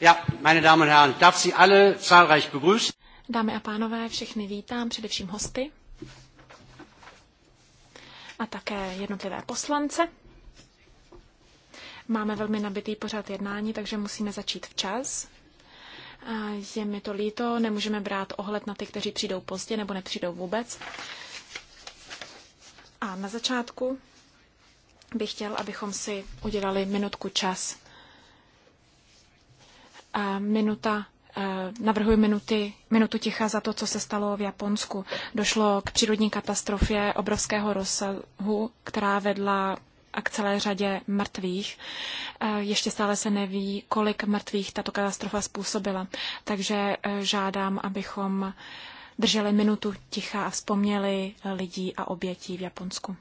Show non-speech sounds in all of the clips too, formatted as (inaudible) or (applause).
Ja, meine Damen und Herren, darf Sie alle zahlreich begrüßen. Dámy a pánové, všechny vítám, především hosty a také jednotlivé poslance. Máme velmi nabitý pořad jednání, takže musíme začít včas. A je mi to líto, nemůžeme brát ohled na ty, kteří přijdou pozdě nebo nepřijdou vůbec. A na začátku bych chtěl, abychom si udělali minutku čas minuta eh, navrhuji minuty, minutu ticha za to, co se stalo v Japonsku. Došlo k přírodní katastrofě obrovského rozsahu, která vedla a k celé řadě mrtvých. Eh, ještě stále se neví, kolik mrtvých tato katastrofa způsobila. Takže eh, žádám, abychom drželi minutu ticha a vzpomněli lidí a obětí v Japonsku.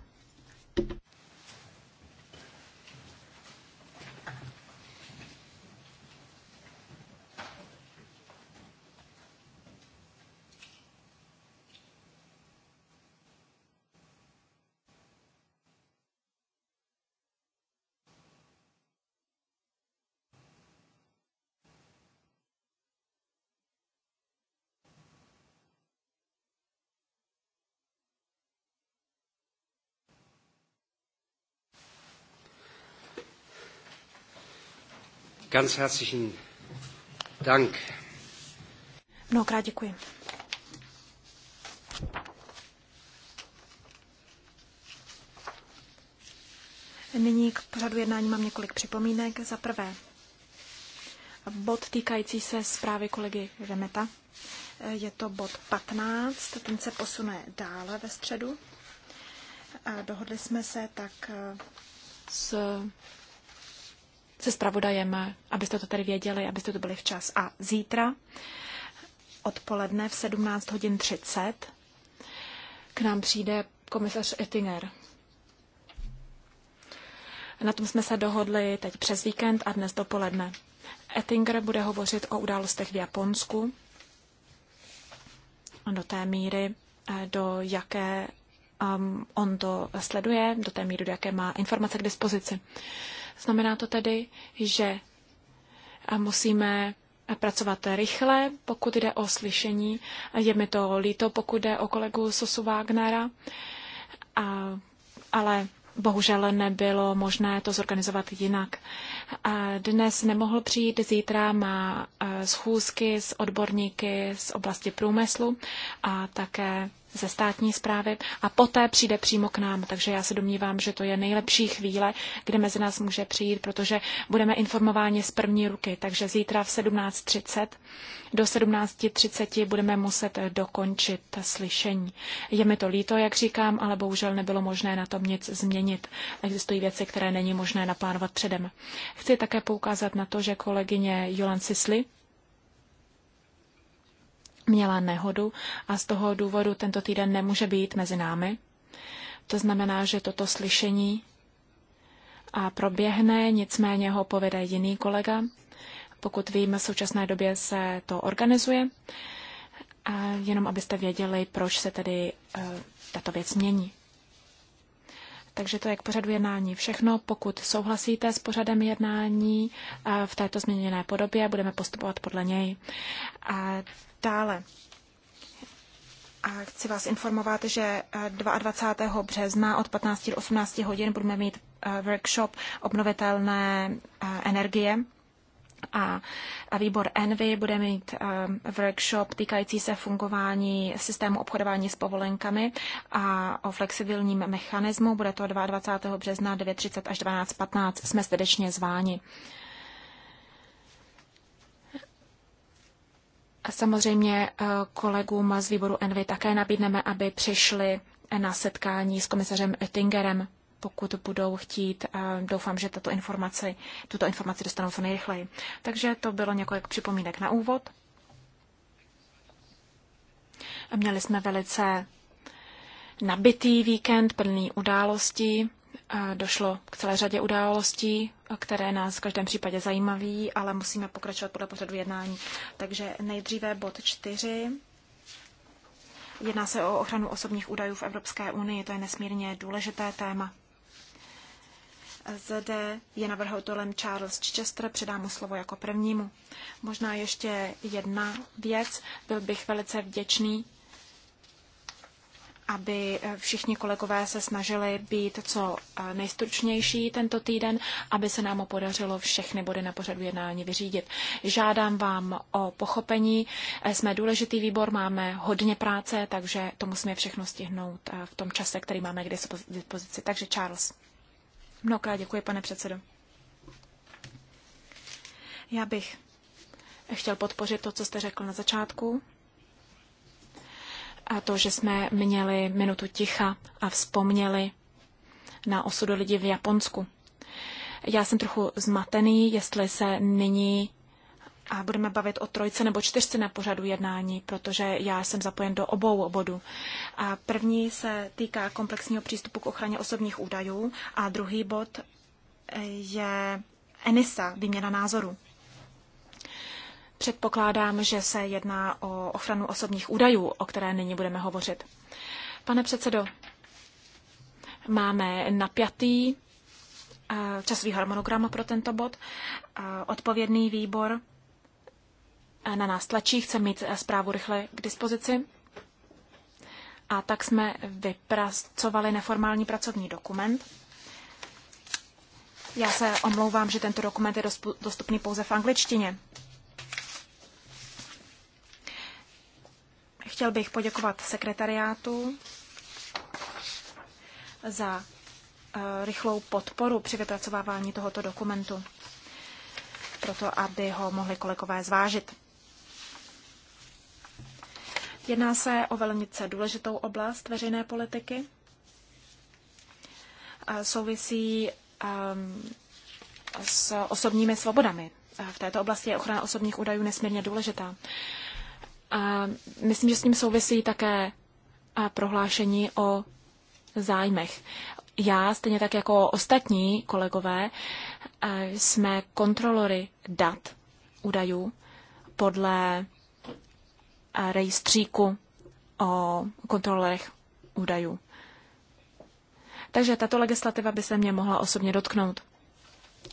Ganz herzlichen Dank. Mnohokrát děkuji. Nyní k pořadu jednání mám několik připomínek. Za prvé, bod týkající se zprávy kolegy Remeta. Je to bod 15, ten se posune dále ve středu. Dohodli jsme se tak s se zpravodajem, abyste to tady věděli, abyste to byli včas. A zítra odpoledne v 17 hodin 30 k nám přijde komisař Ettinger. Na tom jsme se dohodli teď přes víkend a dnes dopoledne. Ettinger bude hovořit o událostech v Japonsku do té míry, eh, do jaké um, on to sleduje, do té míry, do jaké má informace k dispozici. Uh, Znamená to tedy, že eh, musíme eh, pracovat rychle, pokud jde o slyšení. Je mi to líto, pokud jde o kolegu Sosu Wagnera, a, ale bohužel nebylo možné to zorganizovat jinak. A dnes nemohl přijít, zítra má eh, schůzky s odborníky z oblasti průmyslu a také ze státní zprávy a poté přijde přímo k nám. Takže já se domnívám, že to je nejlepší chvíle, kde mezi nás může přijít, protože budeme informováni z první ruky. Takže zítra v 17.30 do 17.30 budeme muset dokončit slyšení. Je mi to líto, jak říkám, ale bohužel nebylo možné na tom nic změnit. Existují věci, které není možné naplánovat předem. Chci také poukázat na to, že kolegyně Jolan Sisly? měla nehodu a z toho důvodu tento týden nemůže být mezi námi. To znamená, že toto slyšení a proběhne, nicméně ho povede jiný kolega. Pokud vím, v současné době se to organizuje. A jenom abyste věděli, proč se tedy e, tato věc mění. Takže to je k pořadu jednání všechno. Pokud souhlasíte s pořadem jednání eh, v této změněné podobě, budeme postupovat podle něj. A dále. A chci vás informovat, že 22. Eh, března od 15 do 18 hodin budeme mít eh, workshop obnovitelné energie a výbor Envy bude mít eh, workshop týkající se fungování systému obchodování s povolenkami a o flexibilním mechanismu. Bude to 22. března 9.30 až 12.15. Jsme srdečně zváni. A samozřejmě eh, kolegům z výboru Envy také nabídneme, aby přišli na setkání s komisařem Oettingerem pokud budou chtít. Doufám, že tato informace, tuto informaci dostanou co nejrychleji. Takže to bylo několik připomínek na úvod. Měli jsme velice nabitý víkend, plný událostí. Došlo k celé řadě událostí, které nás v každém případě zajímaví, ale musíme pokračovat podle pořadu jednání. Takže nejdříve bod čtyři. Jedná se o ochranu osobních údajů v Evropské unii, to je nesmírně důležité téma. Zde je navrhovatelem Charles Chichester, předám mu slovo jako prvnímu. Možná ještě jedna věc. Byl bych velice vděčný, aby eh, všichni kolegové se snažili být co eh, nejstručnější tento týden, aby se nám podařilo všechny body na pořadu jednání vyřídit. Žádám vám o pochopení. Eh, jsme důležitý výbor, máme hodně práce, takže to musíme všechno stihnout v tom čase, který máme k dispozici. Takže Charles. Mnohokrát děkuji, pane předsedo. Já bych chtěl podpořit to, co jste řekl na začátku. A to, že jsme měli minutu ticha a vzpomněli na osudu lidí v Japonsku. Já jsem trochu zmatený, jestli se nyní a budeme bavit o trojce nebo čtyřce na pořadu jednání, protože já jsem zapojen do obou bodů. A první se týká komplexního přístupu k ochraně osobních údajů a druhý bod eh, je ENISA, výměna názoru. Předpokládám, že se jedná o ochranu osobních údajů, o které nyní budeme hovořit. Pane předsedo, máme napjatý eh, časový harmonogram pro tento bod. Eh, odpovědný výbor na nás tlačí, chce mít eh, zprávu rychle k dispozici. A tak jsme vypracovali neformální pracovní dokument. Já se omlouvám, že tento dokument je dostupný pouze v angličtině. Chtěl bych poděkovat sekretariátu za eh, rychlou podporu při vypracovávání tohoto dokumentu, proto aby ho mohli kolegové zvážit. Jedná se o velmi důležitou oblast veřejné politiky. Souvisí ehm, s osobními svobodami. V této oblasti je ochrana osobních údajů nesmírně důležitá. A myslím, že s ním souvisí také prohlášení o zájmech. Já, stejně tak jako ostatní kolegové, e, jsme kontrolory dat údajů podle rejstříku o kontrolerech údajů. Takže tato legislativa by se mě mohla osobně dotknout.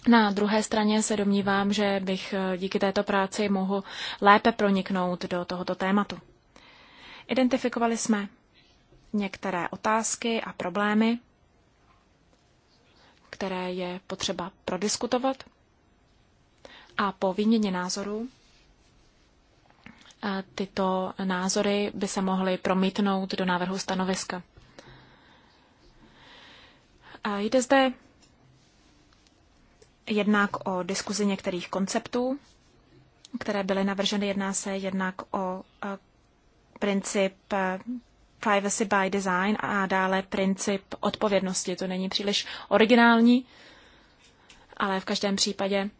Na druhé straně se domnívám, že bych eh, díky této práci mohl lépe proniknout do tohoto tématu. Identifikovali jsme některé otázky a problémy, které je potřeba prodiskutovat a po výměně názorů tyto názory by se mohly promítnout do návrhu stanoviska. A jde zde jednak o diskuzi některých konceptů, které byly navrženy. Jedná se jednak o e, princip e, privacy by design a dále princip odpovědnosti. To není příliš originální, ale v každém případě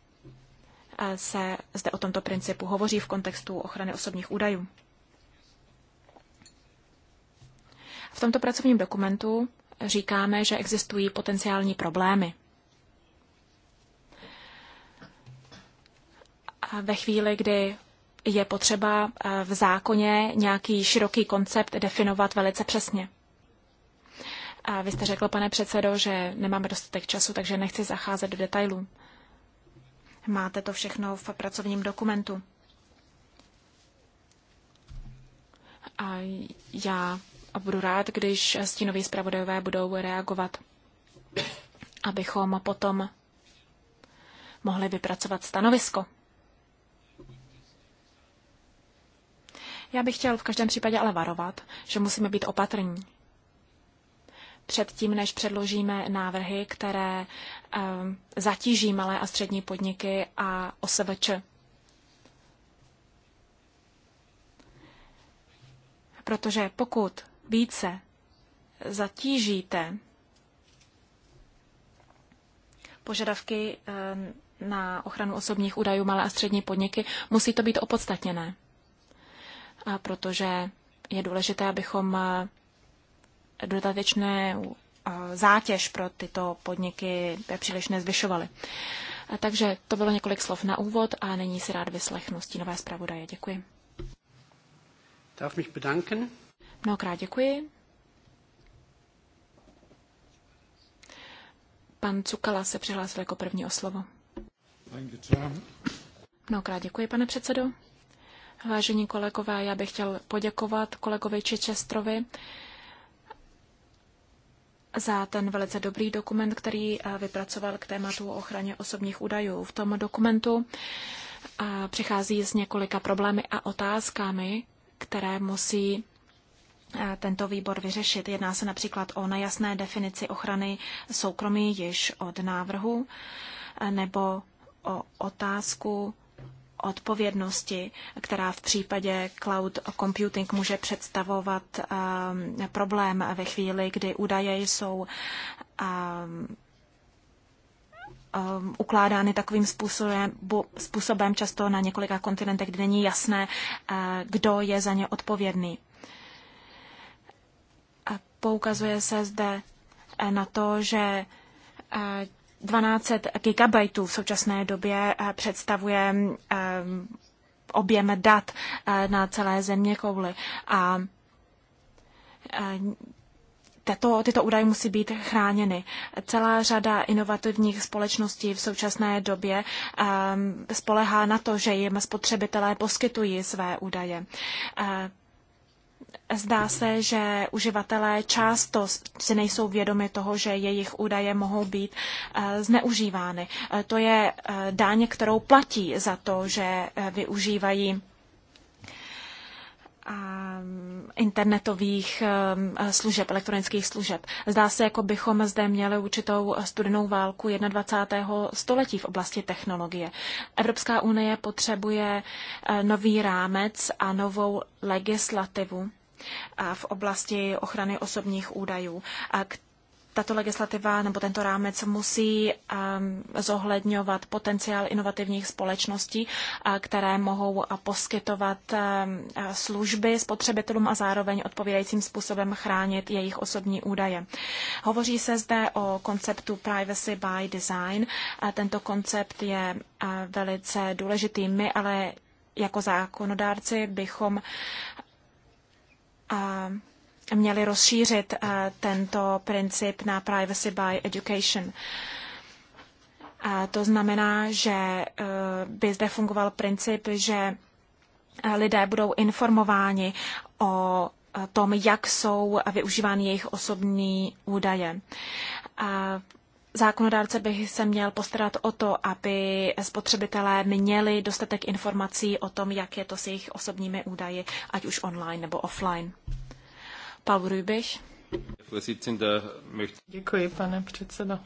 se zde o tomto principu hovoří v kontextu ochrany osobních údajů. V tomto pracovním dokumentu říkáme, že existují potenciální problémy. A ve chvíli, kdy je potřeba eh, v zákoně nějaký široký koncept definovat velice přesně. A vy jste řekl, pane předsedo, že nemáme dostatek času, takže nechci zacházet do detailů. Máte to všechno v pracovním dokumentu. A já budu rád, když stínoví zpravodajové budou reagovat, abychom potom mohli vypracovat stanovisko. Já bych chtěl v každém případě ale varovat, že musíme být opatrní. Předtím, než předložíme návrhy, které Eh, zatíží malé a střední podniky a OSVČ. Protože pokud více zatížíte požadavky eh, na ochranu osobních údajů malé a střední podniky, musí to být opodstatněné. protože je důležité, abychom eh, dodatečné zátěž pro tyto podniky příliš nezvyšovaly. Takže to bylo několik slov na úvod a nyní si rád vyslechnu stínové zpravodaje. Děkuji. Darf mich bedanken. Mnohokrát děkuji. Pan Cukala se přihlásil jako první o slovo. Mnohokrát děkuji, pane předsedo. Vážení kolegové, já bych chtěl poděkovat kolegovi Čečestrovi, za ten velice dobrý dokument, který eh, vypracoval k tématu ochraně osobních údajů. V tom dokumentu eh, přichází s několika problémy a otázkami, které musí eh, tento výbor vyřešit. Jedná se například o nejasné definici ochrany soukromí již od návrhu nebo o otázku odpovědnosti, která v případě cloud computing může představovat um, problém ve chvíli, kdy údaje jsou um, um, ukládány takovým způsobem, bo, způsobem často na několika kontinentech, kde není jasné, uh, kdo je za ně odpovědný. A poukazuje se zde na to, že uh, 1200 gigabajtů v současné době eh, představuje eh, objem dat eh, na celé země kouli. A tato, tyto údaje musí být chráněny. Celá řada inovativních společností v současné době spolehá na to, že jim spotřebitelé poskytují své údaje. Zdá se, že uživatelé často si nejsou vědomi toho, že jejich údaje mohou být eh, zneužívány. Eh, to je eh, daň, kterou platí za to, že využívají internetových služeb, elektronických služeb. Zdá se, jako bychom zde měli určitou studenou válku 21. století v oblasti technologie. Evropská unie potřebuje nový rámec a novou legislativu v oblasti ochrany osobních údajů. Tato legislativa nebo tento rámec musí um, zohledňovat potenciál inovativních společností, které mohou poskytovat um, služby spotřebitelům a zároveň odpovídajícím způsobem chránit jejich osobní údaje. Hovoří se zde o konceptu privacy by design. Tento koncept je velice důležitý. My ale jako zákonodárci bychom měli rozšířit eh, tento princip na privacy by education. A to znamená, že eh, by zde fungoval princip, že eh, lidé budou informováni o tom, jak jsou využívány jejich osobní údaje. A Zákonodárce by se měl postarat o to, aby spotřebitelé měli dostatek informací o tom, jak je to s jejich osobními údaji, ať už online nebo offline. Paul Rübich. Děkuji, pane předsedo.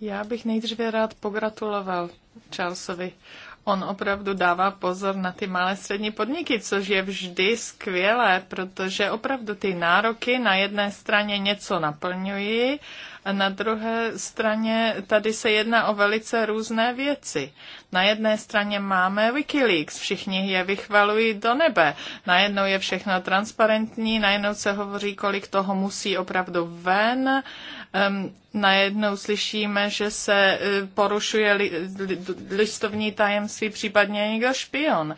Já bych nejdříve rád pogratuloval Charlesovi on opravdu dává pozor na ty malé střední podniky, což je vždy skvělé, protože opravdu ty nároky na jedné straně něco naplňují, a na druhé straně tady se jedná o velice různé věci. Na jedné straně máme Wikileaks, všichni je vychvalují do nebe. Najednou je všechno transparentní, najednou se hovoří, kolik toho musí opravdu ven. Uh, Ehm, najednou slyšíme, že se eh, porušuje li, li, listovní tajemství, případně někdo špion.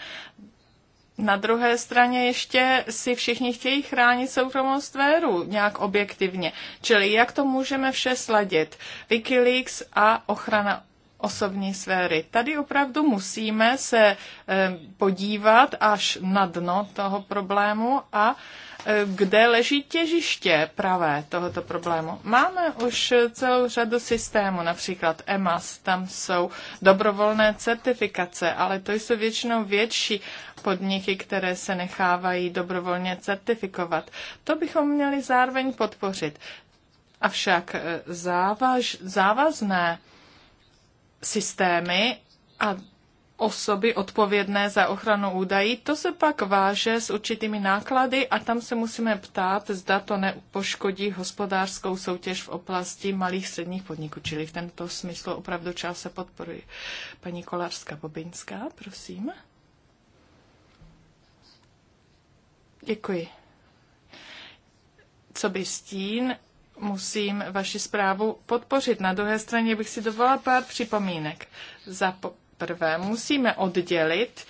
Na druhé straně ještě si všichni chtějí chránit soukromou sféru nějak objektivně. Čili jak to můžeme vše sladit? Wikileaks a ochrana osobní sféry. Tady opravdu musíme se ehm, podívat až na dno toho problému a kde leží těžiště pravé tohoto problému. Máme už celou řadu systémů, například EMAS, tam jsou dobrovolné certifikace, ale to jsou většinou větší podniky, které se nechávají dobrovolně certifikovat. To bychom měli zároveň podpořit. Avšak e, závaž, závazné systémy a osoby odpovědné za ochranu údají. To se pak váže s určitými náklady a tam se musíme ptát, zda to nepoškodí hospodářskou soutěž v oblasti malých středních podniků. Čili v tento smyslu opravdu čas se podporuje. Paní Kolářská-Bobinská, prosím. Děkuji. Co by stín, musím vaši zprávu podpořit. Na druhé straně bych si dovolila pár připomínek. Za po- prvé musíme oddělit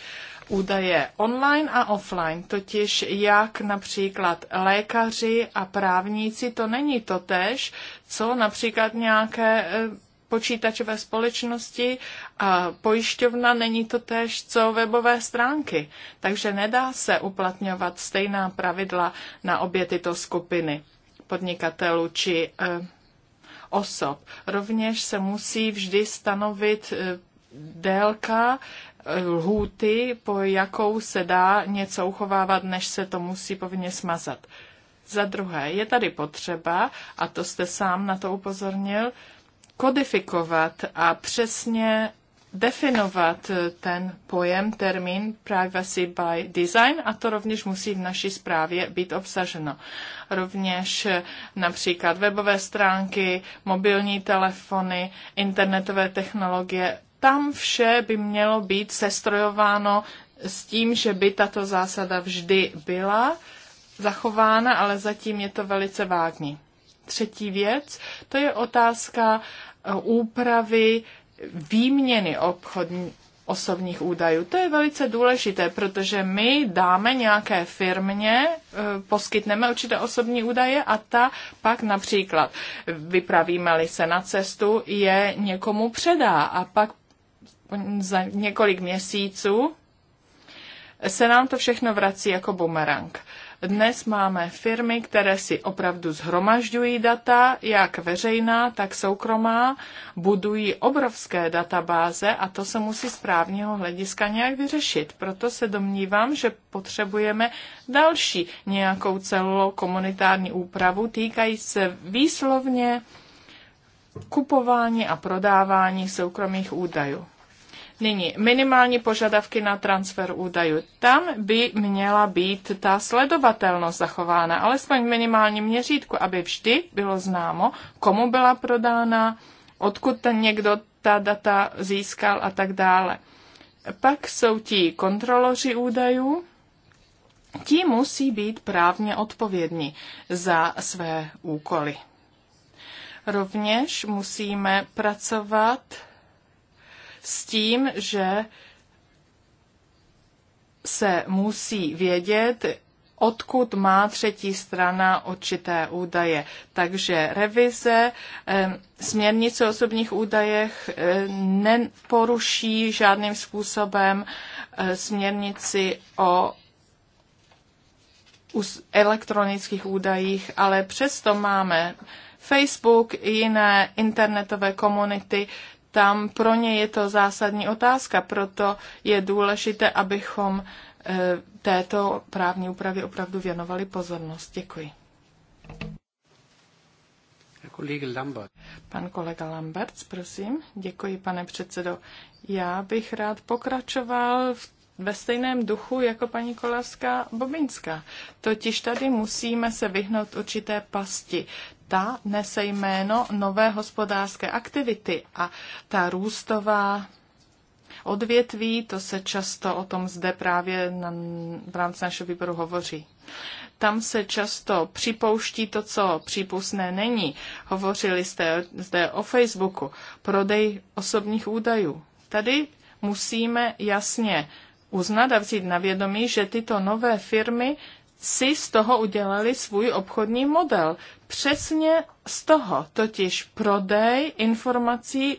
údaje online a offline, totiž jak například lékaři a právníci, to není to tež, co například nějaké e, počítačové společnosti a pojišťovna není to tež, co webové stránky. Takže nedá se uplatňovat stejná pravidla na obě tyto skupiny podnikatelů či e, osob. Rovněž se musí vždy stanovit e, délka eh, lhůty, po jakou se dá něco uchovávat, než se to musí povinně smazat. Za druhé, je tady potřeba, a to jste sám na to upozornil, kodifikovat a přesně definovat eh, ten pojem, termín privacy by design a to rovněž musí v naší zprávě být obsaženo. Rovněž eh, například webové stránky, mobilní telefony, internetové technologie, tam vše by mělo být sestrojováno s tím, že by tato zásada vždy byla zachována, ale zatím je to velice vágní. Třetí věc, to je otázka eh, úpravy výměny obchodní, osobních údajů. To je velice důležité, protože my dáme nějaké firmě, eh, poskytneme určité osobní údaje a ta pak například vypravíme-li se na cestu, je někomu předá a pak za několik měsíců se nám to všechno vrací jako bumerang. Dnes máme firmy, které si opravdu zhromažďují data, jak veřejná, tak soukromá, budují obrovské databáze a to se musí z právního hlediska nějak vyřešit. Proto se domnívám, že potřebujeme další nějakou celou komunitární úpravu týkají se výslovně kupování a prodávání soukromých údajů. Nyní minimální požadavky na transfer údajů. Tam by měla být ta sledovatelnost zachována, alespoň v minimálním měřítku, aby vždy bylo známo, komu byla prodána, odkud ten někdo ta data získal a tak dále. Pak jsou ti kontroloři údajů, ti musí být právně odpovědní za své úkoly. Rovněž musíme pracovat s tím, že se musí vědět, odkud má třetí strana určité údaje. Takže revize směrnice o osobních údajech neporuší žádným způsobem eh, směrnici o elektronických údajích, ale přesto máme Facebook, jiné internetové komunity, tam pro ně je to zásadní otázka, proto je důležité, abychom eh, této právní úpravě opravdu věnovali pozornost. Děkuji. Pan kolega Lamberts, prosím. Děkuji, pane předsedo. Já bych rád pokračoval v ve stejném duchu jako paní Kolavská Bobinská. Totiž tady musíme se vyhnout určité pasti. Ta nese jméno nové hospodářské aktivity a ta růstová odvětví, to se často o tom zde právě na, v rámci našeho výboru hovoří. Tam se často připouští to, co přípustné není. Hovořili jste zde o Facebooku, prodej osobních údajů. Tady musíme jasně uznat a vzít na vědomí, že tyto nové firmy si z toho udělali svůj obchodní model. Přesně z toho, totiž prodej informací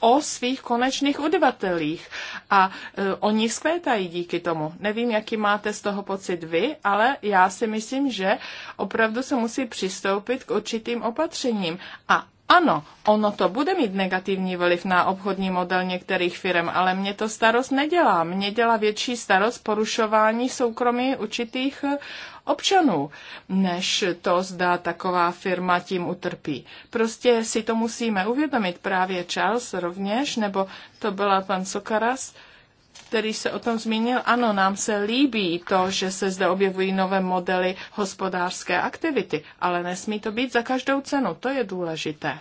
o svých konečných udivatelích a e, oni vzkvétají díky tomu. Nevím, jaký máte z toho pocit vy, ale já si myslím, že opravdu se musí přistoupit k určitým opatřením a ano, ono to bude mít negativní vliv na obchodní model některých firm, ale mě to starost nedělá. Mě dělá větší starost porušování soukromí určitých eh, občanů, než to zdá taková firma tím utrpí. Prostě si to musíme uvědomit. Právě Charles rovněž, nebo to byla pan Sokaras, který se o tom zmínil, ano, nám se líbí to, že se zde objevují nové modely hospodářské aktivity, ale nesmí to být za každou cenu, to je důležité.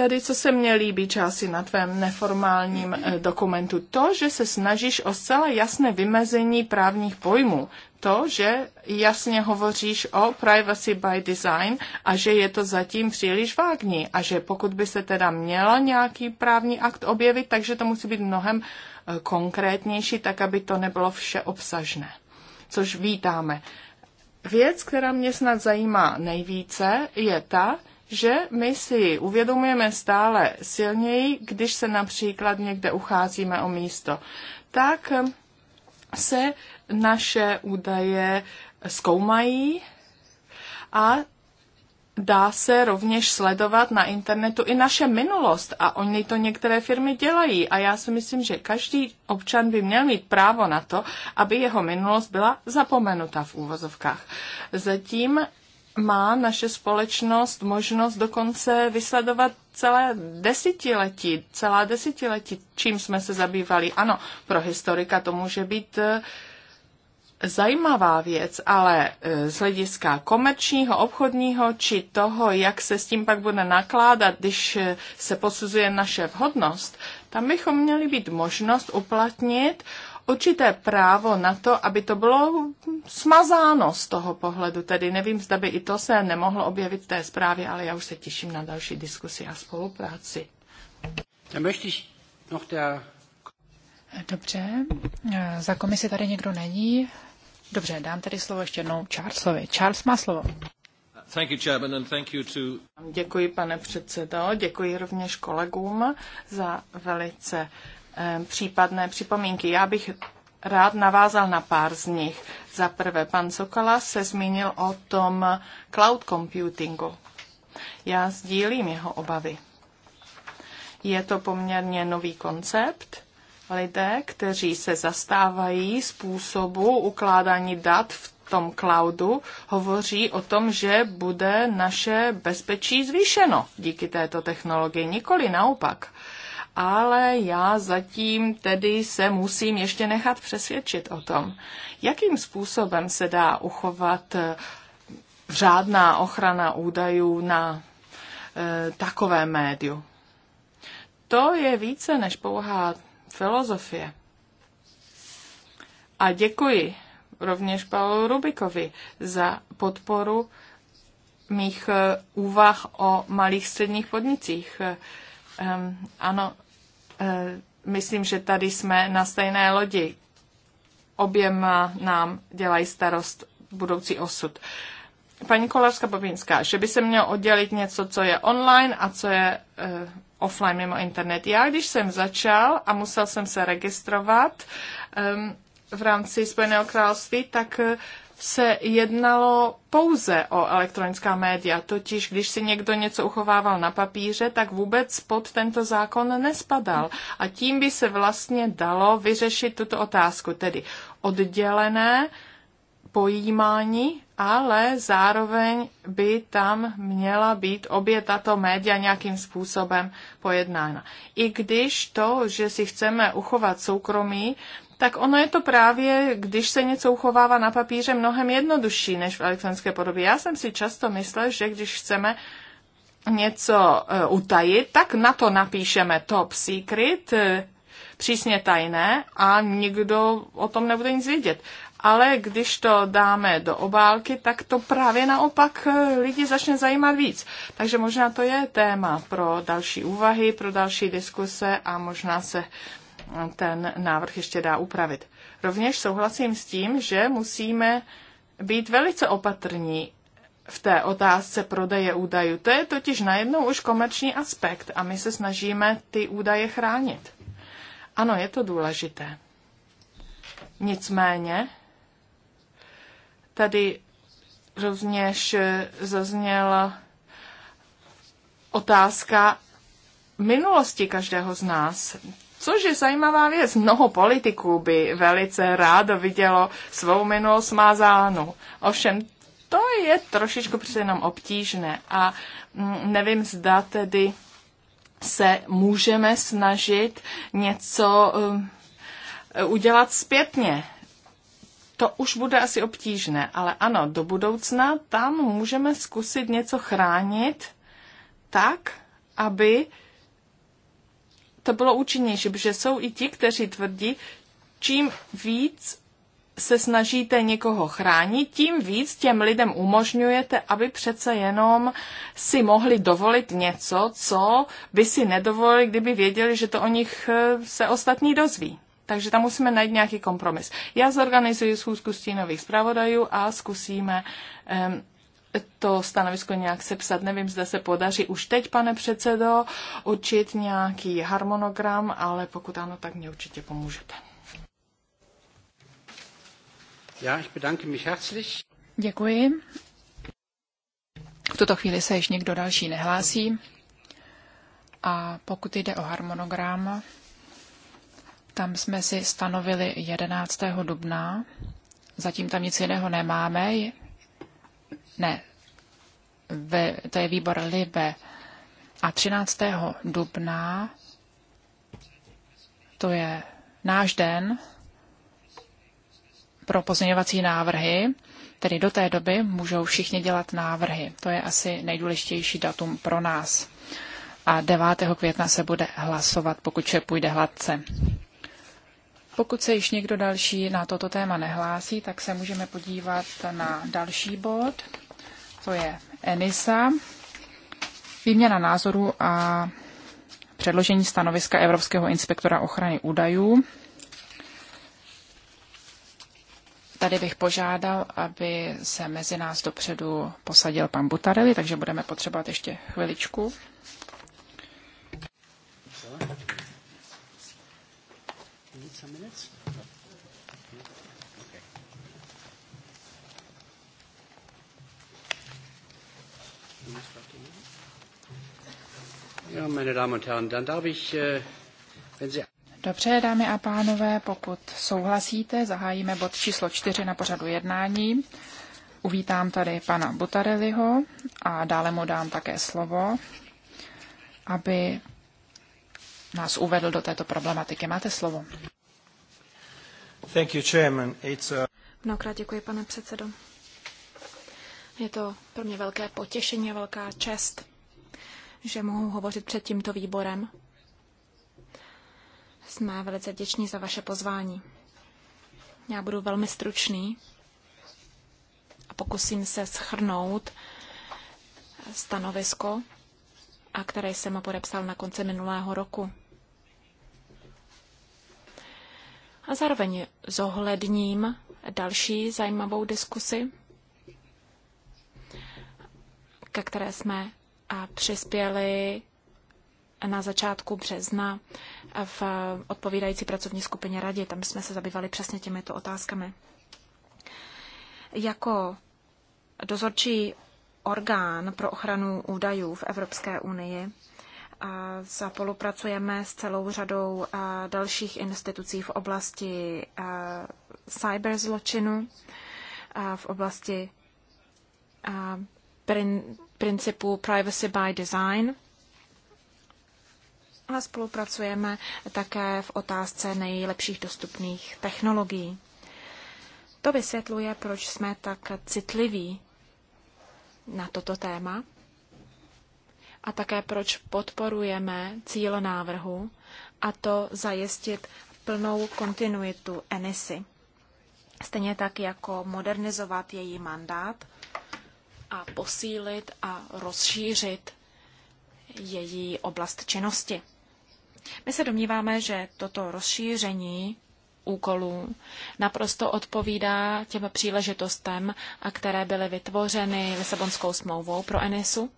Tady, co se mně líbí časy na tvém neformálním eh, dokumentu, to, že se snažíš o zcela jasné vymezení právních pojmů. To, že jasně hovoříš o privacy by design a že je to zatím příliš vágní a že pokud by se teda měla nějaký právní akt objevit, takže to musí být mnohem eh, konkrétnější, tak aby to nebylo všeobsažné, což vítáme. Věc, která mě snad zajímá nejvíce, je ta, že my si ji uvědomujeme stále silněji, když se například někde ucházíme o místo. Tak se naše údaje zkoumají a dá se rovněž sledovat na internetu i naše minulost a oni to některé firmy dělají a já si myslím, že každý občan by měl mít právo na to, aby jeho minulost byla zapomenuta v úvozovkách. Zatím má naše společnost možnost dokonce vysledovat celé desetiletí, celá desetiletí, čím jsme se zabývali. Ano, pro historika to může být eh, zajímavá věc, ale eh, z hlediska komerčního, obchodního, či toho, jak se s tím pak bude nakládat, když eh, se posuzuje naše vhodnost, tam bychom měli být možnost uplatnit uh, určité právo na to, aby to bylo smazáno z toho pohledu. Tedy nevím, zda by i to se nemohlo objevit v té zprávě, ale já už se těším na další diskusi a spolupráci. Dobře, eh, za komisi tady někdo není. Dobře, dám tady slovo ještě jednou Charlesovi. Charles má slovo. Thank You, Chairman, and thank you to... Děkuji, pane předsedo, děkuji rovněž kolegům za velice uh, Eh, případné připomínky. Já bych rád navázal na pár z nich. Za prvé, pan Sokala se zmínil o tom cloud computingu. Já sdílím jeho obavy. Je to poměrně nový koncept. Lidé, kteří se zastávají způsobu ukládání dat v tom cloudu, hovoří o tom, že bude naše bezpečí zvýšeno díky této technologii, nikoli naopak ale já zatím tedy se musím ještě nechat přesvědčit o tom, jakým způsobem se dá uchovat eh, řádná ochrana údajů na e, takové médiu. To je více než pouhá filozofie. A děkuji rovněž Paulu Rubikovi za podporu mých eh, úvah o malých středních podnicích. Um, ano, Eh, myslím, že tady jsme na stejné lodi. Oběma nám dělají starost budoucí osud. Paní Kolářská, Bobínská, že by se mělo oddělit něco, co je online a co je uh, offline mimo internet. Já, když jsem začal a musel jsem se registrovat um, v rámci Spojeného království, tak uh, se jednalo pouze o elektronická média, totiž když si někdo něco uchovával na papíře, tak vůbec pod tento zákon nespadal. A tím by se vlastně dalo vyřešit tuto otázku, tedy oddělené pojímání, ale zároveň by tam měla být obě tato média nějakým způsobem pojednána. I když to, že si chceme uchovat soukromí, tak ono je to právě, když se něco uchovává na papíře, mnohem jednodušší než v elektronické podobě. Já jsem si často myslel, že když chceme něco e, utajit, tak na to napíšeme top secret, e, přísně tajné a nikdo o tom nebude nic vědět. Ale když to dáme do obálky, tak to právě naopak e, lidi začne zajímat víc. Takže možná to je téma pro další úvahy, pro další diskuse a možná se ten návrh ještě dá upravit. Rovněž souhlasím s tím, že musíme být velice opatrní v té otázce prodeje údajů. To je totiž najednou už komerční aspekt a my se snažíme ty údaje chránit. Ano, je to důležité. Nicméně, tady rovněž zazněla otázka minulosti každého z nás. Což je zajímavá věc. Mnoho politiků by velice rádo vidělo svou minulost smázánu. Ovšem, to je trošičku přece jenom obtížné a mm, nevím, zda tedy se můžeme snažit něco um, udělat zpětně. To už bude asi obtížné, ale ano, do budoucna tam můžeme zkusit něco chránit tak, aby to bylo účinnější, protože jsou i ti, kteří tvrdí, čím víc se snažíte někoho chránit, tím víc těm lidem umožňujete, aby přece jenom si mohli dovolit něco, co by si nedovolili, kdyby věděli, že to o nich eh, se ostatní dozví. Takže tam musíme najít nějaký kompromis. Já zorganizuji schůzku stínových zpravodajů a zkusíme um, to stanovisko nějak sepsat. Nevím, zda se podaří už teď, pane předsedo, určit nějaký harmonogram, ale pokud ano, tak mě určitě pomůžete. Já ich bedanke mich herzlich. Děkuji. V tuto chvíli se již někdo další nehlásí. A pokud jde o harmonogram, tam jsme si stanovili 11. dubna. Zatím tam nic jiného nemáme ne, ve, to je výbor Libe. A 13. dubna, to je náš den pro pozměňovací návrhy, tedy do té doby můžou všichni dělat návrhy. To je asi nejdůležitější datum pro nás. A 9. května se bude hlasovat, pokud se půjde hladce. Pokud se již někdo další na toto téma nehlásí, tak se můžeme podívat na další bod to je ENISA, výměna názoru a předložení stanoviska Evropského inspektora ochrany údajů. Tady bych požádal, aby se mezi nás dopředu posadil pan Butarelli, takže budeme potřebovat ještě chviličku. Äh, Dobře, dámy a pánové, pokud souhlasíte, zahájíme bod číslo čtyři na pořadu jednání. Uvítám tady pana Butareliho a dále mu dám také slovo, aby nás uvedl do této problematiky. Máte slovo. Thank you, chairman. It's a... Uh, Mnohokrát děkuji, pane předsedo. Je to pro mě velké potěšení a velká čest že mohu hovořit před tímto výborem. Jsme velice vděční za vaše pozvání. Já budu velmi stručný a pokusím se schrnout stanovisko, a které jsem podepsal na konci minulého roku. A zároveň zohledním další zajímavou diskusi, ke které jsme a přispěli na začátku března v odpovídající pracovní skupině radě. Tam jsme se zabývali přesně těmito otázkami. Jako dozorčí orgán pro ochranu údajů v Evropské unii spolupracujeme s celou řadou dalších institucí v oblasti cyberzločinu, v oblasti principu privacy by design a spolupracujeme také v otázce nejlepších dostupných technologií. To vysvětluje, proč jsme tak citliví na toto téma a také proč podporujeme cíl návrhu a to zajistit plnou kontinuitu Enisy. Stejně tak jako modernizovat její mandát a posílit a rozšířit její oblast činnosti. My se domníváme, že toto rozšíření úkolů naprosto odpovídá těm příležitostem, a které byly vytvořeny Lisabonskou smlouvou pro Enisu.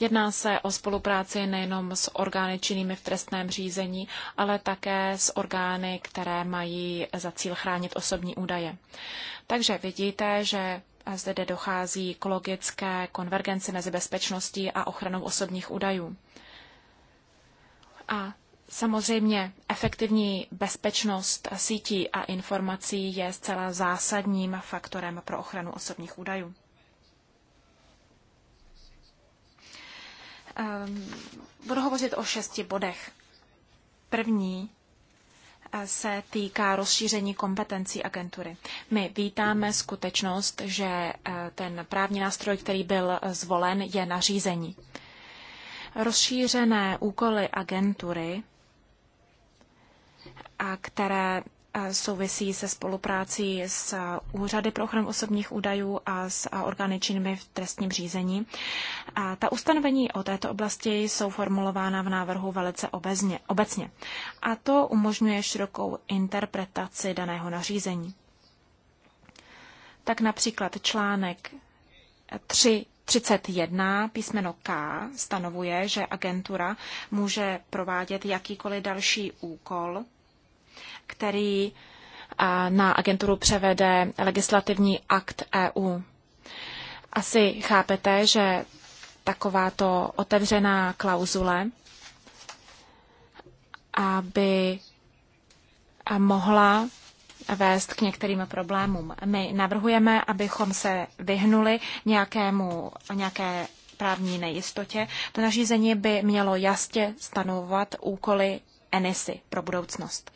Jedná se o spolupráci nejenom s orgány činnými v trestném řízení, ale také s orgány, které mají za cíl chránit osobní údaje. Takže vidíte, že zde dochází k logické konvergenci mezi bezpečností a ochranou osobních údajů. A samozřejmě efektivní bezpečnost sítí a informací je zcela zásadním faktorem pro ochranu osobních údajů. Ehm, budu hovořit o šesti bodech. První se týká rozšíření kompetencí agentury. My vítáme skutečnost, že eh, ten právní nástroj, který byl eh, zvolen, je nařízení. Rozšířené úkoly agentury, a které Eh, souvisí se spoluprácí s eh, úřady pro ochranu osobních údajů a s eh, orgány činnými v trestním řízení. A ta ustanovení o této oblasti jsou formulována v návrhu velice obezně, obecně a to umožňuje širokou interpretaci daného nařízení. Tak například článek 3 31 písmeno K stanovuje, že agentura může provádět jakýkoliv další úkol, který na agenturu převede legislativní akt EU. Asi chápete, že takováto otevřená klauzule aby mohla vést k některým problémům. My navrhujeme, abychom se vyhnuli nějakému, nějaké právní nejistotě. To nařízení by mělo jasně stanovat úkoly ENISy pro budoucnost.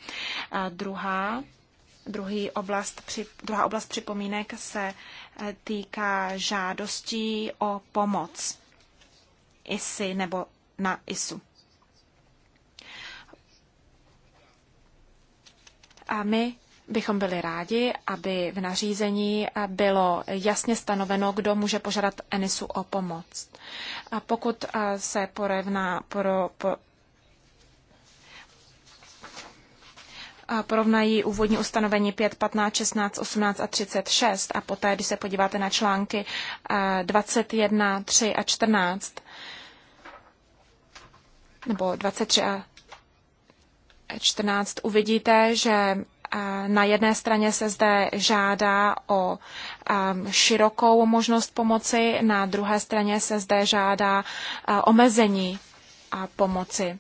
A druhá Druhý oblast, druhá oblast připomínek se e, týká žádostí o pomoc ISI nebo na ISU. A my bychom byli rádi, aby v nařízení e, bylo jasně stanoveno, kdo může požádat Enisu o pomoc. A pokud e, se porovná pro, po, porovnají úvodní ustanovení 5, 15, 16, 18 a 36 a poté, když se podíváte na články 21, eh, 3 a 14, nebo 23 a 14, uvidíte, že eh, na jedné straně se zde žádá o eh, širokou možnost pomoci, na druhé straně se zde žádá omezení a pomoci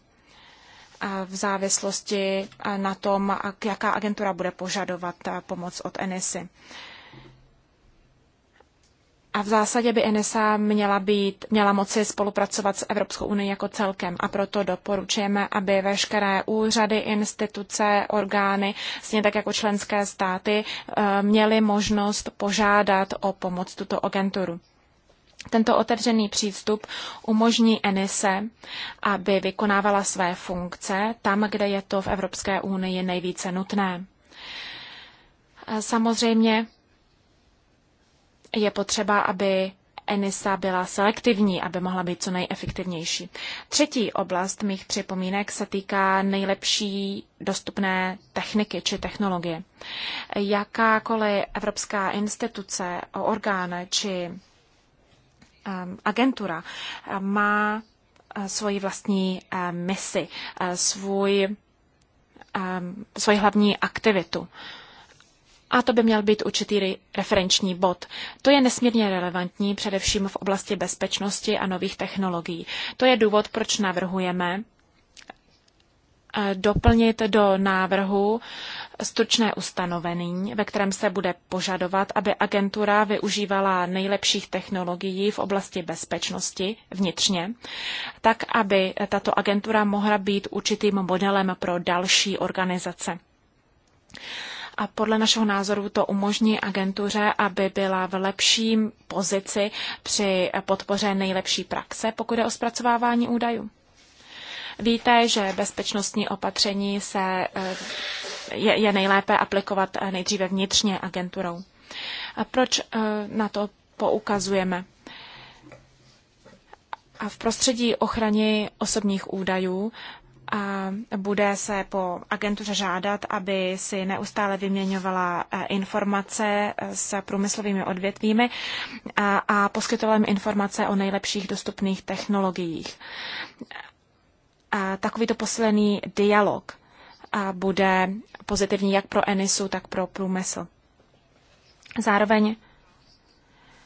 v závislosti na tom, jaká agentura bude požadovat pomoc od Enisy. A v zásadě by NSA měla, být, měla moci spolupracovat s Evropskou unii jako celkem a proto doporučujeme, aby veškeré úřady, instituce, orgány, stejně tak jako členské státy, e, měly možnost požádat o pomoc tuto agenturu. Tento otevřený přístup umožní Enise, aby vykonávala své funkce tam, kde je to v Evropské unii nejvíce nutné. Samozřejmě je potřeba, aby Enisa byla selektivní, aby mohla být co nejefektivnější. Třetí oblast mých připomínek se týká nejlepší dostupné techniky či technologie. Jakákoliv evropská instituce, orgán či agentura má e, svoji vlastní e, misi, e, svůj, svoji hlavní aktivitu. A to by měl být určitý referenční bod. To je nesmírně relevantní, především v oblasti bezpečnosti a nových technologií. To je důvod, proč navrhujeme Eh, doplnit do návrhu stručné ustanovení, ve kterém se bude požadovat, aby agentura využívala nejlepších technologií v oblasti bezpečnosti vnitřně, tak aby tato agentura mohla být určitým modelem pro další organizace. A podle našeho názoru to umožní agentuře, aby byla v lepším pozici při podpoře nejlepší praxe, pokud je o zpracovávání údajů. Víte, že bezpečnostní opatření se eh, je, je nejlépe aplikovat eh, nejdříve vnitřně agenturou. A proč eh, na to poukazujeme? A v prostředí ochrany osobních údajů a bude se po agentuře žádat, aby si neustále vyměňovala informace s průmyslovými odvětvími a, a poskytovala jim informace o nejlepších dostupných technologiích takovýto posilený dialog bude pozitivní jak pro Enisu, tak pro průmysl. Zároveň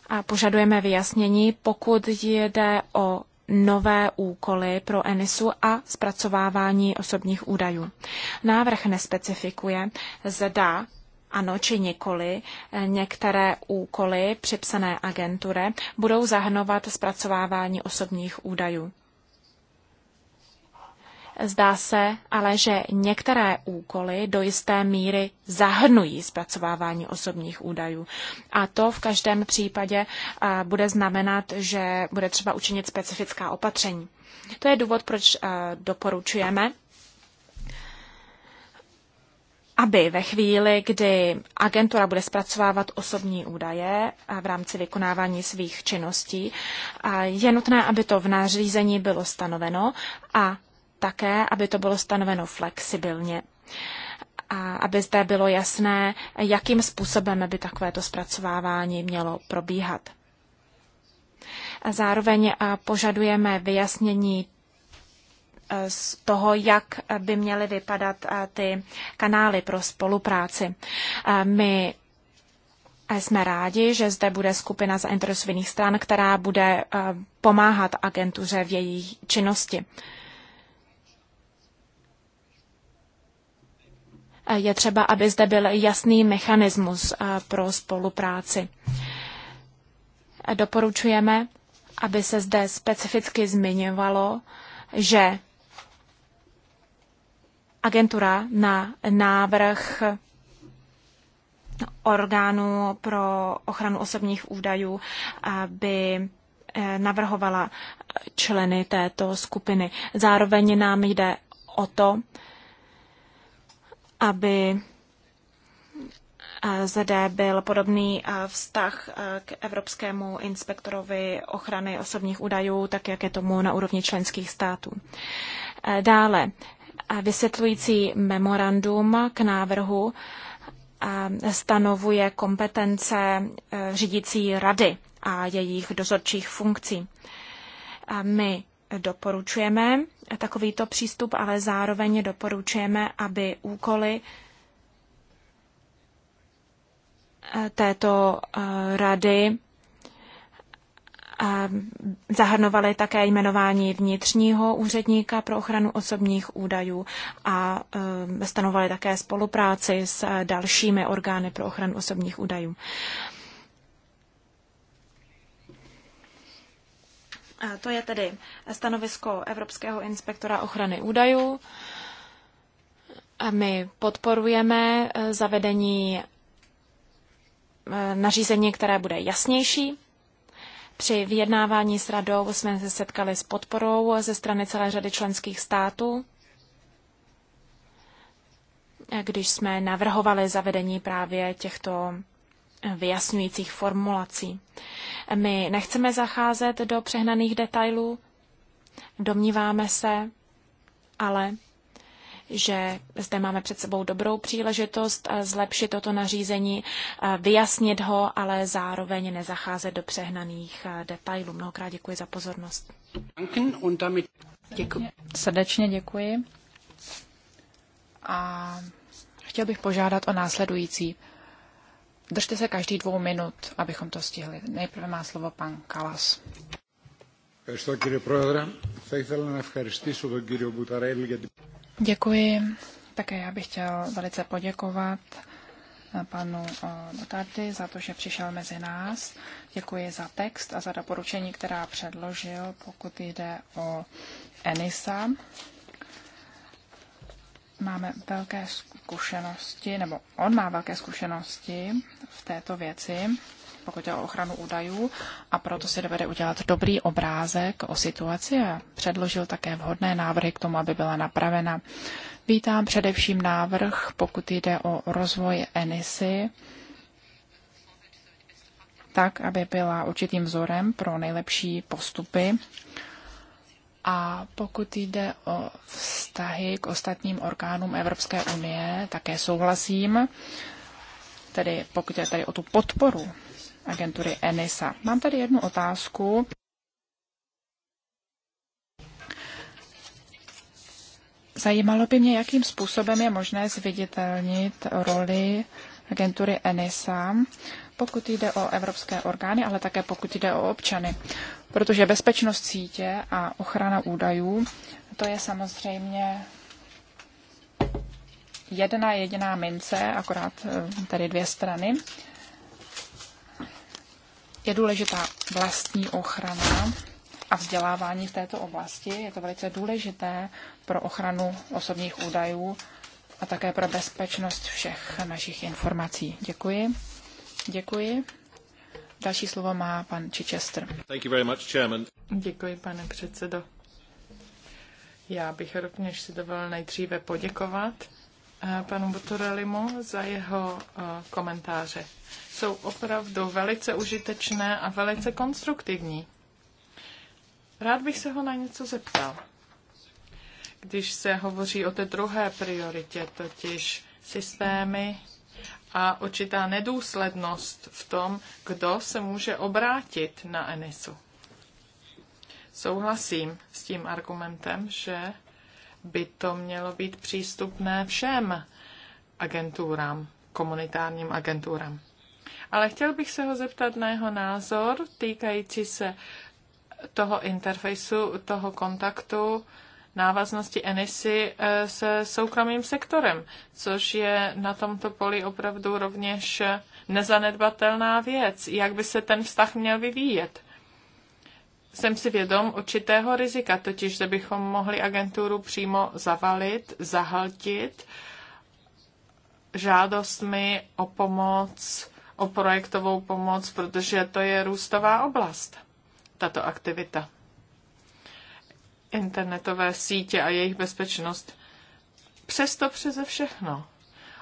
a požadujeme vyjasnění, pokud jde o nové úkoly pro Enisu a zpracovávání osobních údajů. Návrh nespecifikuje, zda ano či nikoli, e, některé úkoly připsané agentury budou zahrnovat zpracovávání osobních údajů. Zdá se ale, že některé úkoly do jisté míry zahrnují zpracovávání osobních údajů. A to v každém případě bude znamenat, že bude třeba učinit specifická opatření. To je důvod, proč doporučujeme aby ve chvíli, kdy agentura bude zpracovávat osobní údaje v rámci vykonávání svých činností, je nutné, aby to v nařízení bylo stanoveno a také, aby to bylo stanoveno flexibilně. A aby zde bylo jasné, jakým způsobem by takovéto zpracovávání mělo probíhat. A zároveň požadujeme vyjasnění e, z toho, jak by měly vypadat e, ty kanály pro spolupráci. E, my jsme rádi, že zde bude skupina zainteresovaných stran, která bude pomáhat agentuře v její činnosti. Je třeba, aby zde byl jasný mechanismus eh, pro spolupráci. Doporučujeme, aby se zde specificky zmiňovalo, že agentura na návrh orgánu pro ochranu osobních údajů by eh, navrhovala členy této skupiny. Zároveň nám jde o to, aby eh, zde byl podobný eh, vztah eh, k Evropskému inspektorovi ochrany osobních údajů, tak jak je tomu na úrovni členských států. Dále, vysvětlující memorandum k návrhu stanovuje kompetence řídící rady a jejich dozorčích funkcí. My doporučujeme takovýto přístup, ale zároveň doporučujeme, aby úkoly eh, této eh, rady eh, zahrnovaly také jmenování vnitřního úředníka pro ochranu osobních údajů a stanovaly také spolupráci s dalšími orgány pro ochranu osobních údajů. To je tedy stanovisko Evropského inspektora ochrany údajů. A my podporujeme eh, zavedení eh, nařízení, které bude jasnější. Při vyjednávání s radou jsme se setkali s podporou ze strany celé řady členských států, eh, když jsme navrhovali zavedení právě těchto vyjasňujících formulací. My nechceme zacházet do přehnaných detailů, domníváme se, ale že zde máme před sebou dobrou příležitost eh, zlepšit toto nařízení, eh, vyjasnit ho, ale zároveň nezacházet do přehnaných eh, detailů. Mnohokrát děkuji za pozornost. Děkuji. Srdečně děkuji. A chtěl bych požádat o následující. Držte se každý dvou minut, abychom to stihli. Nejprve má slovo pan Kalas. Děkuji. Také já bych chtěl velice poděkovat panu Dotardy eh, za to, že přišel mezi nás. Děkuji za text a za doporučení, která předložil, pokud jde o Enisa máme velké zkušenosti, nebo on má velké zkušenosti v této věci, pokud je o ochranu údajů, a proto si dovede udělat dobrý obrázek o situaci a předložil také vhodné návrhy k tomu, aby byla napravena. Vítám především návrh, pokud jde o rozvoj ENISY, tak, aby byla určitým vzorem pro nejlepší postupy a pokud jde o vztahy k ostatním orgánům Evropské unie, také souhlasím, tedy pokud je tady o tu podporu agentury ENISA. Mám tady jednu otázku. Zajímalo by mě, jakým způsobem je možné zviditelnit roli agentury ENISA, pokud jde o evropské orgány, ale také pokud jde o občany protože bezpečnost sítě a ochrana údajů, to je samozřejmě jedna jediná mince, akorát eh, tady dvě strany. Je důležitá vlastní ochrana a vzdělávání v této oblasti. Je to velice důležité pro ochranu osobních údajů a také pro bezpečnost všech našich informací. Děkuji. Děkuji. Další slovo má pan Chichester. Thank you very much, chairman. Děkuji, pane předsedo. Já bych rovněž si dovolil nejdříve poděkovat eh, panu Botorelimu za jeho eh, komentáře. Jsou opravdu velice užitečné a velice konstruktivní. Rád bych se ho na něco zeptal. Když se hovoří o té druhé prioritě, totiž systémy a určitá nedůslednost v tom, kdo se může obrátit na Enisu. Souhlasím s tím argumentem, že by to mělo být přístupné všem agenturám, komunitárním agenturám. Ale chtěl bych se ho zeptat na jeho názor týkající se toho interfejsu, toho kontaktu návaznosti emisy eh, se soukromým sektorem, což je na tomto poli opravdu rovněž nezanedbatelná věc. Jak by se ten vztah měl vyvíjet? Jsem si vědom určitého rizika, totiž, že bychom mohli agenturu přímo zavalit, zahaltit žádostmi o pomoc, o projektovou pomoc, protože to je růstová oblast, tato aktivita internetové sítě a jejich bezpečnost. Přesto přeze všechno.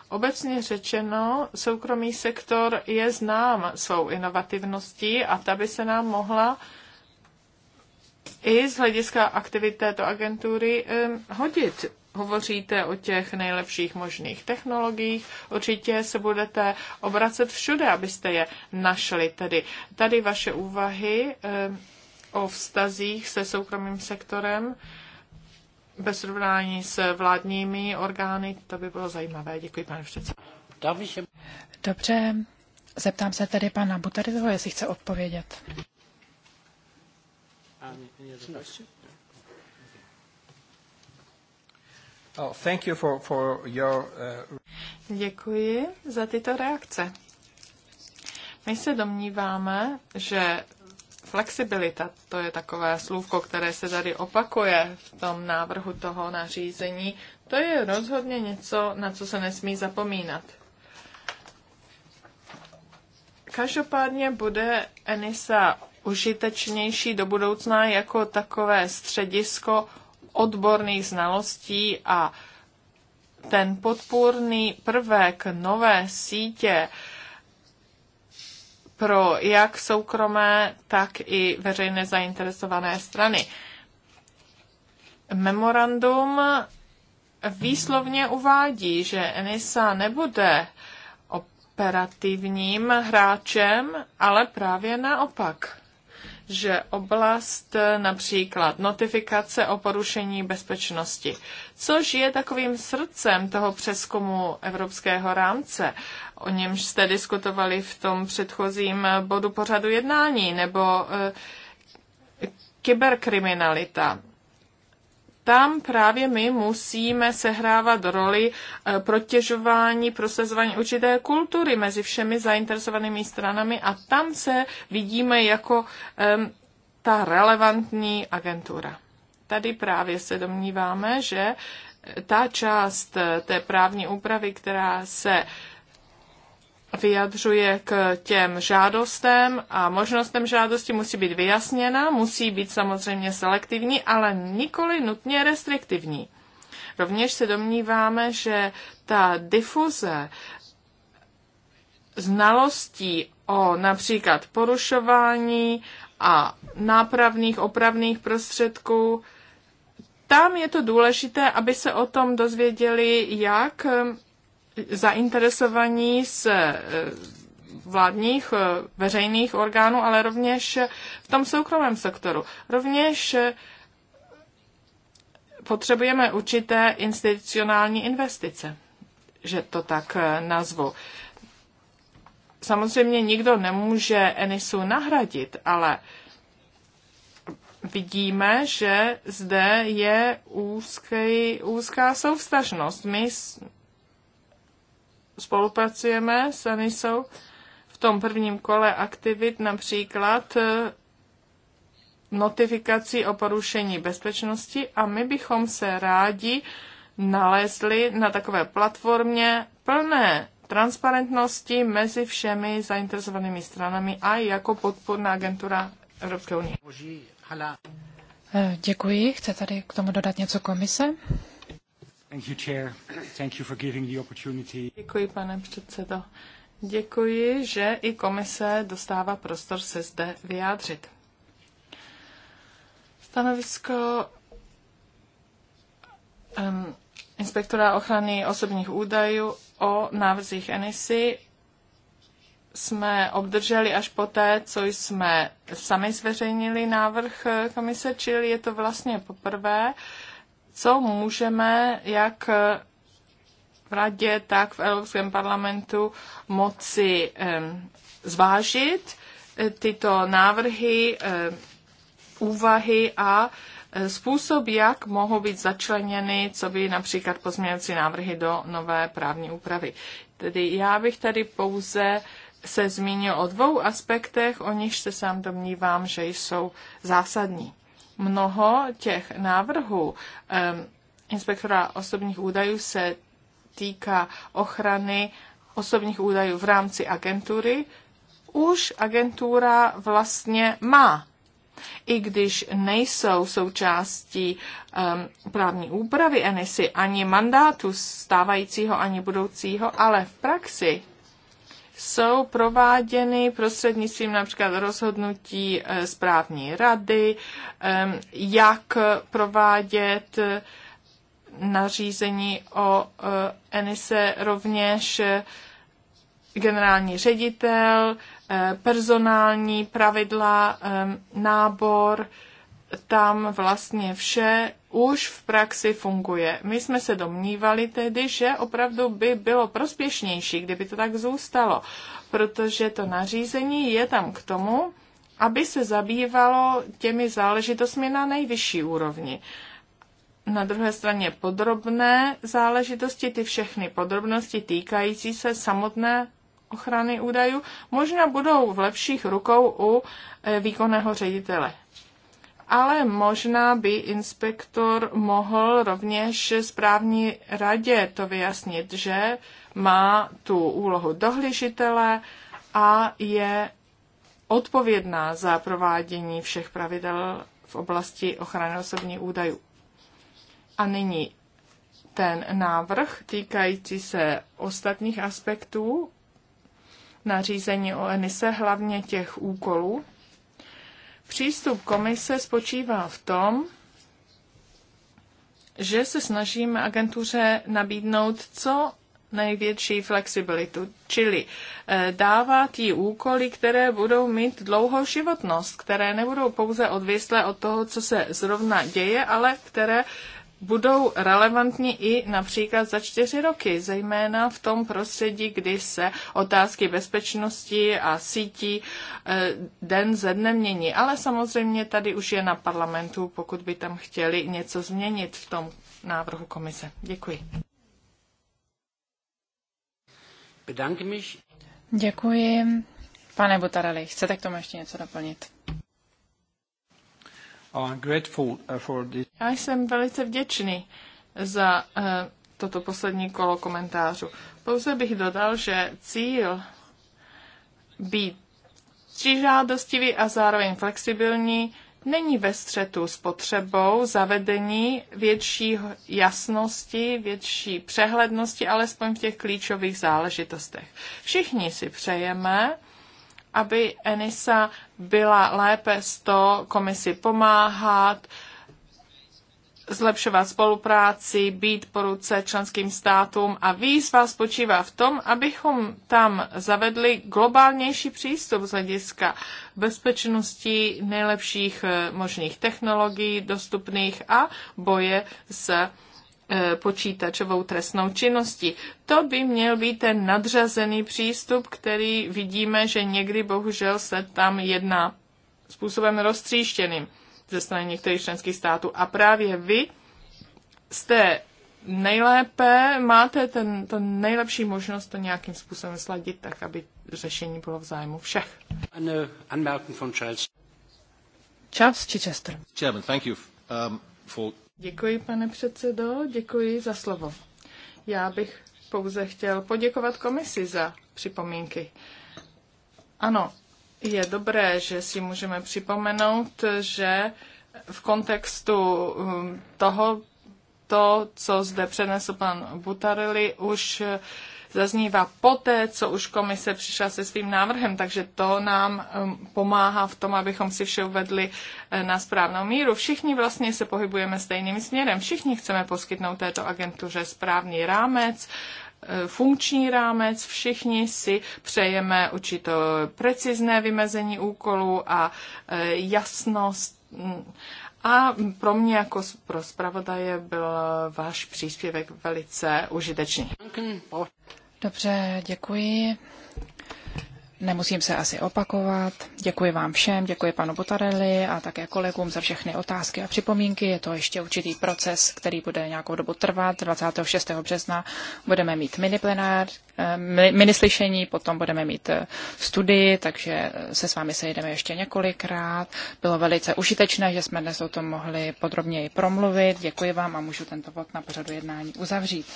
Obecně řečeno, soukromý sektor je znám svou inovativností a ta by se nám mohla i z hlediska aktivit této agentury hodit. Hovoříte o těch nejlepších možných technologiích, určitě se budete obracet všude, abyste je našli. Tedy tady vaše úvahy o vztazích se soukromým sektorem ve srovnání s vládními orgány. To by bylo zajímavé. Děkuji, pane předsedo. Dobře, zeptám se tedy pana Butaryho, jestli chce odpovědět. Ah, oh, thank you for, for your, uh... Děkuji za tyto reakce. My se domníváme, že Flexibilita, to je takové slůvko, které se tady opakuje v tom návrhu toho nařízení, to je rozhodně něco, na co se nesmí zapomínat. Každopádně bude Enisa užitečnější do budoucna jako takové středisko odborných znalostí a ten podpůrný prvek nové sítě pro jak soukromé, tak i veřejné zainteresované strany. Memorandum výslovně uvádí, že ENISA nebude operativním hráčem, ale právě naopak že oblast eh, například notifikace o porušení bezpečnosti, což je takovým srdcem toho přeskumu evropského rámce, o němž jste diskutovali v tom předchozím eh, bodu pořadu jednání, nebo eh, kyberkriminalita tam právě my musíme sehrávat roli eh, protěžování, prosazování určité kultury mezi všemi zainteresovanými stranami a tam se vidíme jako um, ta relevantní agentura. Tady právě se domníváme, že eh, ta část eh, té právní úpravy, která se uh, vyjadřuje k těm žádostem a možnostem žádosti musí být vyjasněna, musí být samozřejmě selektivní, ale nikoli nutně restriktivní. Rovněž se domníváme, že ta difuze znalostí o například porušování a nápravných opravných prostředků tam je to důležité, aby se o tom dozvěděli jak zainteresovaní z eh, vládních eh, veřejných orgánů, ale rovněž v tom soukromém sektoru. Rovněž eh, potřebujeme určité institucionální investice, že to tak nazvu. Samozřejmě nikdo nemůže Enisu nahradit, ale vidíme, že zde je úzký, úzká soustažnost. My spolupracujeme s Anisou v tom prvním kole aktivit, například eh, notifikací o porušení bezpečnosti a my bychom se rádi nalezli na takové platformě plné transparentnosti mezi všemi zainteresovanými stranami a jako podporná agentura Evropské unie. Eh, děkuji. Chce tady k tomu dodat něco komise? Děkuji, pane předsedo. Děkuji, že i komise dostává prostor se zde vyjádřit. Stanovisko um, inspektora ochrany osobních údajů o návrzích ENISY jsme obdrželi až poté, co jsme sami zveřejnili návrh komise, čili je to vlastně poprvé, co můžeme, jak v radě, tak v Evropském parlamentu moci zvážit eh, tyto návrhy, eh, úvahy a eh, způsob, jak mohou být začleněny, co by například pozměňovací návrhy do nové právní úpravy. Tedy já bych tady pouze se zmínil o dvou aspektech, o nichž se sám domnívám, že jsou zásadní. Mnoho těch návrhů inspektora osobních údajů se týká ochrany osobních údajů v rámci agentury, už agentura vlastně má. I když nejsou součástí um, právní úpravy NSI ani mandátu stávajícího, ani budoucího, ale v praxi jsou prováděny prostřednictvím například rozhodnutí eh, správní rady, jak provádět eh, nařízení o eh, Enise rovněž generální ředitel, personální pravidla, nábor, tam vlastně vše už v praxi funguje. My jsme se domnívali tedy, že opravdu by bylo prospěšnější, kdyby to tak zůstalo, protože to nařízení je tam k tomu, aby se zabývalo těmi záležitostmi na nejvyšší úrovni. Na druhé straně podrobné záležitosti, ty všechny podrobnosti týkající se samotné ochrany údajů, možná budou v lepších rukou u eh, výkonného ředitele ale možná by inspektor mohl rovněž správní radě to vyjasnit, že má tu úlohu dohlížitele a je odpovědná za provádění všech pravidel v oblasti ochrany osobních údajů. A nyní ten návrh týkající se ostatních aspektů nařízení o ENISE, hlavně těch úkolů, Přístup komise spočívá v tom, že se snažíme agentuře nabídnout co největší flexibilitu, čili eh, dávat jí úkoly, které budou mít dlouhou životnost, které nebudou pouze odvislé od toho, co se zrovna děje, ale které budou relevantní i například za čtyři roky, zejména v tom prostředí, kdy se otázky bezpečnosti a sítí eh, den ze dne mění. Ale samozřejmě tady už je na parlamentu, pokud by tam chtěli něco změnit v tom návrhu komise. Děkuji. Děkuji. Pane Butarali, chcete k tomu ještě něco doplnit? Oh, uh, Já jsem velice vděčný za uh, toto poslední kolo komentářů. Pouze bych dodal, že cíl být žádostivý a zároveň flexibilní není ve střetu s potřebou zavedení větší jasnosti, větší přehlednosti, alespoň v těch klíčových záležitostech. Všichni si přejeme, aby Enisa byla lépe s to komisi pomáhat, zlepšovat spolupráci, být po ruce členským státům a výzva spočívá v tom, abychom tam zavedli globálnější přístup z hlediska bezpečnosti nejlepších eh, možných technologií dostupných a boje s Eh, počítačovou trestnou činností. To by měl být ten nadřazený přístup, který vidíme, že někdy bohužel se tam jedná způsobem roztříštěným ze strany některých členských států. A právě vy jste nejlépe, máte ten, ten nejlepší možnost to nějakým způsobem sladit, tak aby řešení bylo v zájmu všech. Charles Chichester. Chairman, thank you um, for Děkuji, pane předsedo, děkuji za slovo. Já bych pouze chtěl poděkovat komisi za připomínky. Ano, je dobré, že si můžeme připomenout, že v kontextu um, toho, to, co zde přenesl pan Butarelli, už zaznívá poté, co už komise přišla se svým návrhem, takže to nám um, pomáhá v tom, abychom si vše uvedli eh, na správnou míru. Všichni vlastně se pohybujeme stejným směrem, všichni chceme poskytnout této agentuře správný rámec, eh, funkční rámec, všichni si přejeme určitě precizné vymezení úkolů a eh, jasnost a pro mě jako pro zpravodaje byl váš příspěvek velice užitečný. Dobře, děkuji. Nemusím se asi opakovat. Děkuji vám všem, děkuji panu Butarelli a také kolegům za všechny otázky a připomínky. Je to ještě určitý proces, který bude nějakou dobu trvat. 26. března budeme mít miniplenár, eh, minislyšení, potom budeme mít eh, studii, takže eh, se s vámi sejdeme ještě několikrát. Bylo velice užitečné, že jsme dnes o tom mohli podrobněji promluvit. Děkuji vám a můžu tento bod na pořadu jednání uzavřít.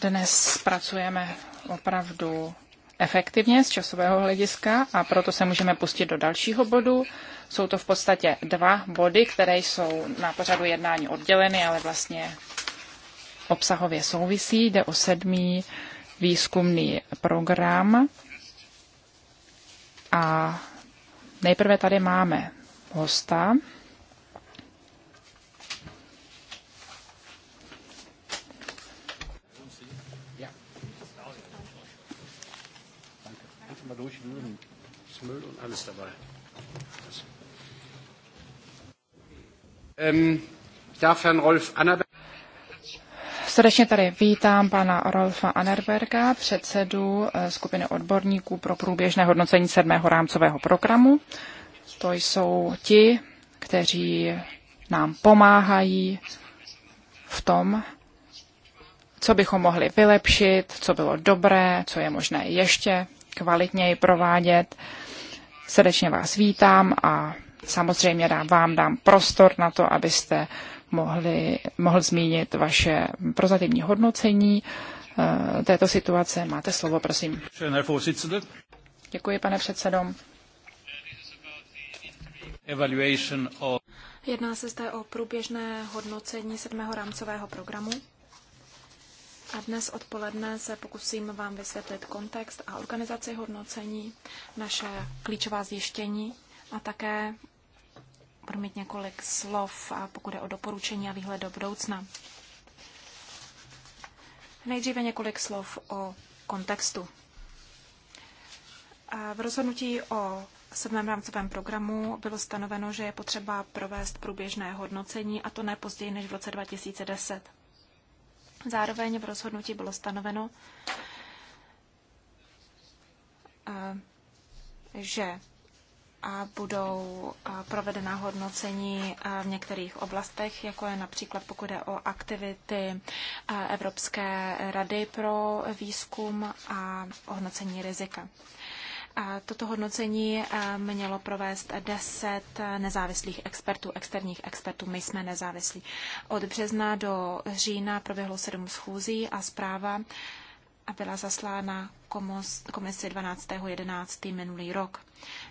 dnes pracujeme opravdu efektivně z časového hlediska a proto se můžeme pustit do dalšího bodu. Jsou to v podstatě dva body, které jsou na pořadu jednání odděleny, ale vlastně obsahově souvisí. Jde o sedmý výzkumný program a nejprve tady máme hosta, durchwühlen. Ist Müll und alles dabei. Ähm, ich darf Herrn Rolf Annaberg. Srdečně tady vítám pana Rolfa Anerberga, předsedu eh, skupiny odborníků pro průběžné hodnocení sedmého rámcového programu. To jsou ti, kteří nám pomáhají v tom, co bychom mohli vylepšit, co bylo dobré, co je možné ještě kvalitněji provádět. Srdečně vás vítám a samozřejmě dám, vám dám prostor na to, abyste mohli, mohl zmínit vaše prozativní hodnocení eh, této situace. Máte slovo, prosím. Děkuji, pane předsedo. Jedná se zde o průběžné hodnocení sedmého rámcového programu. A dnes odpoledne se pokusím vám vysvětlit kontext a organizaci hodnocení, naše klíčová zjištění a také budu mít několik slov, a pokud je o doporučení a výhled do budoucna. Nejdříve několik slov o kontextu. V rozhodnutí o sedmém rámcovém programu bylo stanoveno, že je potřeba provést průběžné hodnocení, a to ne později než v roce 2010. Zároveň v rozhodnutí bylo stanoveno, eh, že a budou eh, provedena hodnocení eh, v některých oblastech, jako je například pokud je o aktivity Evropské rady pro výzkum a hodnocení rizika. Toto hodnocení eh, mělo provést deset nezávislých expertů, externích expertů. My jsme nezávislí. Od března do října proběhlo sedm schůzí a zpráva byla zaslána komisi 12.11. minulý rok.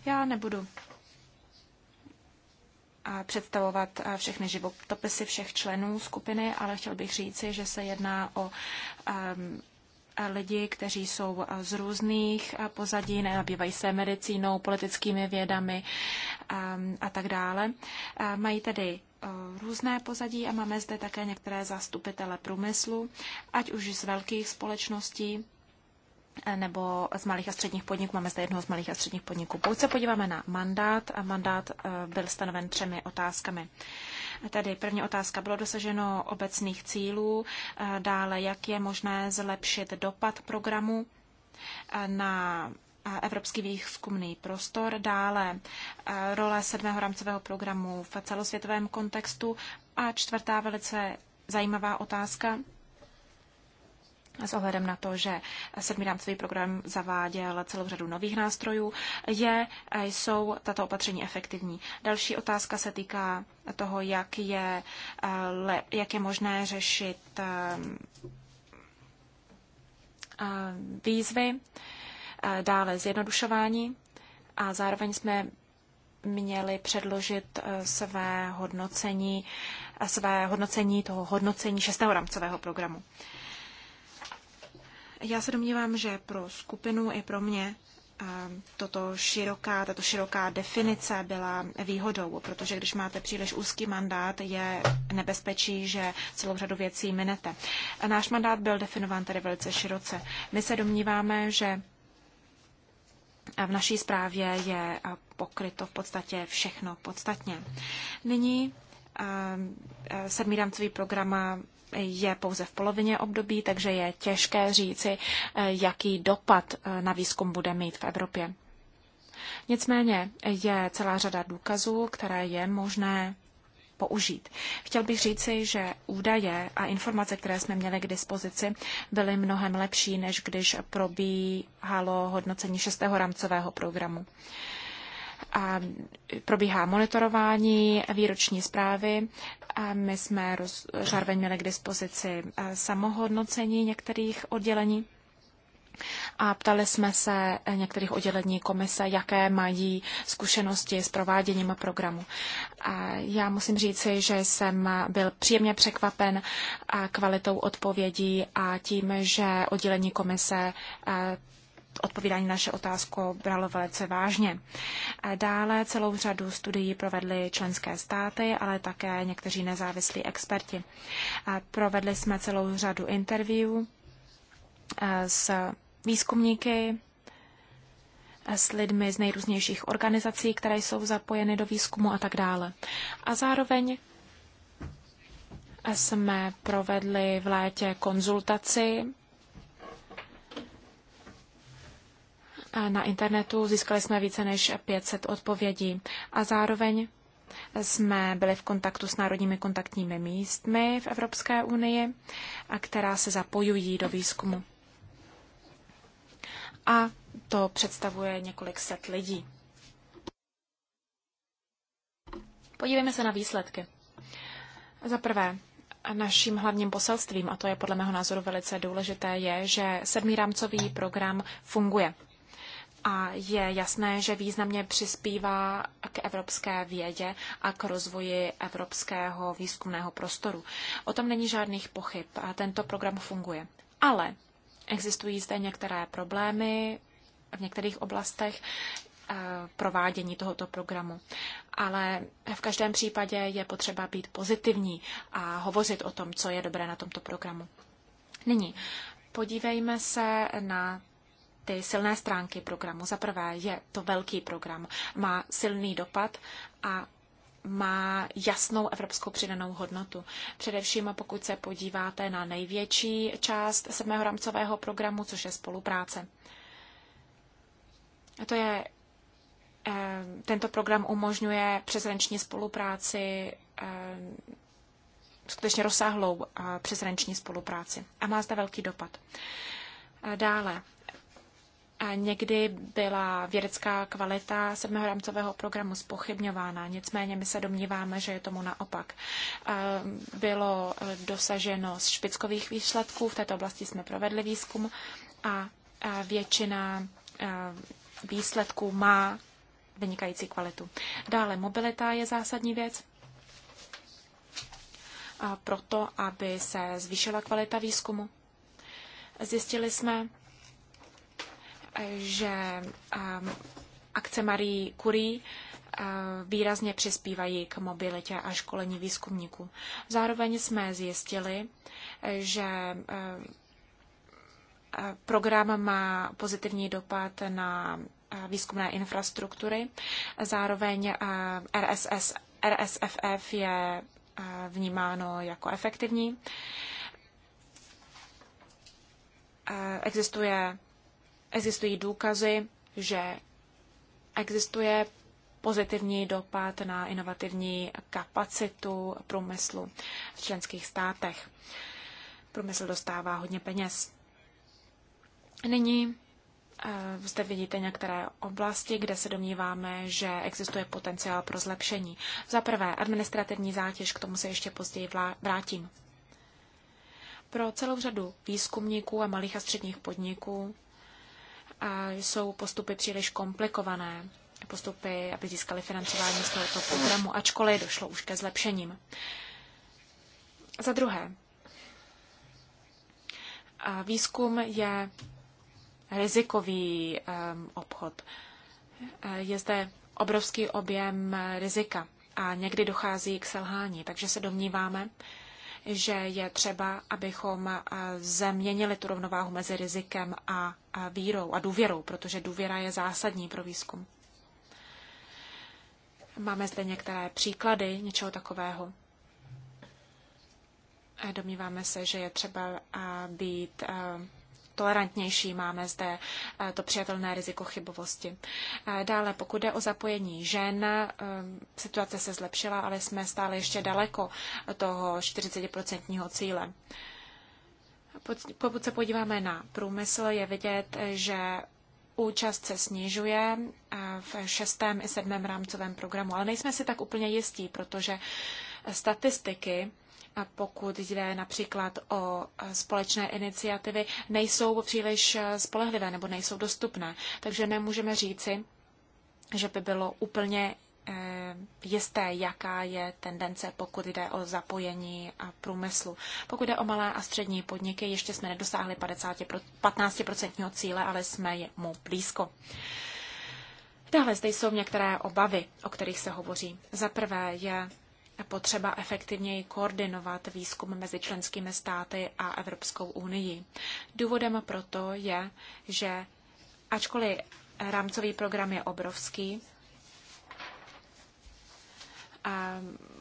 Já nebudu a eh, představovat eh, všechny životopisy všech členů skupiny, ale chtěl bych říci, že se jedná o um, lidi, kteří jsou z různých pozadí, nenabývají se medicínou, politickými vědami a, um, a tak dále. A uh, mají tedy uh, různé pozadí a máme zde také některé zastupitele průmyslu, ať už z velkých společností eh, nebo z malých a středních podniků. Máme zde jednoho z malých a středních podniků. Pokud se podíváme na mandát, a mandát eh, byl stanoven třemi otázkami. Tedy první otázka, bylo dosaženo obecných cílů, eh, dále jak je možné zlepšit dopad programu eh, na eh, Evropský výzkumný prostor, dále role sedmého rámcového programu v celosvětovém kontextu a čtvrtá velice zajímavá otázka, s ohledem na to, že sedmý rámcový program zaváděl celou řadu nových nástrojů, je, eh, jsou tato opatření efektivní. Další otázka se týká toho, jak je, eh, jak je možné řešit eh, výzvy, dále zjednodušování a zároveň jsme měli předložit své hodnocení, své hodnocení toho hodnocení šestého rámcového programu. Já se domnívám, že pro skupinu i pro mě eh, toto široká, tato široká definice byla výhodou, protože když máte příliš úzký mandát, je nebezpečí, že celou řadu věcí minete. Náš mandát byl definován tady velice široce. My se domníváme, že v naší zprávě je pokryto v podstatě všechno podstatně. Nyní eh, eh, sedmý rámcový program je pouze v polovině období, takže je těžké říci, eh, jaký dopad eh, na výzkum bude mít v Evropě. Nicméně je celá řada důkazů, které je možné použít. Chtěl bych říci, že údaje a informace, které jsme měli k dispozici, byly mnohem lepší, než když probíhalo hodnocení šestého rámcového programu probíhá monitorování výroční zprávy. A my jsme zároveň měli k dispozici eh, samohodnocení některých oddělení. A ptali jsme se některých oddělení komise, jaké mají zkušenosti s prováděním programu. A já musím říci, že jsem byl příjemně překvapen eh, kvalitou odpovědí a tím, že oddělení komise eh, odpovídání naše otázku bralo velice vážně. Dále celou řadu studií provedly členské státy, ale také někteří nezávislí experti. Provedli jsme celou řadu interview e, s výzkumníky, e, s lidmi z nejrůznějších organizací, které jsou zapojeny do výzkumu a tak dále. A zároveň e, jsme provedli v létě konzultaci na internetu, získali jsme více než 500 odpovědí a zároveň jsme byli v kontaktu s národními kontaktními místmi v Evropské unii, a která se zapojují do výzkumu. A to představuje několik set lidí. Podívejme se na výsledky. Za prvé, naším hlavním poselstvím, a to je podle mého názoru velice důležité, je, že sedmý rámcový program funguje a je jasné, že významně přispívá k evropské vědě a k rozvoji evropského výzkumného prostoru. O tom není žádných pochyb. A tento program funguje. Ale existují zde některé problémy v některých oblastech eh, provádění tohoto programu. Ale v každém případě je potřeba být pozitivní a hovořit o tom, co je dobré na tomto programu. Nyní podívejme se na ty silné stránky programu. Za prvé je to velký program, má silný dopad a má jasnou evropskou přidanou hodnotu. Především pokud se podíváte na největší část sedmého rámcového programu, což je spolupráce. A to je, eh, tento program umožňuje přeshraniční spolupráci, eh, skutečně rozsáhlou eh, přeshraniční spolupráci a má zde velký dopad. Dále, někdy byla vědecká kvalita sedmého rámcového programu spochybňována, nicméně my se domníváme, že je tomu naopak. Bylo dosaženo z špickových výsledků, v této oblasti jsme provedli výzkum a většina výsledků má vynikající kvalitu. Dále mobilita je zásadní věc proto, aby se zvýšila kvalita výzkumu. Zjistili jsme, že ehm, akce Marie Curie ehm, výrazně přispívají k mobilitě a školení výzkumníků. Zároveň jsme zjistili, že ehm, e, program má pozitivní dopad na e, výzkumné infrastruktury. Zároveň e, RSS, RSFF je vnímáno jako efektivní. Existuje Existují důkazy, že existuje pozitivní dopad na inovativní kapacitu průmyslu v členských státech. Průmysl dostává hodně peněz. Nyní eh, zde vidíte některé oblasti, kde se domníváme, že existuje potenciál pro zlepšení. Za prvé, administrativní zátěž, k tomu se ještě později vrátím. Pro celou řadu výzkumníků a malých a středních podniků a jsou postupy příliš komplikované, postupy, aby získali financování z tohoto programu, ačkoliv došlo už ke zlepšením. Za druhé, výzkum je rizikový um, obchod. E, je zde obrovský objem rizika a někdy dochází k selhání, takže se domníváme, že je třeba, abychom eh, změnili tu rovnováhu mezi rizikem a vírou a důvěrou, protože důvěra je zásadní pro výzkum. Máme zde některé příklady něčeho takového. Eh, domníváme se, že je třeba eh, být tolerantnější. Máme zde eh, to přijatelné riziko chybovosti. Eh, dále, pokud jde o zapojení žen, eh, situace se zlepšila, ale jsme stále ještě daleko toho 40% cíle. Pokud se podíváme na průmysl, je vidět, že účast se snižuje v šestém i sedmém rámcovém programu, ale nejsme si tak úplně jistí, protože statistiky pokud jde například o e, společné iniciativy, nejsou příliš e, spolehlivé nebo nejsou dostupné. Takže nemůžeme říci, že by bylo úplně e, jisté, jaká je tendence, pokud jde o zapojení a průmyslu. Pokud jde o malé a střední podniky, ještě jsme nedosáhli 50, 15% cíle, ale jsme mu blízko. Dále zde jsou některé obavy, o kterých se hovoří. Za prvé je potřeba efektivněji koordinovat výzkum mezi členskými státy a Evropskou unii. Důvodem proto je, že ačkoliv rámcový program je obrovský,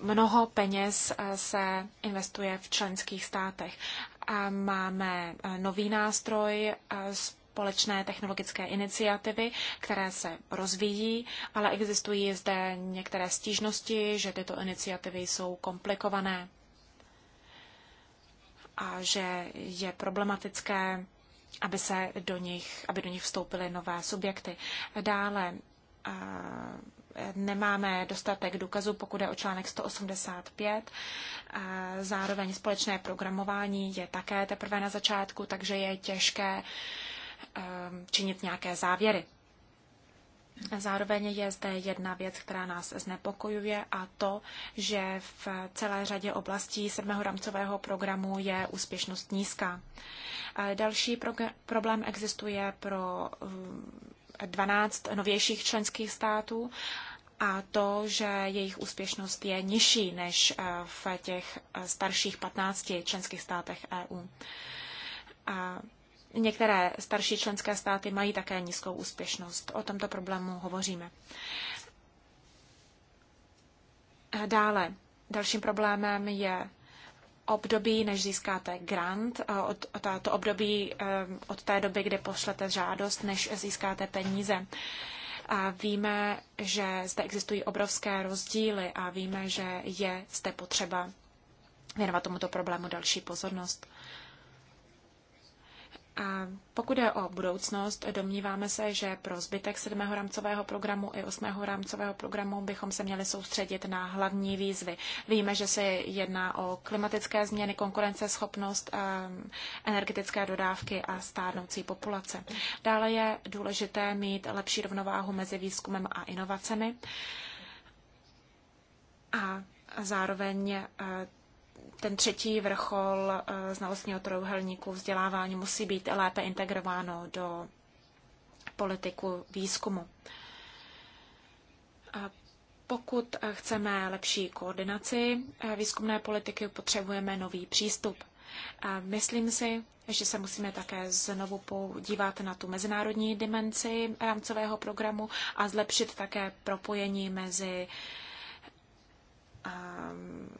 mnoho peněz se investuje v členských státech. Máme nový nástroj společné technologické iniciativy, které se rozvíjí, ale existují zde některé stížnosti, že tyto iniciativy jsou komplikované a že je problematické, aby se do nich, aby do nich vstoupily nové subjekty. Dále nemáme dostatek důkazů, pokud je o článek 185. Zároveň společné programování je také teprve na začátku, takže je těžké Ehm, činit nějaké závěry. Zároveň je zde jedna věc, která nás znepokojuje a to, že v celé řadě oblastí sedmého rámcového programu je úspěšnost nízká. Další problém existuje pro 12 ehm, novějších členských států a to, že jejich úspěšnost je nižší než eh, v těch eh, starších 15 členských státech EU. A Některé starší členské státy mají také nízkou úspěšnost. O tomto problému hovoříme. Dále, dalším problémem je období, než získáte grant, od, to období eh, od té doby, kdy pošlete žádost, než získáte peníze. A víme, že zde existují obrovské rozdíly a víme, že je zde potřeba věnovat tomuto problému další pozornost. A pokud je o budoucnost, domníváme se, že pro zbytek sedmého rámcového programu i osmého rámcového programu bychom se měli soustředit na hlavní výzvy. Víme, že se jedná o klimatické změny, konkurenceschopnost, ehm, energetické dodávky a stárnoucí populace. Dále je důležité mít lepší rovnováhu mezi výzkumem a inovacemi. A zároveň eh, ten třetí vrchol eh, znalostního trojuhelníku vzdělávání musí být lépe integrováno do politiku výzkumu. pokud eh, chceme lepší koordinaci eh, výzkumné politiky, potřebujeme nový přístup. A myslím si, že se musíme také znovu podívat na tu mezinárodní dimenzi rámcového programu a zlepšit také propojení mezi ehm,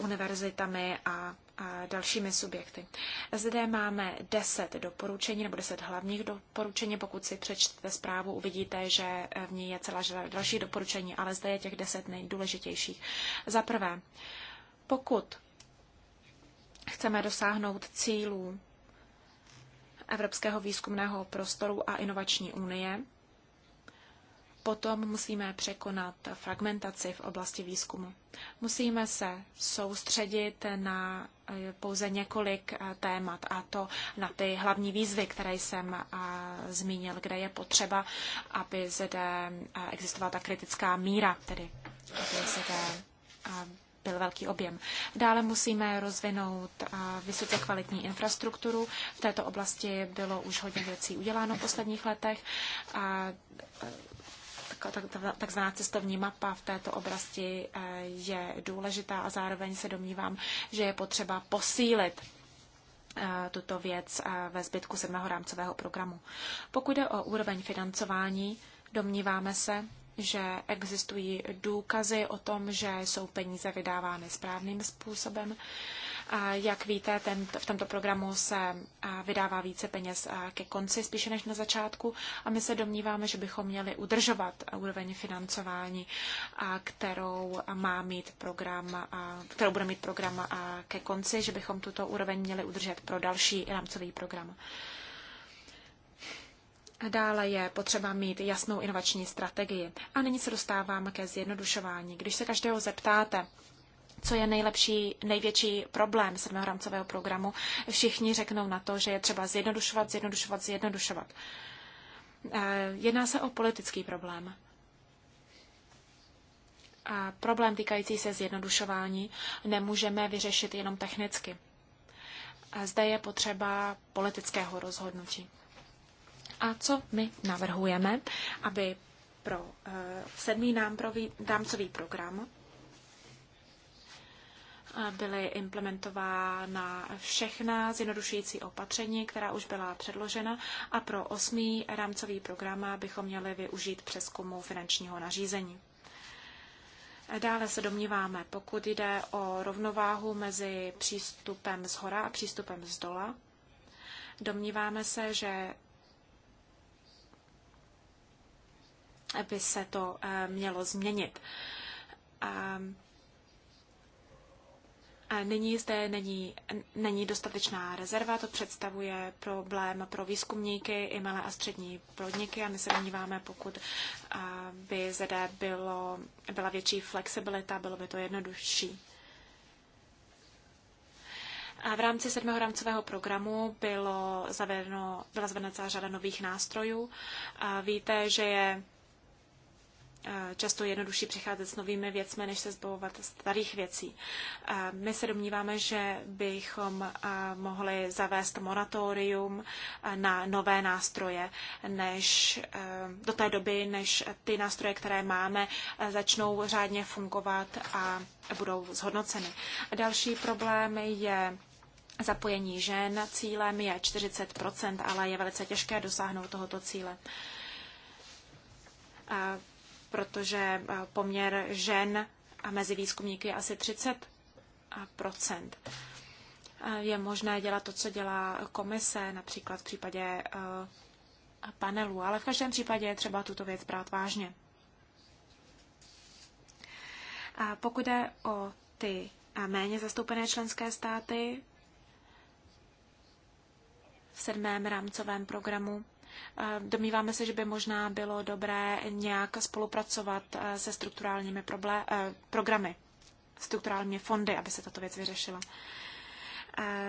univerzitami a dalšími subjekty. Zde máme deset doporučení nebo deset hlavních doporučení. Pokud si přečtete zprávu, uvidíte, že v ní je celá řada dalších doporučení, ale zde je těch deset nejdůležitějších. Za prvé, pokud chceme dosáhnout cílů Evropského výzkumného prostoru a inovační unie, Potom musíme překonat fragmentaci v oblasti výzkumu. Musíme se soustředit na eh, pouze několik eh, témat, a to na ty hlavní výzvy, které jsem eh, zmínil, kde je potřeba, aby zde existovala ta kritická míra, tedy aby zde byl velký objem. Dále musíme rozvinout vysoce kvalitní infrastrukturu. V této oblasti bylo už hodně věcí uděláno v posledních letech. A takzvaná cestovní mapa v této oblasti eh, je důležitá a zároveň se domnívám, že je potřeba posílit eh, tuto věc eh, ve zbytku sedmého rámcového programu. Pokud jde o úroveň financování, domníváme se, že existují důkazy o tom, že jsou peníze vydávány správným způsobem. Jak víte, tento, v tomto programu se vydává více peněz ke konci spíše než na začátku a my se domníváme, že bychom měli udržovat úroveň financování, kterou má mít program, kterou bude mít program ke konci, že bychom tuto úroveň měli udržet pro další rámcový program. Dále je potřeba mít jasnou inovační strategii. A nyní se dostáváme ke zjednodušování. Když se každého zeptáte, co je nejlepší, největší problém sedmého rámcového programu. Všichni řeknou na to, že je třeba zjednodušovat, zjednodušovat, zjednodušovat. Eh, jedná se o politický problém. A problém týkající se zjednodušování nemůžeme vyřešit jenom technicky. A zde je potřeba politického rozhodnutí. A co my navrhujeme, aby pro eh, sedmý námcový program byly implementována všechna zjednodušující opatření, která už byla předložena a pro osmý rámcový program bychom měli využít přeskumu finančního nařízení. Dále se domníváme, pokud jde o rovnováhu mezi přístupem z hora a přístupem z dola, domníváme se, že by se to eh, mělo změnit. Nyní zde není, není dostatečná rezerva, to představuje problém pro výzkumníky i malé a střední podniky a my se domníváme, pokud by zde bylo, byla větší flexibilita, bylo by to jednodušší. A v rámci sedmého rámcového programu bylo zavedeno, byla zavedena celá řada nových nástrojů. A víte, že je často jednodušší přicházet s novými věcmi, než se zbavovat starých věcí. My se domníváme, že bychom mohli zavést moratorium na nové nástroje než do té doby, než ty nástroje, které máme, začnou řádně fungovat a budou zhodnoceny. Další problém je zapojení žen. Cílem je 40%, ale je velice těžké dosáhnout tohoto cíle protože eh, poměr žen a mezi výzkumníky je asi 30 eh, Je možné dělat to, co dělá komise, například v případě eh, panelu, ale v každém případě je třeba tuto věc brát vážně. A pokud jde o ty méně zastoupené členské státy v sedmém rámcovém programu, Eh, domníváme se, že by možná bylo dobré nějak spolupracovat eh, se strukturálními problé- eh, programy, strukturálními fondy, aby se tato věc vyřešila.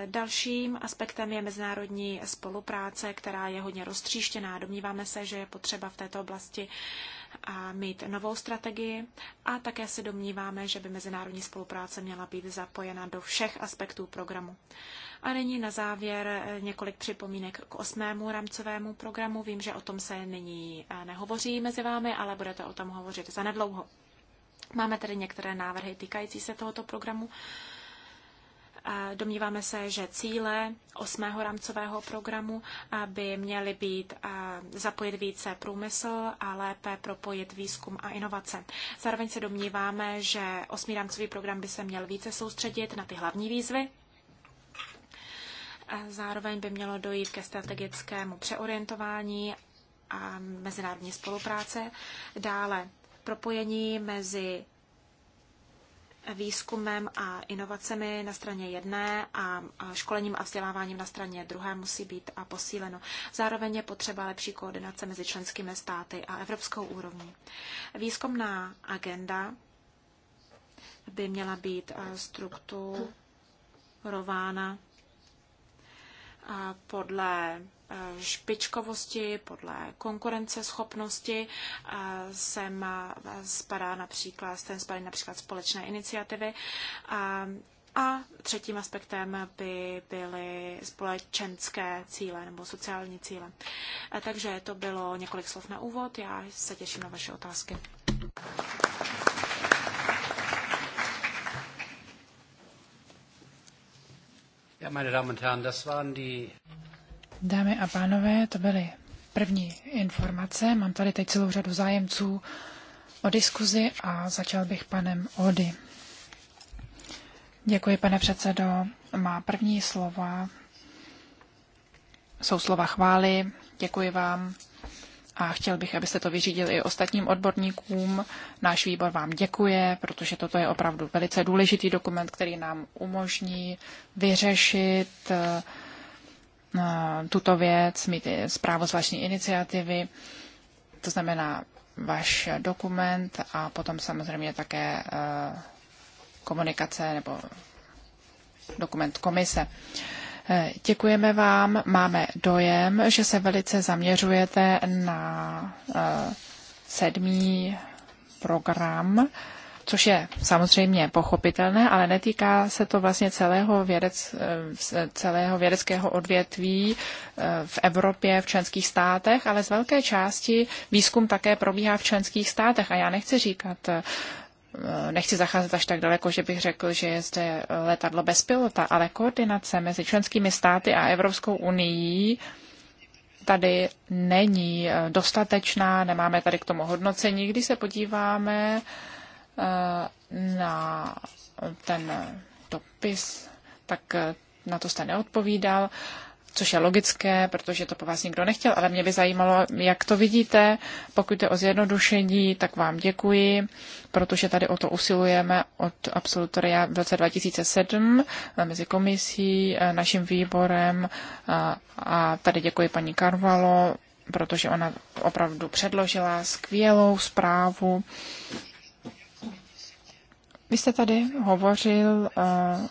Dalším aspektem je mezinárodní spolupráce, která je hodně roztříštěná. Domníváme se, že je potřeba v této oblasti uh, mít novou strategii a také se domníváme, že by mezinárodní spolupráce měla být zapojena do všech aspektů programu. A nyní na závěr eh, několik připomínek k osmému rámcovému programu. Vím, že o tom se nyní eh, nehovoří mezi vámi, ale budete o tom hovořit zanedlouho. Máme tedy některé návrhy týkající se tohoto programu. Domníváme se, že cíle osmého rámcového programu by měly být zapojit více průmysl a lépe propojit výzkum a inovace. Zároveň se domníváme, že osmý rámcový program by se měl více soustředit na ty hlavní výzvy. Zároveň by mělo dojít ke strategickému přeorientování a mezinárodní spolupráce. Dále propojení mezi výzkumem a inovacemi na straně jedné a školením a vzděláváním na straně druhé musí být a posíleno. Zároveň je potřeba lepší koordinace mezi členskými státy a evropskou úrovní. Výzkumná agenda by měla být strukturována podle Eh, špičkovosti, podle konkurenceschopnosti eh, sem eh, spadá například, sem spadají například společné iniciativy. A třetím aspektem by byly společenské cíle nebo sociální cíle. Takže to bylo několik slov na úvod. Já se těším na vaše otázky. Ja, meine Damen und Herren, das waren die Dámy a pánové, to byly první informace. Mám tady teď celou řadu zájemců o diskuzi a začal bych panem Ody. Děkuji, pane předsedo. Má první slova jsou slova chvály. Děkuji vám a chtěl bych, abyste to vyřídil i ostatním odborníkům. Náš výbor vám děkuje, protože toto je opravdu velice důležitý dokument, který nám umožní vyřešit Eh, tuto věc, mít zprávu z vlastní iniciativy, to znamená váš dokument a potom samozřejmě také eh, komunikace nebo dokument komise. Eh, děkujeme vám. Máme dojem, že se velice zaměřujete na sedmý program což je samozřejmě pochopitelné, ale netýká se to vlastně celého, vědec, eh, celého vědeckého odvětví eh, v Evropě, v členských státech, ale z velké části výzkum také probíhá v členských státech. A já nechci říkat, eh, nechci zacházet až tak daleko, že bych řekl, že je zde letadlo bez pilota, ale koordinace mezi členskými státy a Evropskou unii tady není dostatečná, nemáme tady k tomu hodnocení. Když se podíváme Eh, na ten dopis, tak eh, na to jste neodpovídal, což je logické, protože to po vás nikdo nechtěl, ale mě by zajímalo, jak to vidíte. Pokud je o zjednodušení, tak vám děkuji, protože tady o to usilujeme od absolutoria v roce 2007 eh, mezi komisí, naším výborem a tady děkuji paní Karvalo, protože ona opravdu předložila skvělou zprávu vy jste tady hovořil eh,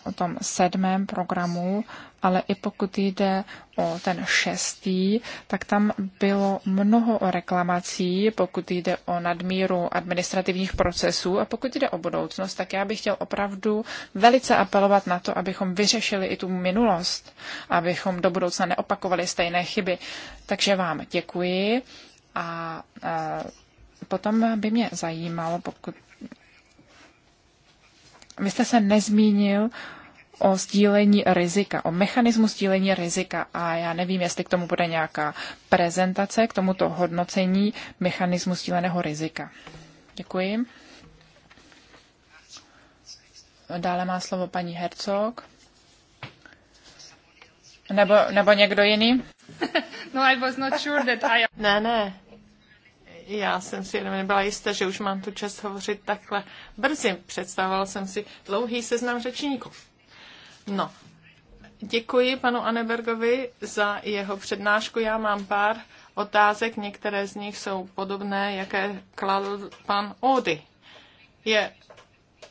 o tom sedmém programu, ale i pokud jde o ten šestý, tak tam bylo mnoho reklamací, pokud jde o nadmíru administrativních procesů a pokud jde o budoucnost, tak já bych chtěl opravdu velice apelovat na to, abychom vyřešili i tu minulost, abychom do budoucna neopakovali stejné chyby. Takže vám děkuji a eh, potom by mě zajímalo, pokud vy jste se nezmínil o sdílení rizika, o mechanismu sdílení rizika a já nevím, jestli k tomu bude nějaká prezentace, k tomuto hodnocení mechanismu sdíleného rizika. Děkuji. Dále má slovo paní Hercog. Nebo, nebo někdo jiný? (laughs) no, I was not sure that I... Ne, ne, já jsem si jenom nebyla jistá, že už mám tu čest hovořit takhle brzy. Představoval jsem si dlouhý seznam řečníků. No, děkuji panu Anebergovi za jeho přednášku. Já mám pár otázek, některé z nich jsou podobné, jaké kladl pan Ody. Je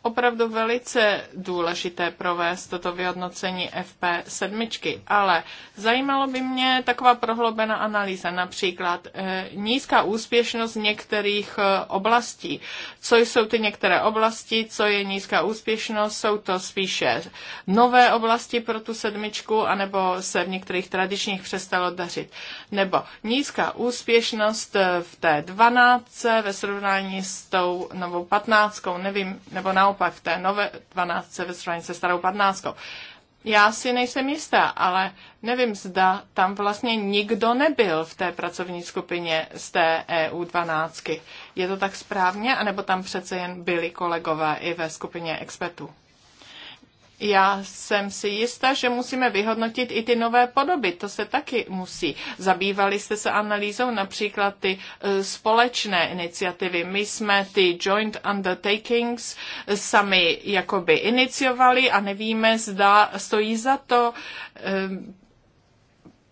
opravdu velice důležité provést toto vyhodnocení FP7, ale zajímalo by mě taková prohloubená analýza, například eh, nízká úspěšnost některých eh, oblastí. Co jsou ty některé oblasti, co je nízká úspěšnost, jsou to spíše nové oblasti pro tu sedmičku, anebo se v některých tradičních přestalo dařit. Nebo nízká úspěšnost eh, v té dvanáctce ve srovnání s tou novou patnáctkou, nevím, nebo naopak naopak v té nové 12 ve srovnání se starou 15. Já si nejsem jistá, ale nevím, zda tam vlastně nikdo nebyl v té pracovní skupině z té EU 12. Je to tak správně, anebo tam přece jen byli kolegové i ve skupině expertů? Já jsem si jistá, že musíme vyhodnotit i ty nové podoby, to se taky musí. Zabývali jste se analýzou například ty e, společné iniciativy. My jsme ty joint undertakings sami jakoby iniciovali a nevíme, zda stojí za to e,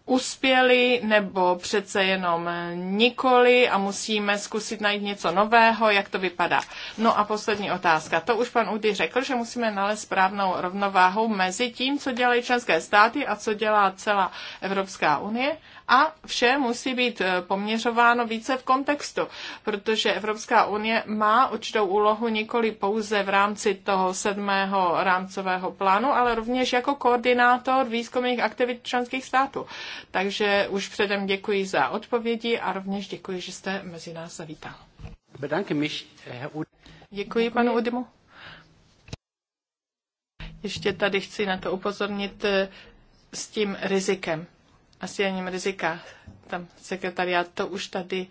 uspěli nebo přece jenom nikoli a musíme zkusit najít něco nového, jak to vypadá. No a poslední otázka. To už pan Udy řekl, že musíme nalézt správnou rovnováhu mezi tím, co dělají členské státy a co dělá celá Evropská unie a vše musí být eh, poměřováno více v kontextu, protože Evropská unie má určitou úlohu nikoli pouze v rámci toho sedmého rámcového plánu, ale rovněž jako koordinátor výzkumných aktivit členských států. Takže už předem děkuji za odpovědi a rovněž děkuji, že jste mezi nás zavítal. Eh, děkuji panu Udimu. Ještě tady chci na to upozornit eh, s tím rizikem asi ani rizika. Tam sekretariát, to už tady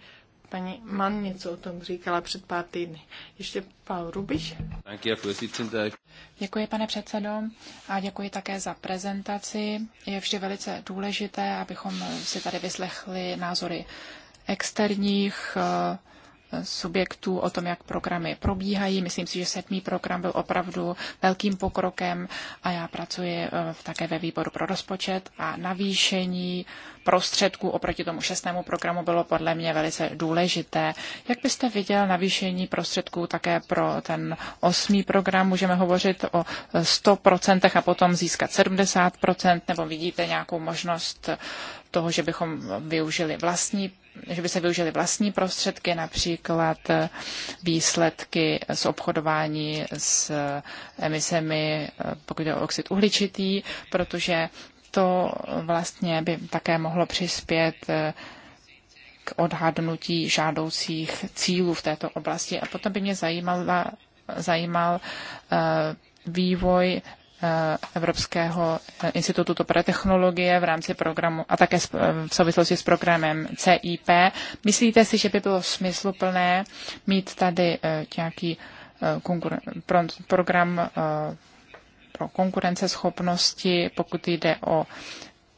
paní Mann něco o tom říkala před pár týdny. Ještě pán Rubiš. Děkuji, pane předsedo, a děkuji také za prezentaci. Je vždy velice důležité, abychom si tady vyslechli názory externích uh, subjektů o tom, jak programy probíhají. Myslím si, že sedmý program byl opravdu velkým pokrokem a já pracuji eh, také ve výboru pro rozpočet a navýšení prostředků oproti tomu šestému programu bylo podle mě velice důležité. Jak byste viděl navýšení prostředků také pro ten osmý program? Můžeme hovořit o 100% eh, a potom získat 70%, nebo vidíte nějakou možnost toho, že bychom využili vlastní že by se využili vlastní prostředky, například eh, výsledky z obchodování s eh, emisemi, eh, pokud je o oxid uhličitý, protože to vlastně by také mohlo přispět k odhadnutí žádoucích cílů v této oblasti. A potom by mě zajímala, zajímal vývoj Eh, Evropského eh, institutu pro technologie v rámci programu a také v souvislosti s programem CIP. Myslíte si, že by bylo smysluplné mít tady eh, nějaký program pro konkurenceschopnosti, pokud jde o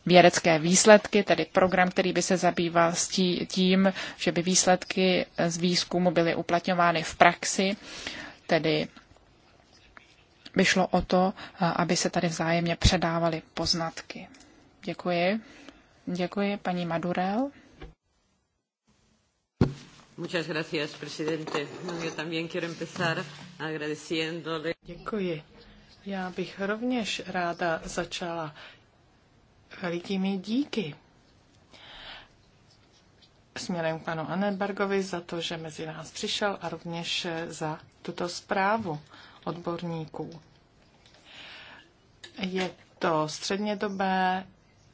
vědecké výsledky, tedy program, který by se zabýval tím, že by výsledky z výzkumu byly uplatňovány v praxi, tedy by šlo o to, aby se tady vzájemně předávaly poznatky. Děkuji. Děkuji, paní Madurel. Muchas gracias, presidente. No, yo también quiero empezar agradeciéndole. Děkuji. Já bych rovněž ráda začala velikými díky směrem k panu Annenbergovi za to, že mezi nás přišel a rovněž za tuto zprávu odborníků. Je to střednědobé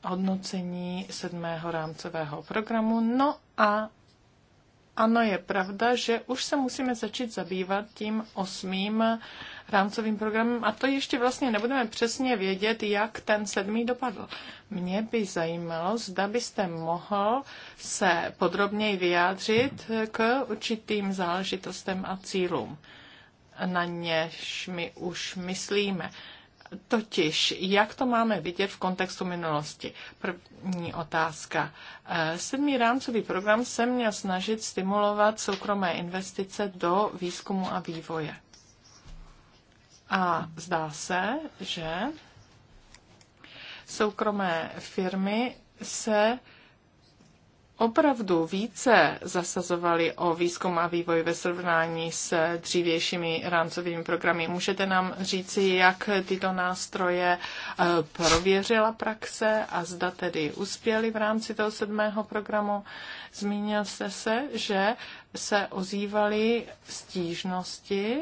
hodnocení sedmého rámcového programu. No a ano, je pravda, že už se musíme začít zabývat tím osmým rámcovým programem a to ještě vlastně nebudeme přesně vědět, jak ten sedmý dopadl. Mě by zajímalo, zda byste mohl se podrobněji vyjádřit k určitým záležitostem a cílům, na něž my už myslíme. Totiž, jak to máme vidět v kontextu minulosti? První otázka. Eh, sedmý rámcový program se měl snažit stimulovat soukromé investice do výzkumu a vývoje. A zdá se, že soukromé firmy se opravdu více zasazovali o výzkum a vývoj ve srovnání s dřívějšími rámcovými programy. Můžete nám říci, jak tyto nástroje eh, prověřila praxe a zda tedy uspěli v rámci toho sedmého programu? Zmínil jste se, že se ozývaly stížnosti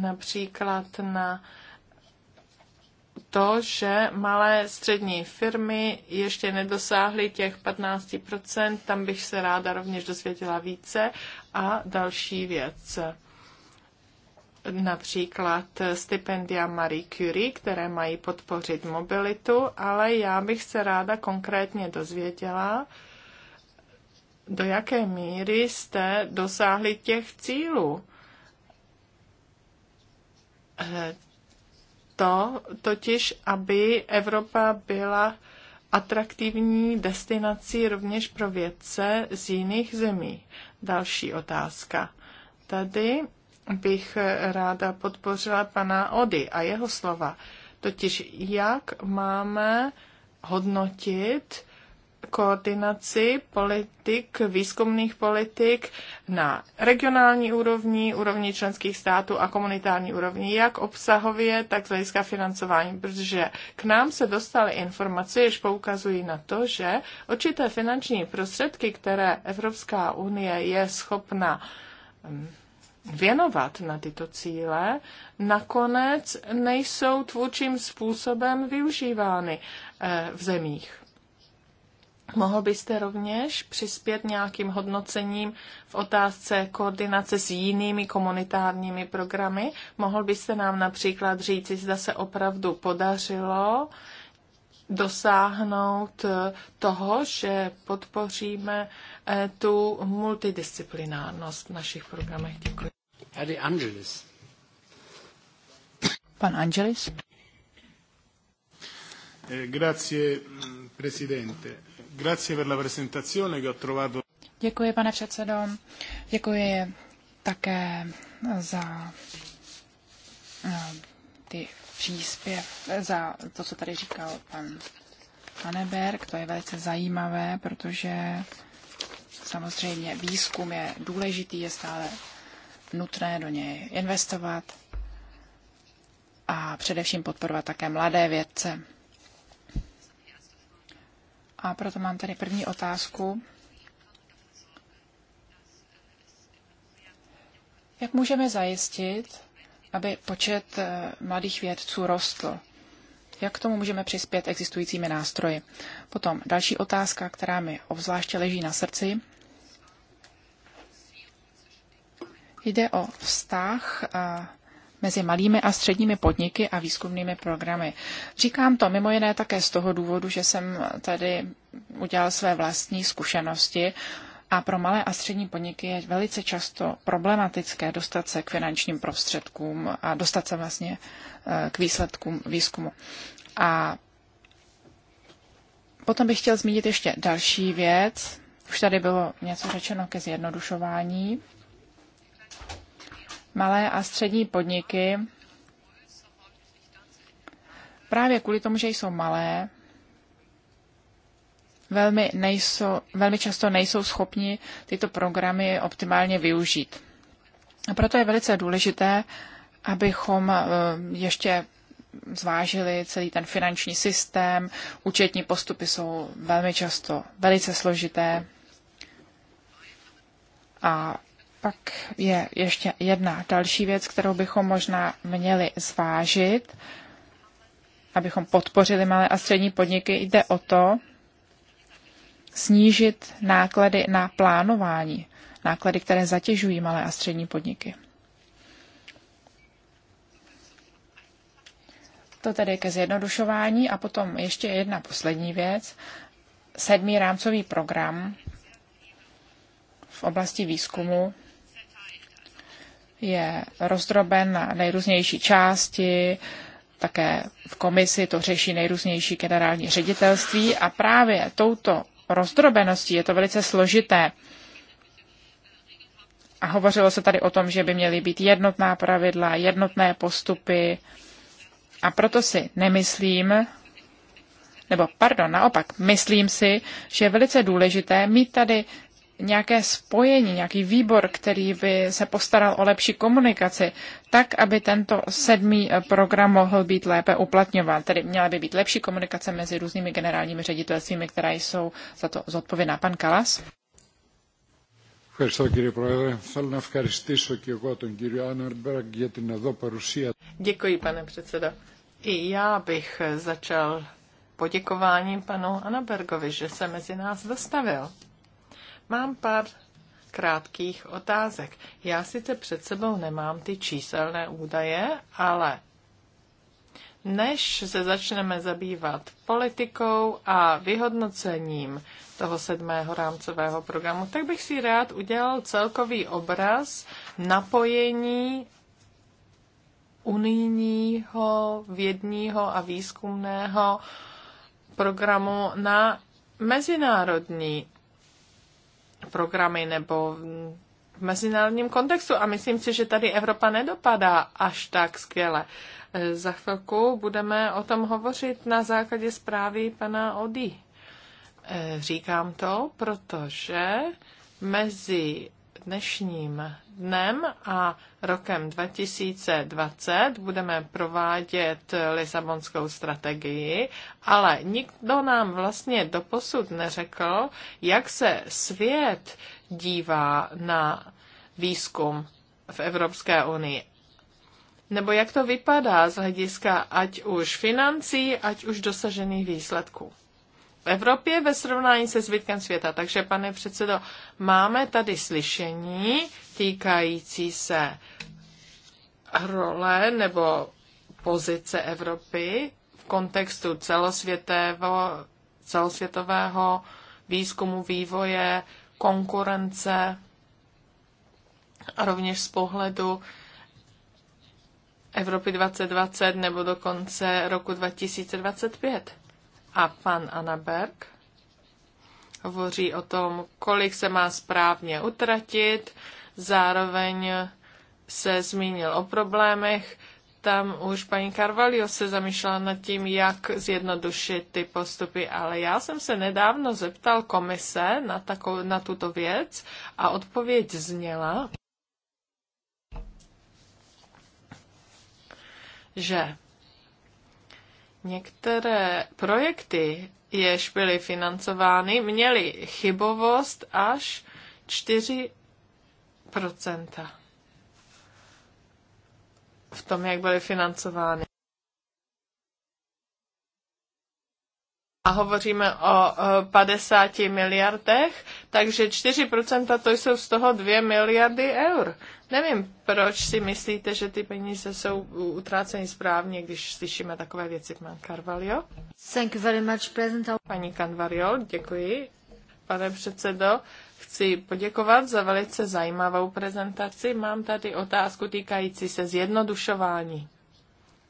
například na to, že malé střední firmy ještě nedosáhly těch 15%, tam bych se ráda rovněž dozvěděla více. A další věc, například stipendia Marie Curie, které mají podpořit mobilitu, ale já bych se ráda konkrétně dozvěděla, do jaké míry jste dosáhli těch cílů to totiž, aby Evropa byla atraktivní destinací rovněž pro vědce z jiných zemí. Další otázka. Tady bych ráda podpořila pana Ody a jeho slova. Totiž jak máme hodnotit koordinaci politik, výzkumných politik na regionální úrovni, úrovni členských států a komunitární úrovni, jak obsahově, tak z hlediska financování, protože k nám se dostaly informace, jež poukazují na to, že určité finanční prostředky, které Evropská unie je schopna mm, věnovat na tyto cíle, nakonec nejsou tvůrčím způsobem využívány eh, v zemích Mohl byste rovněž přispět nějakým hodnocením v otázce koordinace s jinými komunitárními programy? Mohl byste nám například říct, zda se opravdu podařilo dosáhnout eh, toho, že podpoříme eh, tu multidisciplinárnost v našich programech? Děkuji. Tady Angelis. Pan Angelis. Eh, grazie, mm, presidente. Děkuji, pane předsedo. Děkuji také za eh, ty příspěv, za to, co tady říkal pan Haneberg. To je velice zajímavé, protože samozřejmě výzkum je důležitý, je stále nutné do něj investovat a především podporovat také mladé vědce. A proto mám tady první otázku. Jak můžeme zajistit, aby počet eh, mladých vědců rostl? Jak k tomu můžeme přispět existujícími nástroji? Potom další otázka, která mi obzvláště leží na srdci. Jde o vztah eh, mezi malými a středními podniky a výzkumnými programy. Říkám to mimo jiné také z toho důvodu, že jsem tady udělal své vlastní zkušenosti a pro malé a střední podniky je velice často problematické dostat se k finančním prostředkům a dostat se vlastně eh, k výsledkům výzkumu. A potom bych chtěl zmínit ještě další věc. Už tady bylo něco řečeno ke zjednodušování malé a střední podniky právě kvůli tomu, že jsou malé, velmi, nejsou, velmi často nejsou schopni tyto programy optimálně využít. A proto je velice důležité, abychom eh, ještě zvážili celý ten finanční systém. Účetní postupy jsou velmi často velice složité a pak je ještě jedna další věc, kterou bychom možná měli zvážit, abychom podpořili malé a střední podniky. Jde o to snížit náklady na plánování, náklady, které zatěžují malé a střední podniky. To tedy ke zjednodušování a potom ještě jedna poslední věc. Sedmý rámcový program v oblasti výzkumu je rozdroben na nejrůznější části, také v komisi to řeší nejrůznější generální ředitelství a právě touto rozdrobeností je to velice složité. A hovořilo se tady o tom, že by měly být jednotná pravidla, jednotné postupy. A proto si nemyslím, nebo pardon, naopak, myslím si, že je velice důležité mít tady nějaké spojení, nějaký výbor, který by se postaral o lepší komunikaci, tak, aby tento sedmý eh, program mohl být lépe uplatňován. Tedy měla by být lepší komunikace mezi různými generálními ředitelstvími, která jsou za to zodpovědná. Pan Kalas? Děkuji, pane předsedo. I já bych začal poděkováním panu Anabergovi, že se mezi nás dostavil. Mám pár krátkých otázek. Já sice před sebou nemám ty číselné údaje, ale než se začneme zabývat politikou a vyhodnocením toho sedmého rámcového programu, tak bych si rád udělal celkový obraz napojení unijního, vědního a výzkumného programu na mezinárodní programy nebo v mezinárodním kontextu. A myslím si, že tady Evropa nedopadá až tak skvěle. E, za chvilku budeme o tom hovořit na základě zprávy pana Ody. E, říkám to, protože mezi dnešním dnem a rokem 2020 budeme provádět Lisabonskou strategii, ale nikdo nám vlastně doposud neřekl, jak se svět dívá na výzkum v Evropské unii. Nebo jak to vypadá z hlediska ať už financí, ať už dosažených výsledků. Evropě ve srovnání se zbytkem světa. Takže, pane předsedo, máme tady slyšení týkající se role nebo pozice Evropy v kontextu celosvětového, celosvětového výzkumu, vývoje, konkurence, a rovněž z pohledu Evropy 2020 nebo dokonce roku 2025. A pan Anaberg hovoří o tom, kolik se má správně utratit, zároveň se zmínil o problémech, tam už paní Carvalho se zamýšlela nad tím, jak zjednodušit ty postupy, ale já jsem se nedávno zeptal komise na, takovou, na tuto věc a odpověď zněla, že Některé projekty, jež byly financovány, měly chybovost až 4 v tom, jak byly financovány. a hovoříme o 50 miliardech, takže 4% to jsou z toho 2 miliardy eur. Nevím, proč si myslíte, že ty peníze jsou utráceny správně, když slyšíme takové věci, pan Carvalho. Thank you very much, President. Paní Carvalho, děkuji. Pane předsedo, chci poděkovat za velice zajímavou prezentaci. Mám tady otázku týkající se zjednodušování.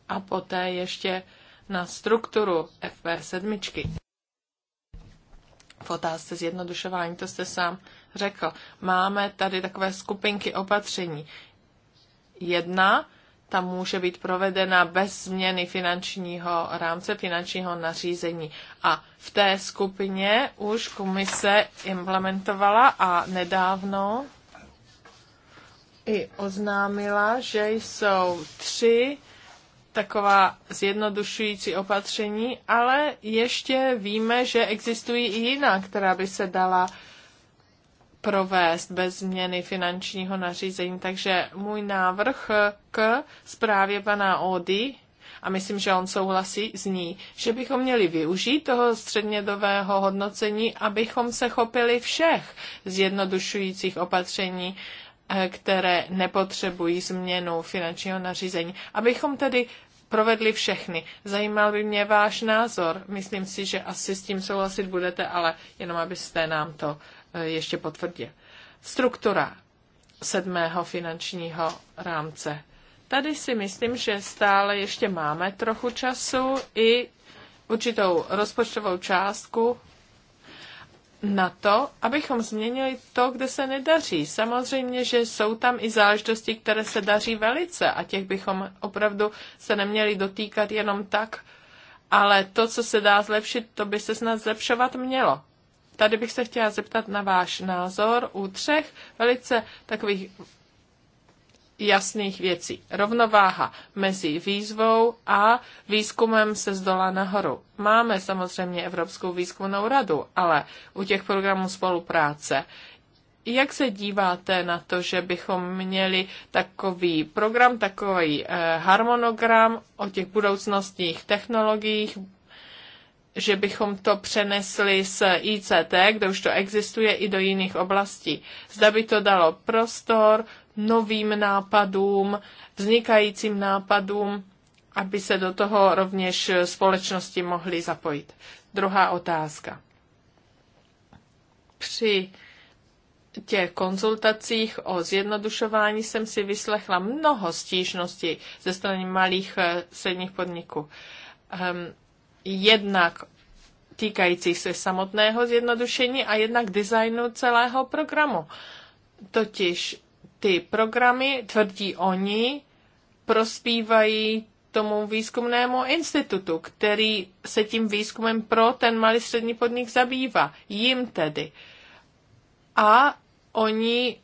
A poté ještě na strukturu FP7. V otázce zjednodušování, to jste sám řekl, máme tady takové skupinky opatření. Jedna, tam může být provedena bez změny finančního rámce, finančního nařízení. A v té skupině už komise implementovala a nedávno i oznámila, že jsou tři taková zjednodušující opatření, ale ještě víme, že existují i jiná, která by se dala provést bez změny finančního nařízení. Takže můj návrh k zprávě pana Ody, a myslím, že on souhlasí s ní, že bychom měli využít toho střednědového hodnocení, abychom se chopili všech zjednodušujících opatření, eh, které nepotřebují změnu finančního nařízení. Abychom tedy provedli všechny. Zajímal by mě váš názor. Myslím si, že asi s tím souhlasit budete, ale jenom abyste nám to eh, ještě potvrdil. Struktura sedmého finančního rámce. Tady si myslím, že stále ještě máme trochu času i určitou rozpočtovou částku na to, abychom změnili to, kde se nedaří. Samozřejmě, že jsou tam i záležitosti, které se daří velice a těch bychom opravdu se neměli dotýkat jenom tak, ale to, co se dá zlepšit, to by se snad zlepšovat mělo. Tady bych se chtěla zeptat na váš názor u třech velice takových jasných věcí. Rovnováha mezi výzvou a výzkumem se zdola nahoru. Máme samozřejmě Evropskou výzkumnou radu, ale u těch programů spolupráce jak se díváte na to, že bychom měli takový program, takový eh, harmonogram o těch budoucnostních technologiích, že bychom to přenesli z ICT, kde už to existuje, i do jiných oblastí. Zda by to dalo prostor novým nápadům, vznikajícím nápadům, aby se do toho rovněž společnosti mohly zapojit. Druhá otázka. Při těch konzultacích o zjednodušování jsem si vyslechla mnoho stížností ze strany malých eh, středních podniků. Ehm, jednak týkajících se samotného zjednodušení a jednak designu celého programu. Totiž ty programy, tvrdí oni, prospívají tomu výzkumnému institutu, který se tím výzkumem pro ten malý střední podnik zabývá. Jim tedy. A oni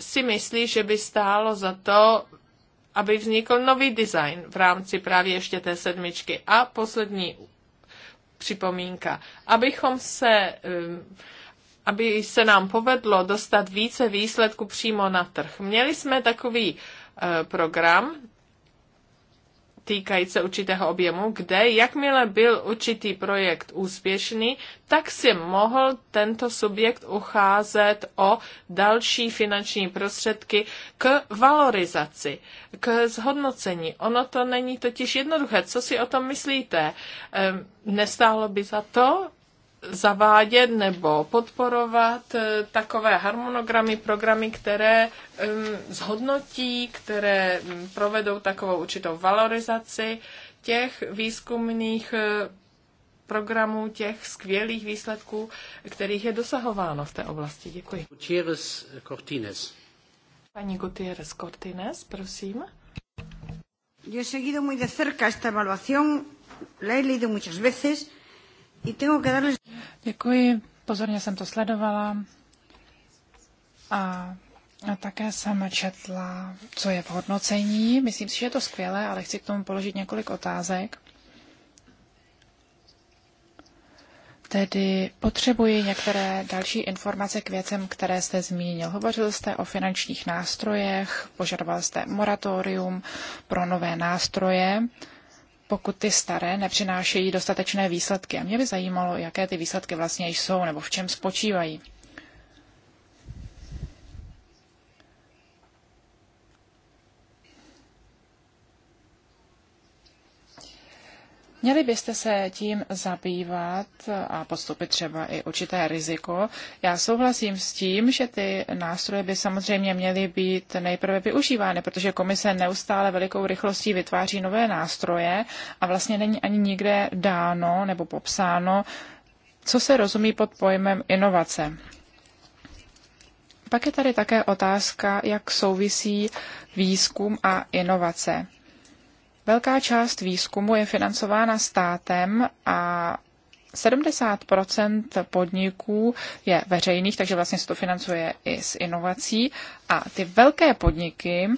si myslí, že by stálo za to, aby vznikl nový design v rámci právě ještě té sedmičky. A poslední připomínka. Abychom se um, aby se nám povedlo dostat více výsledků přímo na trh. Měli jsme takový eh, program týkající se určitého objemu, kde jakmile byl určitý projekt úspěšný, tak si mohl tento subjekt ucházet o další finanční prostředky k valorizaci, k zhodnocení. Ono to není totiž jednoduché. Co si o tom myslíte? Ehm, nestálo by za to zavádět nebo podporovat eh, takové harmonogramy, programy, které zhodnotí, které provedou takovou určitou valorizaci těch výzkumných eh, programů, těch skvělých výsledků, kterých je dosahováno v té oblasti. Děkuji. Gutierrez Cortines. Paní Gutierrez Cortines, prosím. Yo he seguido muy de cerca esta evaluación, la he leído muchas veces. Děkuji, pozorně jsem to sledovala a také jsem četla, co je v hodnocení. Myslím si, že je to skvělé, ale chci k tomu položit několik otázek. Tedy potřebuji některé další informace k věcem, které jste zmínil. Hovořil jste o finančních nástrojech, požadoval jste moratorium pro nové nástroje pokud ty staré nepřinášejí dostatečné výsledky. A mě by zajímalo, jaké ty výsledky vlastně jsou nebo v čem spočívají. Měli byste se tím zabývat a podstoupit třeba i určité riziko. Já souhlasím s tím, že ty nástroje by samozřejmě měly být nejprve využívány, protože komise neustále velikou rychlostí vytváří nové nástroje a vlastně není ani nikde dáno nebo popsáno, co se rozumí pod pojmem inovace. Pak je tady také otázka, jak souvisí výzkum a inovace. Velká část výzkumu je financována státem a 70 podniků je veřejných, takže vlastně se to financuje i z inovací. A ty velké podniky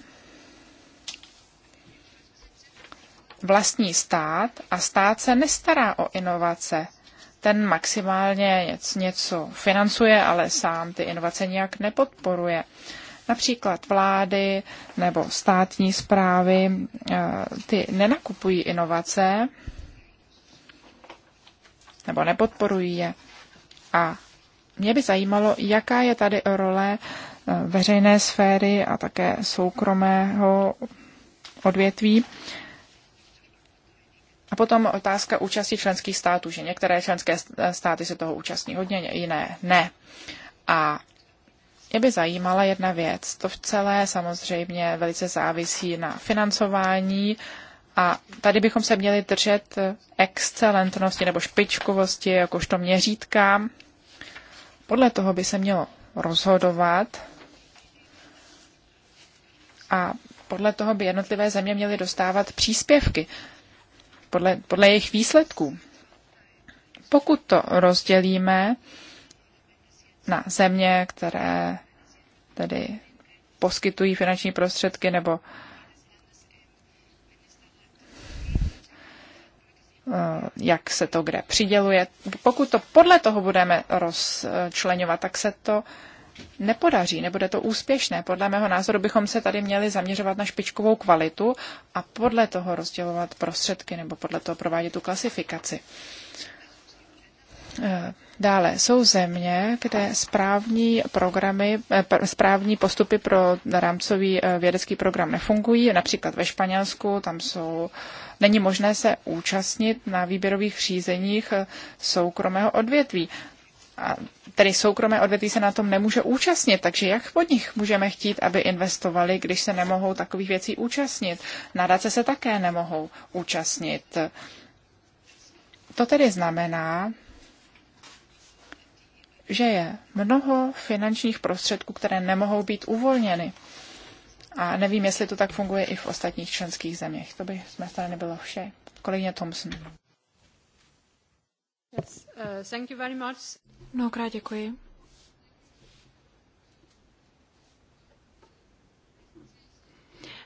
vlastní stát a stát se nestará o inovace. Ten maximálně něco financuje, ale sám ty inovace nijak nepodporuje. Například vlády nebo státní zprávy, eh, ty nenakupují inovace nebo nepodporují je. A mě by zajímalo, jaká je tady role eh, veřejné sféry a také soukromého odvětví. A potom otázka účasti členských států, že některé členské státy se toho účastní hodně, jiné ne. A mě by zajímala jedna věc. To v celé samozřejmě velice závisí na financování a tady bychom se měli držet excelentnosti nebo špičkovosti, jakožto měřítka. Podle toho by se mělo rozhodovat a podle toho by jednotlivé země měly dostávat příspěvky podle, podle jejich výsledků. Pokud to rozdělíme, na země, které tedy poskytují finanční prostředky nebo eh, jak se to kde přiděluje. Pokud to podle toho budeme rozčlenovat, tak se to nepodaří, nebude to úspěšné. Podle mého názoru bychom se tady měli zaměřovat na špičkovou kvalitu a podle toho rozdělovat prostředky nebo podle toho provádět tu klasifikaci. Eh, dále jsou země, kde správní programy, eh, správní postupy pro rámcový eh, vědecký program nefungují. Například ve Španělsku tam jsou, není možné se účastnit na výběrových řízeních soukromého odvětví. A tedy soukromé odvětví se na tom nemůže účastnit, takže jak pod nich můžeme chtít, aby investovali, když se nemohou takových věcí účastnit? Nadace se také nemohou účastnit. To tedy znamená, že je mnoho finančních prostředků, které nemohou být uvolněny. A nevím, jestli to tak funguje i v ostatních členských zeměch. To by z mé strany bylo vše. Kolegyně Thompson. Uh, thank you very much. Mnohokrát děkuji.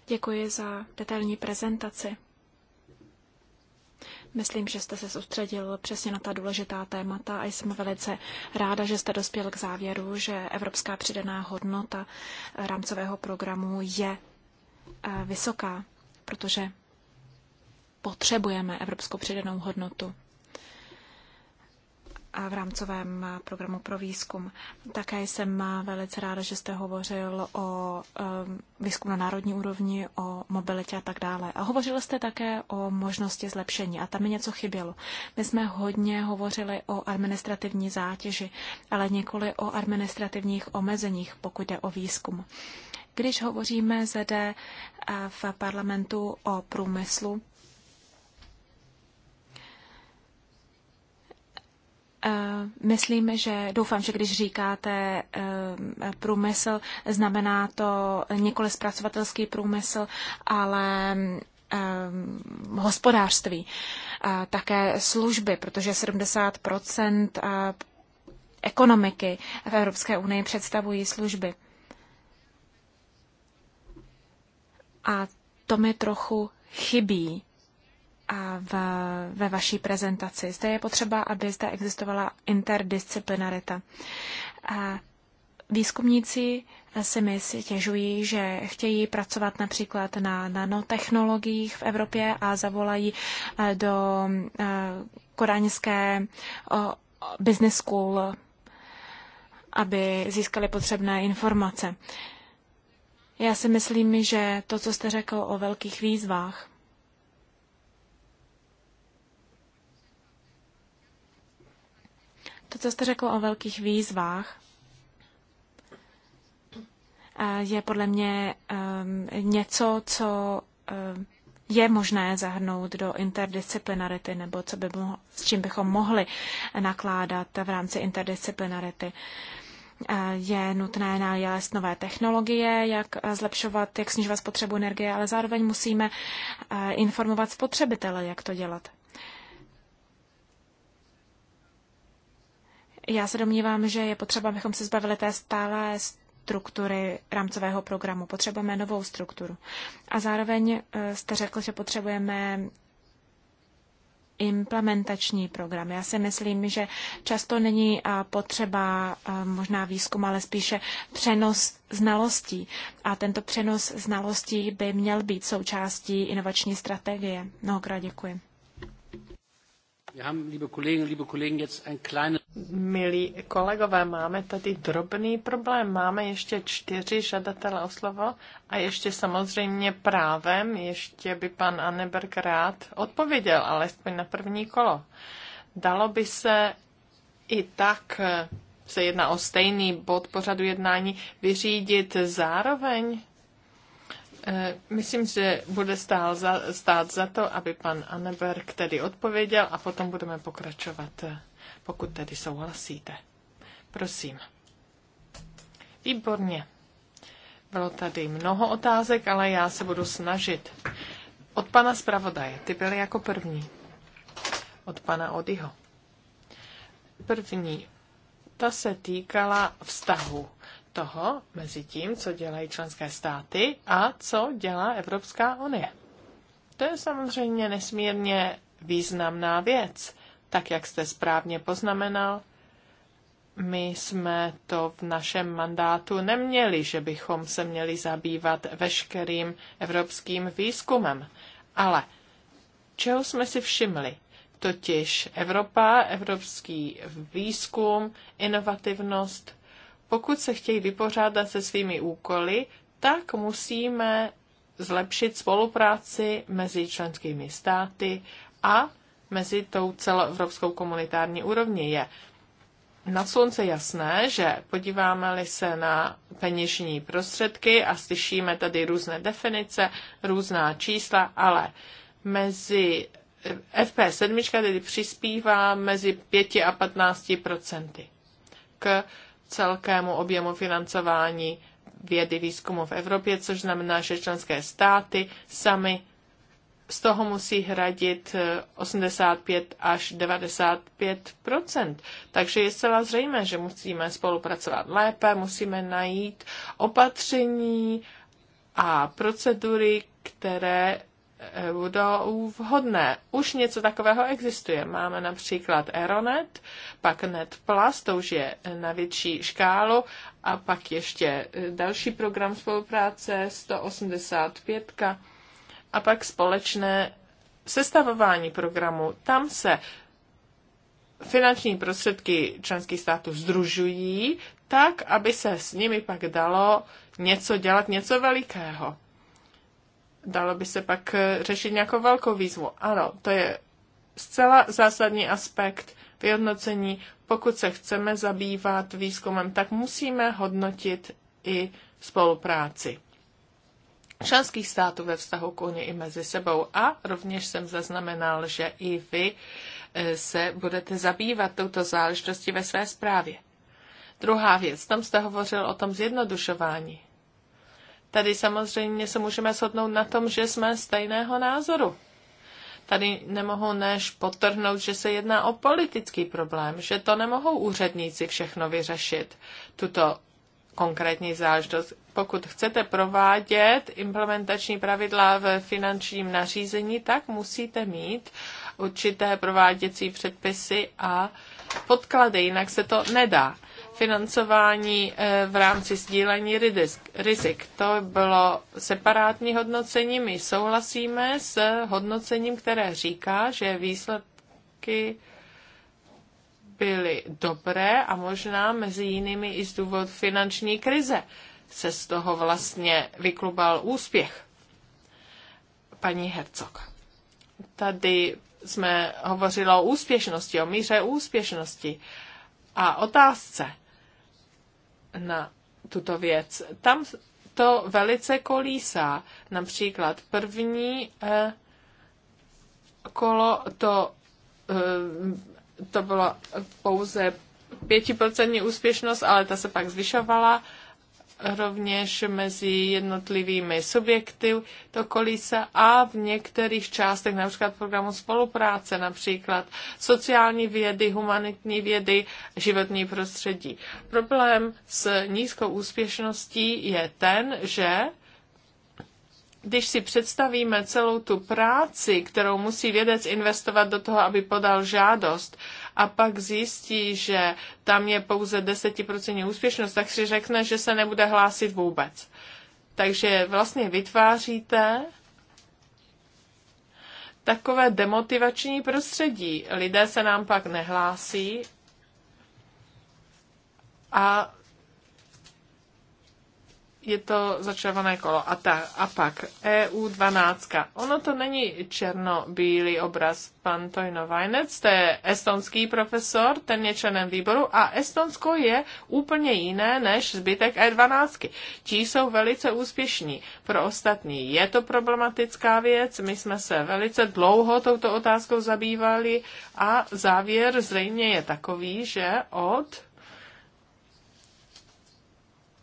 Děkuji za detailní prezentaci. Myslím, že jste se soustředil přesně na ta důležitá témata a jsem velice ráda, že jste dospěl k závěru, že evropská přidaná hodnota rámcového programu je eh, vysoká, protože potřebujeme evropskou přidanou hodnotu v rámcovém programu pro výzkum. Také jsem velice ráda, že jste hovořil o výzkumu na národní úrovni, o mobilitě a tak dále. A hovořil jste také o možnosti zlepšení a tam mi něco chybělo. My jsme hodně hovořili o administrativní zátěži, ale nikoli o administrativních omezeních, pokud jde o výzkum. Když hovoříme zde eh, v parlamentu o průmyslu, Eh, myslím, že doufám, že když říkáte eh, průmysl, znamená to nikoli zpracovatelský průmysl, ale eh, hospodářství, také služby, protože 70 ekonomiky v Evropské unii představují služby. A to mi trochu chybí a v, ve vaší prezentaci. Zde je potřeba, aby zde existovala interdisciplinarita. A výzkumníci si my stěžují, že chtějí pracovat například na nanotechnologiích v Evropě a zavolají eh, do eh, kodaňské business school, aby získali potřebné informace. Já si myslím, že to, co jste řekl o velkých výzvách, To, co jste řekl o velkých výzvách, eh, je podle mě eh, něco, co eh, je možné zahrnout do interdisciplinarity, nebo co by mohl, s čím bychom mohli nakládat v rámci interdisciplinarity. Je nutné nalézt nové technologie, jak zlepšovat, jak snižovat spotřebu energie, ale zároveň musíme informovat spotřebitele, jak to dělat. Já se domnívám, že je potřeba, abychom se zbavili té stále struktury rámcového programu. Potřebujeme novou strukturu. A zároveň eh, jste řekl, že potřebujeme implementační program. Já si myslím, že často není eh, potřeba eh, možná výzkum, ale spíše přenos znalostí. A tento přenos znalostí by měl být součástí inovační strategie. Mnohokrát děkuji. Milí kolegové, máme tady drobný problém. Máme ještě čtyři žadatele o slovo a ještě samozřejmě právem, ještě by pan Anneberg rád odpověděl, alespoň na první kolo. Dalo by se i tak eh, se jedná o stejný bod pořadu jednání, vyřídit zároveň Eh, myslím, že bude stál za, stát za to, aby pan Anneberg tedy odpověděl a potom budeme pokračovat, eh, pokud tedy souhlasíte. Prosím. Výborně. Bylo tady mnoho otázek, ale já se budu snažit. Od pana zpravodaje, ty byly jako první. Od pana Odyho. První, ta se týkala vztahu toho mezi tím, co dělají členské státy a co dělá Evropská unie. To je samozřejmě nesmírně významná věc. Tak, jak jste správně poznamenal, my jsme to v našem mandátu neměli, že bychom se měli zabývat veškerým evropským výzkumem. Ale čeho jsme si všimli? Totiž Evropa, evropský výzkum, inovativnost, pokud se chtějí vypořádat se svými úkoly, tak musíme zlepšit spolupráci mezi členskými státy a mezi tou celoevropskou komunitární úrovní je. Na slunce jasné, že podíváme-li se na peněžní prostředky a slyšíme tady různé definice, různá čísla, ale mezi eh, FP7 tedy přispívá mezi 5 a 15 procenty k celkému objemu financování vědy výzkumu v Evropě, což znamená, že členské státy sami z toho musí hradit 85 eh, až 95 Takže je zcela zřejmé, že musíme spolupracovat lépe, musíme najít opatření a procedury, které Eh, budou vhodné. Už něco takového existuje. Máme například Aeronet, pak NetPlus, to už je na větší škálu, a pak ještě eh, další program spolupráce 185 a pak společné sestavování programu. Tam se finanční prostředky členských států združují tak, aby se s nimi pak dalo něco dělat, něco velikého dalo by se pak eh, řešit nějakou velkou výzvu. Ano, to je zcela zásadní aspekt vyhodnocení. Pokud se chceme zabývat výzkumem, tak musíme hodnotit i spolupráci členských států ve vztahu k Unii i mezi sebou. A rovněž jsem zaznamenal, že i vy eh, se budete zabývat touto záležitostí ve své zprávě. Druhá věc, tam jste hovořil o tom zjednodušování. Tady samozřejmě se můžeme shodnout na tom, že jsme stejného názoru. Tady nemohu než potrhnout, že se jedná o politický problém, že to nemohou úředníci všechno vyřešit, tuto konkrétní záležitost. Pokud chcete provádět implementační pravidla v finančním nařízení, tak musíte mít určité prováděcí předpisy a podklady, jinak se to nedá financování eh, v rámci sdílení rizik. To bylo separátní hodnocení. My souhlasíme s hodnocením, které říká, že výsledky byly dobré a možná mezi jinými i z důvod finanční krize se z toho vlastně vyklubal úspěch. Paní Hercog, tady jsme hovořili o úspěšnosti, o míře úspěšnosti a otázce, na tuto věc. Tam to velice kolísá. Například první eh, kolo to, eh, to bylo pouze pětiprocentní úspěšnost, ale ta se pak zvyšovala rovněž mezi jednotlivými subjekty to kolísa a v některých částech, například programu spolupráce, například sociální vědy, humanitní vědy, životní prostředí. Problém s nízkou úspěšností je ten, že když si představíme celou tu práci, kterou musí vědec investovat do toho, aby podal žádost, a pak zjistí, že tam je pouze 10% úspěšnost, tak si řekne, že se nebude hlásit vůbec. Takže vlastně vytváříte takové demotivační prostředí. Lidé se nám pak nehlásí a je to začarované kolo. A, ta, a pak EU12. Ono to není černobílý obraz. Pan Tojno Vajnec, to je estonský profesor, ten je členem výboru a Estonsko je úplně jiné než zbytek E12. Ti jsou velice úspěšní. Pro ostatní je to problematická věc. My jsme se velice dlouho touto otázkou zabývali a závěr zřejmě je takový, že od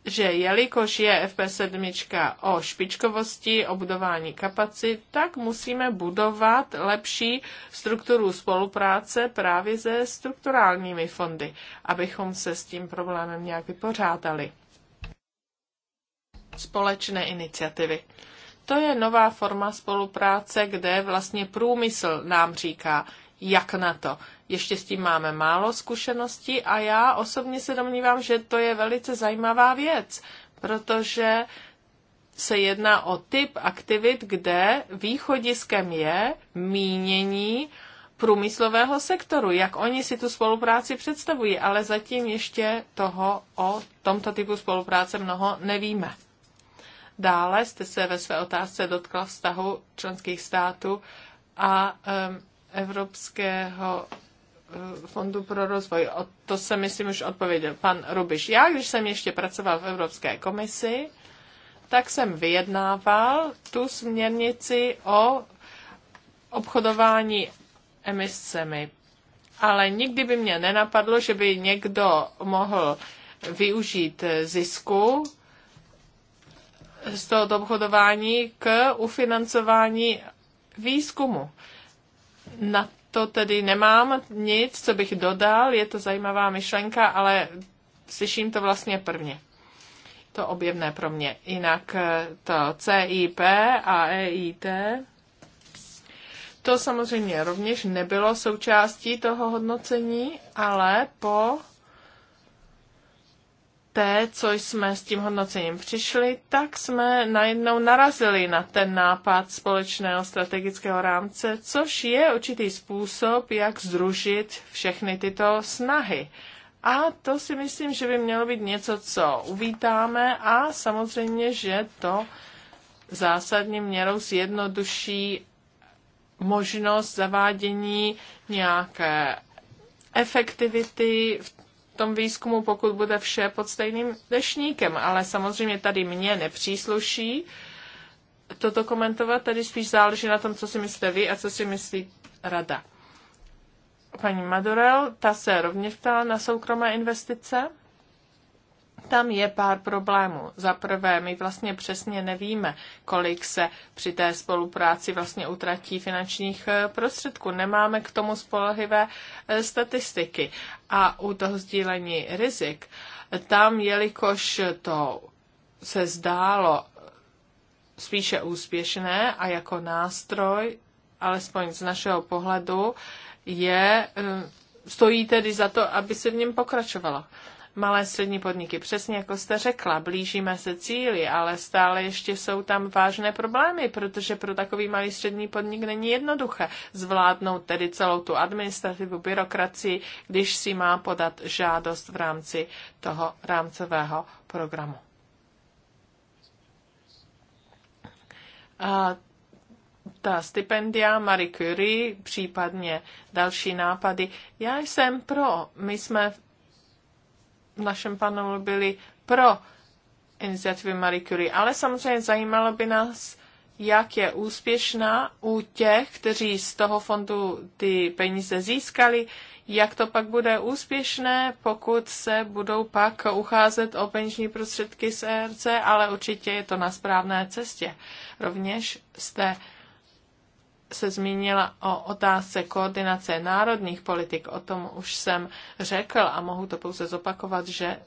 že jelikož je FP7 o špičkovosti, o budování kapacit, tak musíme budovat lepší strukturu spolupráce právě se strukturálními fondy, abychom se s tím problémem nějak vypořádali. Společné iniciativy. To je nová forma spolupráce, kde vlastně průmysl nám říká, jak na to. Ještě s tím máme málo zkušeností a já osobně se domnívám, že to je velice zajímavá věc, protože se jedná o typ aktivit, kde východiskem je mínění průmyslového sektoru, jak oni si tu spolupráci představují, ale zatím ještě toho o tomto typu spolupráce mnoho nevíme. Dále jste se ve své otázce dotkla vztahu členských států a um, Evropského eh, Fondu pro rozvoj. O to jsem, myslím, už odpověděl pan Rubiš. Já, když jsem ještě pracoval v Evropské komisi, tak jsem vyjednával tu směrnici o obchodování emiscemi. Ale nikdy by mě nenapadlo, že by někdo mohl využít zisku z toho obchodování k ufinancování výzkumu. Na to tedy nemám nic, co bych dodal, je to zajímavá myšlenka, ale slyším to vlastně prvně. To objevné pro mě. Jinak eh, to CIP a EIT, to samozřejmě rovněž nebylo součástí toho hodnocení, ale po té, co jsme s tím hodnocením přišli, tak jsme najednou narazili na ten nápad společného strategického rámce, což je určitý způsob, jak združit všechny tyto snahy. A to si myslím, že by mělo být něco, co uvítáme a samozřejmě, že to zásadním měrou zjednoduší možnost zavádění nějaké efektivity v tom výzkumu, pokud bude vše pod stejným dešníkem. Ale samozřejmě tady mně nepřísluší toto komentovat, tady spíš záleží na tom, co si myslíte vy a co si myslí rada. Paní Madurel, ta se rovně ptala na soukromé investice tam je pár problémů. Za prvé, my vlastně přesně nevíme, kolik se při té spolupráci vlastně utratí finančních eh, prostředků. Nemáme k tomu spolehlivé eh, statistiky. A u toho sdílení rizik, tam, jelikož to se zdálo eh, spíše úspěšné a jako nástroj, alespoň z našeho pohledu, je, stojí tedy za to, aby se v něm pokračovalo malé střední podniky. Přesně jako jste řekla, blížíme se cíli, ale stále ještě jsou tam vážné problémy, protože pro takový malý střední podnik není jednoduché zvládnout tedy celou tu administrativu, byrokracii, když si má podat žádost v rámci toho rámcového programu. A ta stipendia Marie Curie, případně další nápady. Já jsem pro. My jsme v našem panelu byli pro iniciativy Marie Curie, ale samozřejmě zajímalo by nás, jak je úspěšná u těch, kteří z toho fondu ty peníze získali, jak to pak bude úspěšné, pokud se budou pak ucházet o peněžní prostředky z ERC, ale určitě je to na správné cestě. Rovněž jste se zmínila o otázce koordinace národních politik. O tom už jsem řekl a mohu to pouze zopakovat, že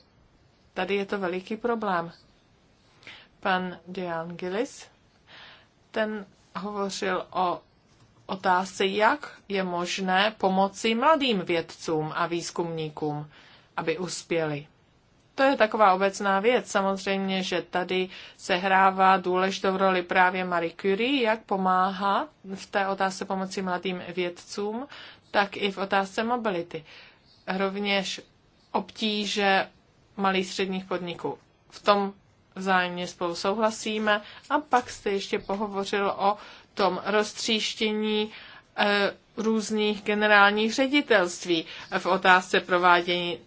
tady je to veliký problém. Pan Dian Gillis, ten hovořil o otázce, jak je možné pomoci mladým vědcům a výzkumníkům, aby uspěli. To je taková obecná věc. Samozřejmě, že tady hrává důležitou roli právě Marie Curie, jak pomáhá v té otázce pomoci mladým vědcům, tak i v otázce mobility. Rovněž obtíže malých středních podniků. V tom vzájemně spolu souhlasíme. A pak jste ještě pohovořil o tom roztříštění e, různých generálních ředitelství v otázce provádění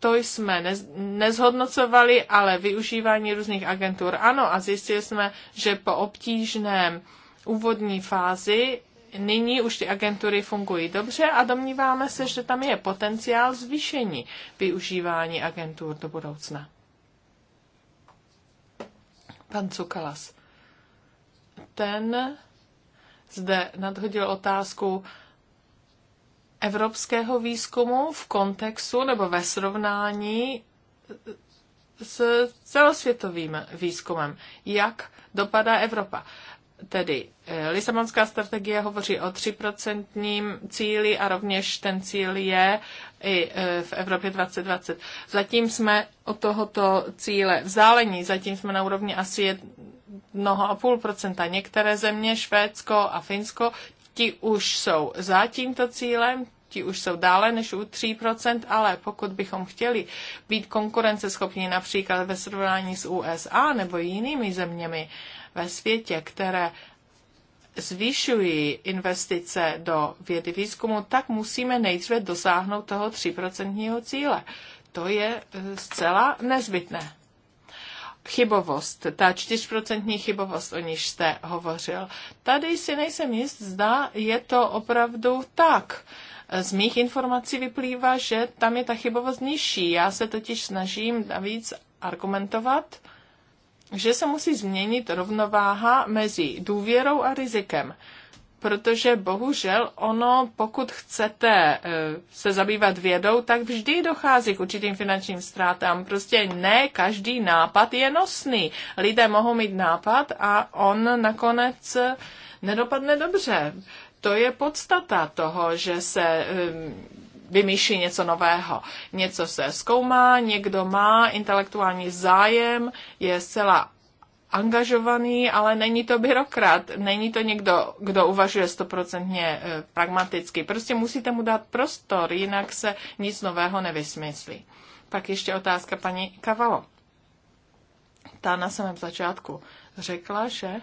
to jsme nez, nezhodnocovali, ale využívání různých agentur ano a zjistili jsme, že po obtížném úvodní fázi nyní už ty agentury fungují dobře a domníváme se, že tam je potenciál zvýšení využívání agentur do budoucna. Pan Cukalas. Ten zde nadhodil otázku, evropského výzkumu v kontextu nebo ve srovnání s celosvětovým výzkumem. Jak dopadá Evropa? Tedy eh, Lisabonská strategie hovoří o 3% cíli a rovněž ten cíl je i eh, v Evropě 2020. Zatím jsme od tohoto cíle vzdálení, zatím jsme na úrovni asi 1,5%. Některé země, Švédsko a Finsko, Ti už jsou za tímto cílem, ti už jsou dále než u 3%, ale pokud bychom chtěli být konkurenceschopní například ve srovnání s USA nebo jinými zeměmi ve světě, které zvyšují investice do vědy výzkumu, tak musíme nejdříve dosáhnout toho 3% cíle. To je eh, zcela nezbytné chybovost, ta čtyřprocentní chybovost, o níž jste hovořil. Tady si nejsem jist, zda je to opravdu tak. Z mých informací vyplývá, že tam je ta chybovost nižší. Já se totiž snažím navíc argumentovat, že se musí změnit rovnováha mezi důvěrou a rizikem protože bohužel ono, pokud chcete eh, se zabývat vědou, tak vždy dochází k určitým finančním ztrátám. Prostě ne každý nápad je nosný. Lidé mohou mít nápad a on nakonec eh, nedopadne dobře. To je podstata toho, že se eh, vymýšlí něco nového. Něco se zkoumá, někdo má intelektuální zájem, je zcela angažovaný, ale není to byrokrat, není to někdo, kdo uvažuje stoprocentně eh, pragmaticky. Prostě musíte mu dát prostor, jinak se nic nového nevysmyslí. Pak ještě otázka paní Kavalo. Ta na samém začátku řekla, že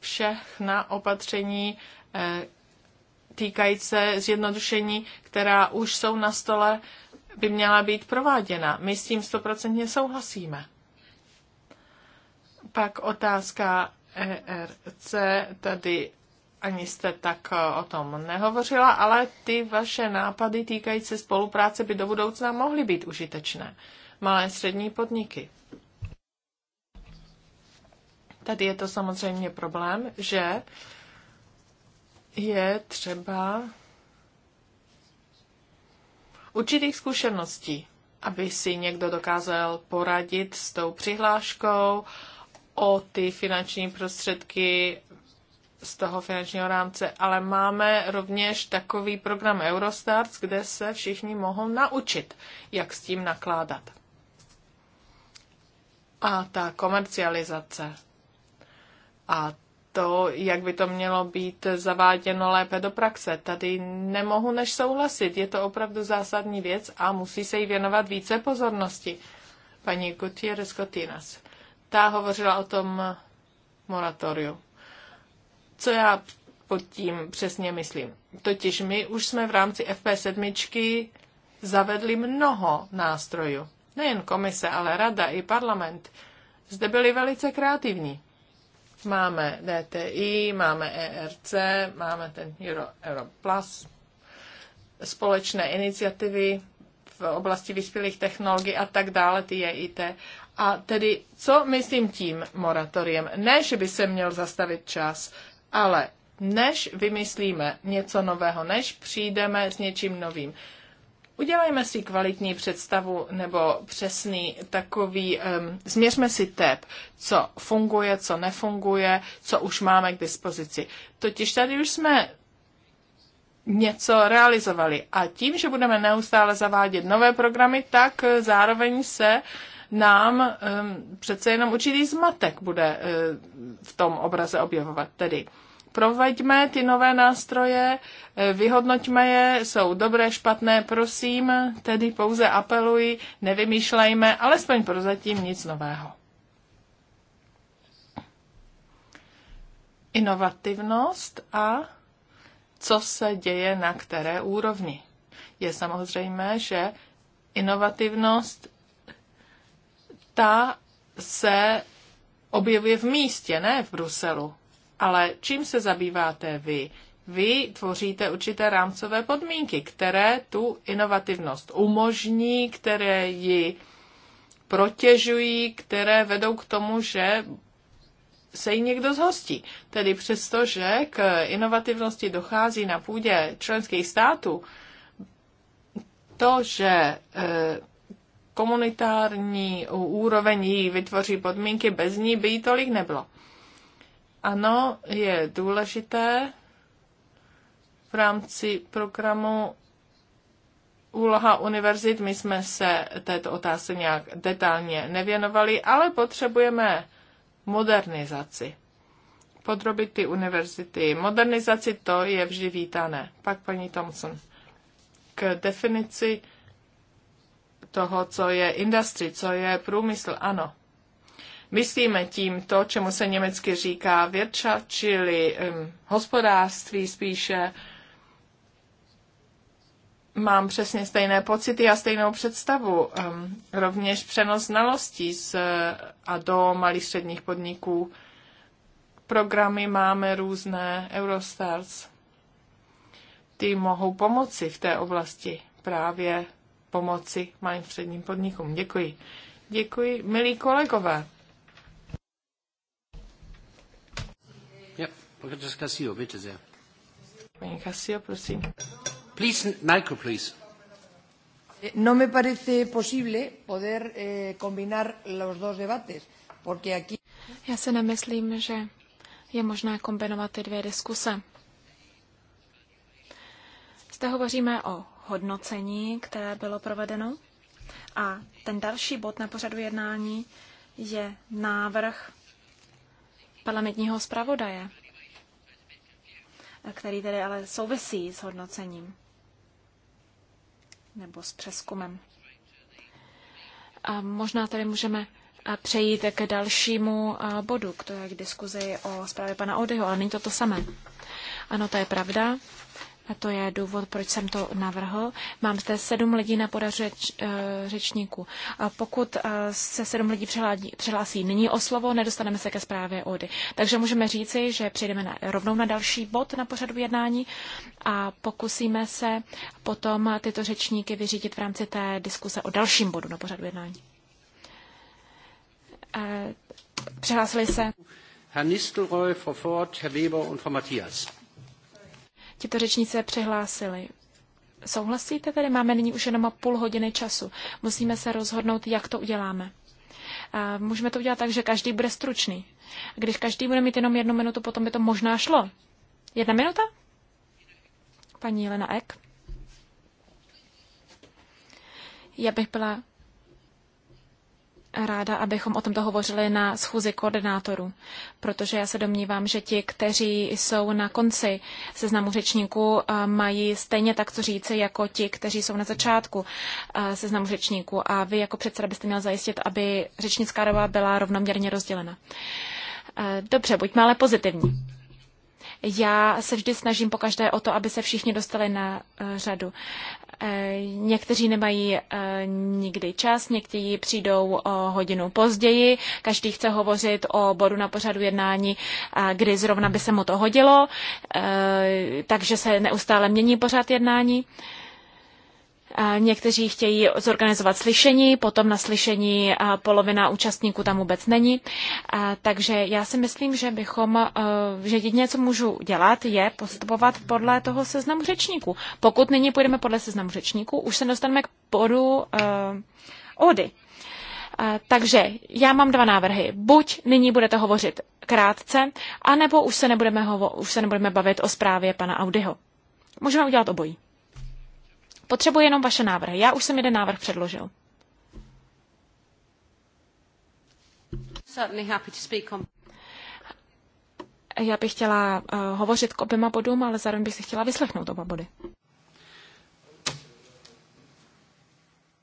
všechna opatření eh, týkající se zjednodušení, která už jsou na stole, by měla být prováděna. My s tím stoprocentně souhlasíme. Pak otázka ERC, tady ani jste tak eh, o tom nehovořila, ale ty vaše nápady týkající spolupráce by do budoucna mohly být užitečné. Malé střední podniky. Tady je to samozřejmě problém, že je třeba určitých zkušeností, aby si někdo dokázal poradit s tou přihláškou, o ty finanční prostředky z toho finančního rámce, ale máme rovněž takový program Eurostars, kde se všichni mohou naučit, jak s tím nakládat. A ta komercializace a to, jak by to mělo být zaváděno lépe do praxe. Tady nemohu než souhlasit. Je to opravdu zásadní věc a musí se jí věnovat více pozornosti. Paní Gutierrez Cotinas ta hovořila o tom moratoriu. Co já pod tím přesně myslím? Totiž my už jsme v rámci FP7 zavedli mnoho nástrojů. Nejen komise, ale rada i parlament. Zde byli velice kreativní. Máme DTI, máme ERC, máme ten Euro, Europlus, společné iniciativy v oblasti vyspělých technologií a tak dále, ty je te. A tedy, co myslím tím moratoriem? Ne, že by se měl zastavit čas, ale než vymyslíme něco nového, než přijdeme s něčím novým, udělejme si kvalitní představu nebo přesný takový, um, změřme si tep, co funguje, co nefunguje, co už máme k dispozici. Totiž tady už jsme něco realizovali a tím, že budeme neustále zavádět nové programy, tak zároveň se uh, nám přece jenom určitý zmatek bude eh, v tom obraze objevovat. Tedy proveďme ty nové nástroje, eh, vyhodnoťme je, jsou dobré, špatné, prosím, tedy pouze apeluji, nevymýšlejme, alespoň prozatím nic nového. Inovativnost a co se děje na které úrovni. Je samozřejmé, že inovativnost ta se objevuje v místě, ne v Bruselu. Ale čím se zabýváte vy? Vy tvoříte určité rámcové podmínky, které tu inovativnost umožní, které ji protěžují, které vedou k tomu, že se jí někdo zhostí. Tedy přesto, že k inovativnosti dochází na půdě členských států, to, že eh, komunitární úroveň jí vytvoří podmínky, bez ní by jí tolik nebylo. Ano, je důležité v rámci programu úloha univerzit. My jsme se této otázce nějak detailně nevěnovali, ale potřebujeme modernizaci. Podrobit ty univerzity. Modernizaci to je vždy vítané. Pak paní Thompson. K definici toho, co je industry, co je průmysl, ano. Myslíme tím to, čemu se německy říká věrča, čili um, hospodářství spíše. Mám přesně stejné pocity a stejnou představu. Um, rovněž přenos znalostí z, a do malých středních podniků. Programy máme různé, Eurostars. Ty mohou pomoci v té oblasti právě pomoci malým středním podnikům. Děkuji. Děkuji, milí kolegové. Paní Casio, prosím. Please, micro, please. No me parece posible poder eh, combinar los dos debates, porque aquí... Já se nemyslím, že je možné kombinovat ty dvě diskuse. Zde hovoříme o hodnocení, které bylo provedeno. A ten další bod na pořadu jednání je návrh parlamentního zpravodaje, který tedy ale souvisí s hodnocením nebo s přeskumem. A možná tedy můžeme přejít k dalšímu bodu, k to je k diskuzi o zprávě pana Odyho, ale není to to samé. Ano, to je pravda. A to je důvod, proč jsem to navrhl. Mám zde sedm lidí na podař řeč, eh, řečníku. Pokud eh, se sedm lidí přihlásí nyní o slovo, nedostaneme se ke zprávě ODY. Takže můžeme říci, že přejdeme na, rovnou na další bod na pořadu jednání a pokusíme se potom tyto řečníky vyřídit v rámci té diskuse o dalším bodu na pořadu jednání. Eh, přihlásili se Herr Nistelrooy, Frau Ford, Herr Weber und Frau Matthias. Tito řečníci se přihlásili. Souhlasíte tedy? Máme nyní už jenom půl hodiny času. Musíme se rozhodnout, jak to uděláme. A můžeme to udělat tak, že každý bude stručný. A když každý bude mít jenom jednu minutu, potom by to možná šlo. Jedna minuta? Paní Jelena Ek. Já bych byla ráda, abychom o tomto hovořili na schůzi koordinátorů, protože já se domnívám, že ti, kteří jsou na konci seznamu řečníků, eh, mají stejně tak co říci jako ti, kteří jsou na začátku eh, seznamu řečníků. A vy jako předseda byste měl zajistit, aby řečnická doba byla rovnoměrně rozdělena. Eh, dobře, buďme ale pozitivní. Já se vždy snažím pokaždé o to, aby se všichni dostali na řadu. Eh, někteří nemají eh, nikdy čas, někteří přijdou o hodinu později, každý chce hovořit o bodu na pořadu jednání, eh, kdy zrovna by se mu to hodilo, takže se neustále mění pořad jednání. Někteří chtějí zorganizovat slyšení, potom na slyšení polovina účastníků tam vůbec není. Takže já si myslím, že bychom, e, že jedině, co můžu dělat, je postupovat podle toho seznamu řečníků. Pokud nyní půjdeme podle seznamu řečníků, už se dostaneme k bodu e, ODY. Takže já mám dva návrhy. Buď nyní budete hovořit krátce, anebo už se nebudeme, hovo- už se nebudeme bavit o zprávě pana Audiho. Můžeme udělat obojí. Potřebuji jenom vaše návrhy. Já už jsem jeden návrh předložil. Já bych chtěla uh, hovořit k oběma bodům, ale zároveň bych si chtěla vyslechnout oba body.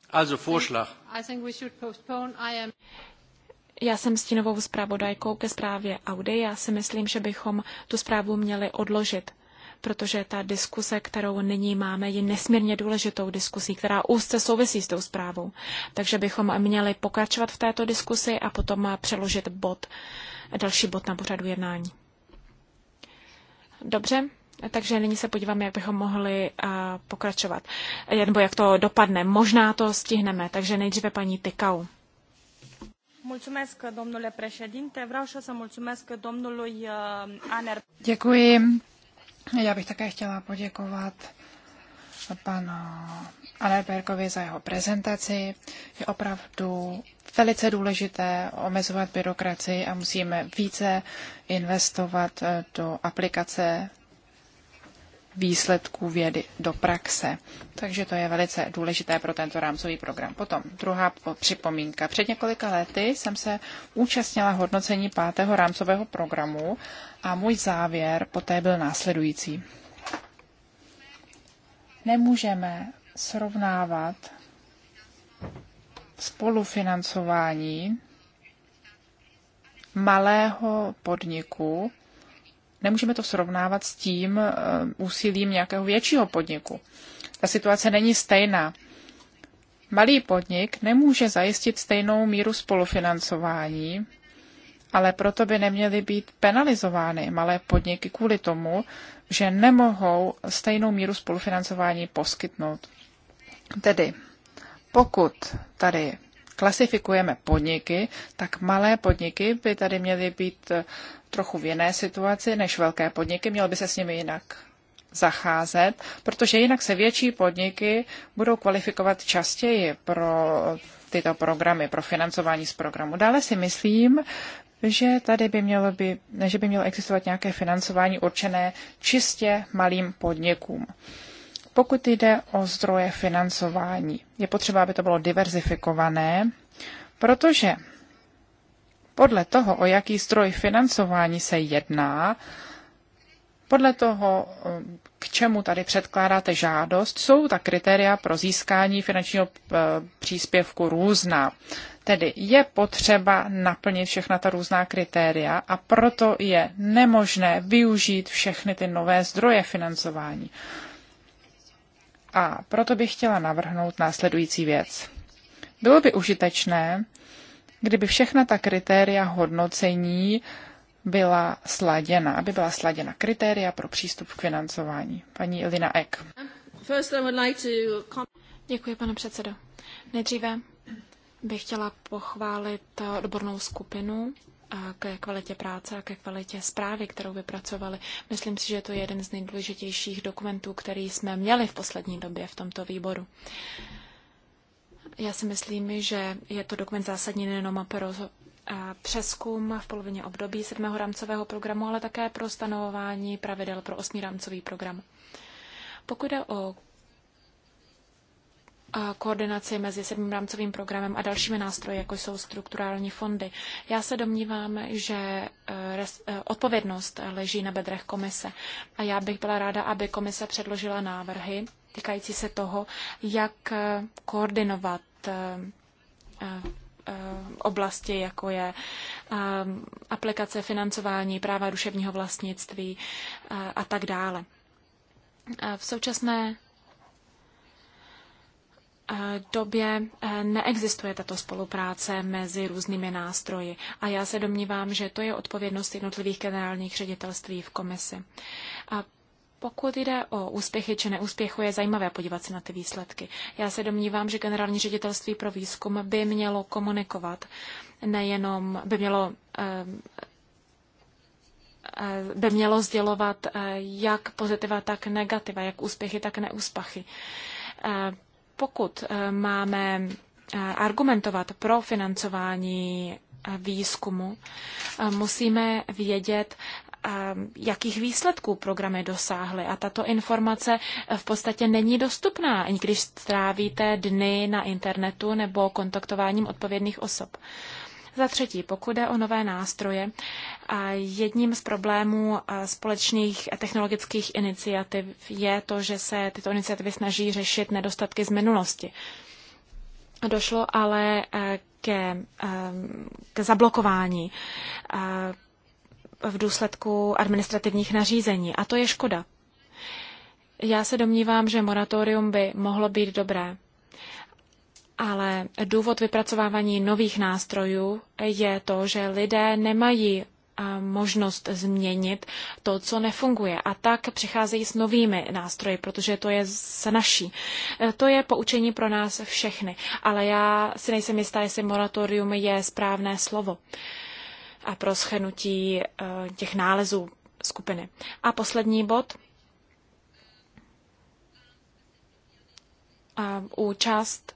Also Vorschlag. I think we should postpone. I am... Já jsem stínovou zpravodajkou ke zprávě Audi. Já si myslím, že bychom tu zprávu měli odložit protože ta diskuse, kterou nyní máme, je nesmírně důležitou diskusí, která úzce souvisí s tou zprávou. Takže bychom měli pokračovat v této diskusi a potom přeložit bod, další bod na pořadu jednání. Dobře, takže nyní se podíváme, jak bychom mohli pokračovat, nebo jak to dopadne. Možná to stihneme, takže nejdříve paní Tykau. Děkuji, já bych také chtěla poděkovat panu Alebergovi za jeho prezentaci. Je opravdu velice důležité omezovat byrokracii a musíme více investovat do aplikace výsledků vědy do praxe. Takže to je velice důležité pro tento rámcový program. Potom druhá připomínka. Před několika lety jsem se účastnila hodnocení pátého rámcového programu a můj závěr poté byl následující. Nemůžeme srovnávat spolufinancování malého podniku Nemůžeme to srovnávat s tím eh, úsilím nějakého většího podniku. Ta situace není stejná. Malý podnik nemůže zajistit stejnou míru spolufinancování, ale proto by neměly být penalizovány malé podniky kvůli tomu, že nemohou stejnou míru spolufinancování poskytnout. Tedy pokud tady klasifikujeme podniky, tak malé podniky by tady měly být eh, trochu v jiné situaci než velké podniky, měly by se s nimi jinak zacházet, protože jinak se větší podniky budou kvalifikovat častěji pro tyto programy, pro financování z programu. Dále si myslím, že tady by mělo, by, že by mělo existovat nějaké financování určené čistě malým podnikům. Pokud jde o zdroje financování, je potřeba, aby to bylo diverzifikované, protože podle toho, o jaký zdroj financování se jedná, podle toho, k čemu tady předkládáte žádost, jsou ta kritéria pro získání finančního eh, příspěvku různá. Tedy je potřeba naplnit všechna ta různá kritéria a proto je nemožné využít všechny ty nové zdroje financování. A proto bych chtěla navrhnout následující věc. Bylo by užitečné, kdyby všechna ta kritéria hodnocení byla sladěna, aby byla sladěna kritéria pro přístup k financování. Paní Ilina Ek. Děkuji, pane předsedo. Nejdříve bych chtěla pochválit eh, odbornou skupinu ke kvalitě práce a ke kvalitě zprávy, kterou vypracovali. Myslím si, že to je jeden z nejdůležitějších dokumentů, který jsme měli v poslední době v tomto výboru. Já si myslím, že je to dokument zásadní nejenom pro eh, přeskum v polovině období sedmého rámcového programu, ale také pro stanovování pravidel pro osmý rámcový program. Pokud jde o koordinaci mezi sedmým rámcovým programem a dalšími nástroji, jako jsou strukturální fondy. Já se domnívám, že eh, eh, odpovědnost leží na bedrech komise a já bych byla ráda, aby komise předložila návrhy týkající se toho, jak eh, koordinovat oblasti, jako je aplikace financování práva duševního vlastnictví a tak dále. V současné Eh, době eh, neexistuje tato spolupráce mezi různými nástroji a já se domnívám, že to je odpovědnost jednotlivých generálních ředitelství v komisi. A pokud jde o úspěchy či neúspěchy, je zajímavé podívat se na ty výsledky. Já se domnívám, že generální ředitelství pro výzkum by mělo komunikovat, nejenom by mělo eh, by mělo sdělovat jak pozitiva, tak negativa, jak úspěchy, tak neúspěchy pokud eh, máme eh, argumentovat pro financování eh, výzkumu, musíme vědět, jakých výsledků programy dosáhly. A tato informace v podstatě není dostupná, ani když strávíte dny na internetu nebo kontaktováním odpovědných osob. Za třetí, pokud jde o nové nástroje, jedním z problémů společných technologických iniciativ je to, že se tyto iniciativy snaží řešit nedostatky z minulosti. Došlo ale e, ke, ke zablokování e, v důsledku administrativních nařízení a to je škoda. Já se domnívám, že moratorium by mohlo být dobré. Ale důvod vypracovávání nových nástrojů je to, že lidé nemají možnost změnit to, co nefunguje. A tak přicházejí s novými nástroji, protože to je snažší. E, to je poučení pro nás všechny. Ale já si nejsem jistá, jestli moratorium je správné slovo a pro schrnutí e, těch nálezů skupiny. A poslední bod. A účast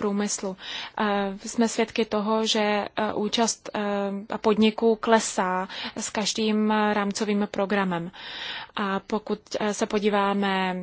průmyslu. Eh, jsme svědky toho, že eh, účast eh, podniků klesá s každým rámcovým programem. A pokud se podíváme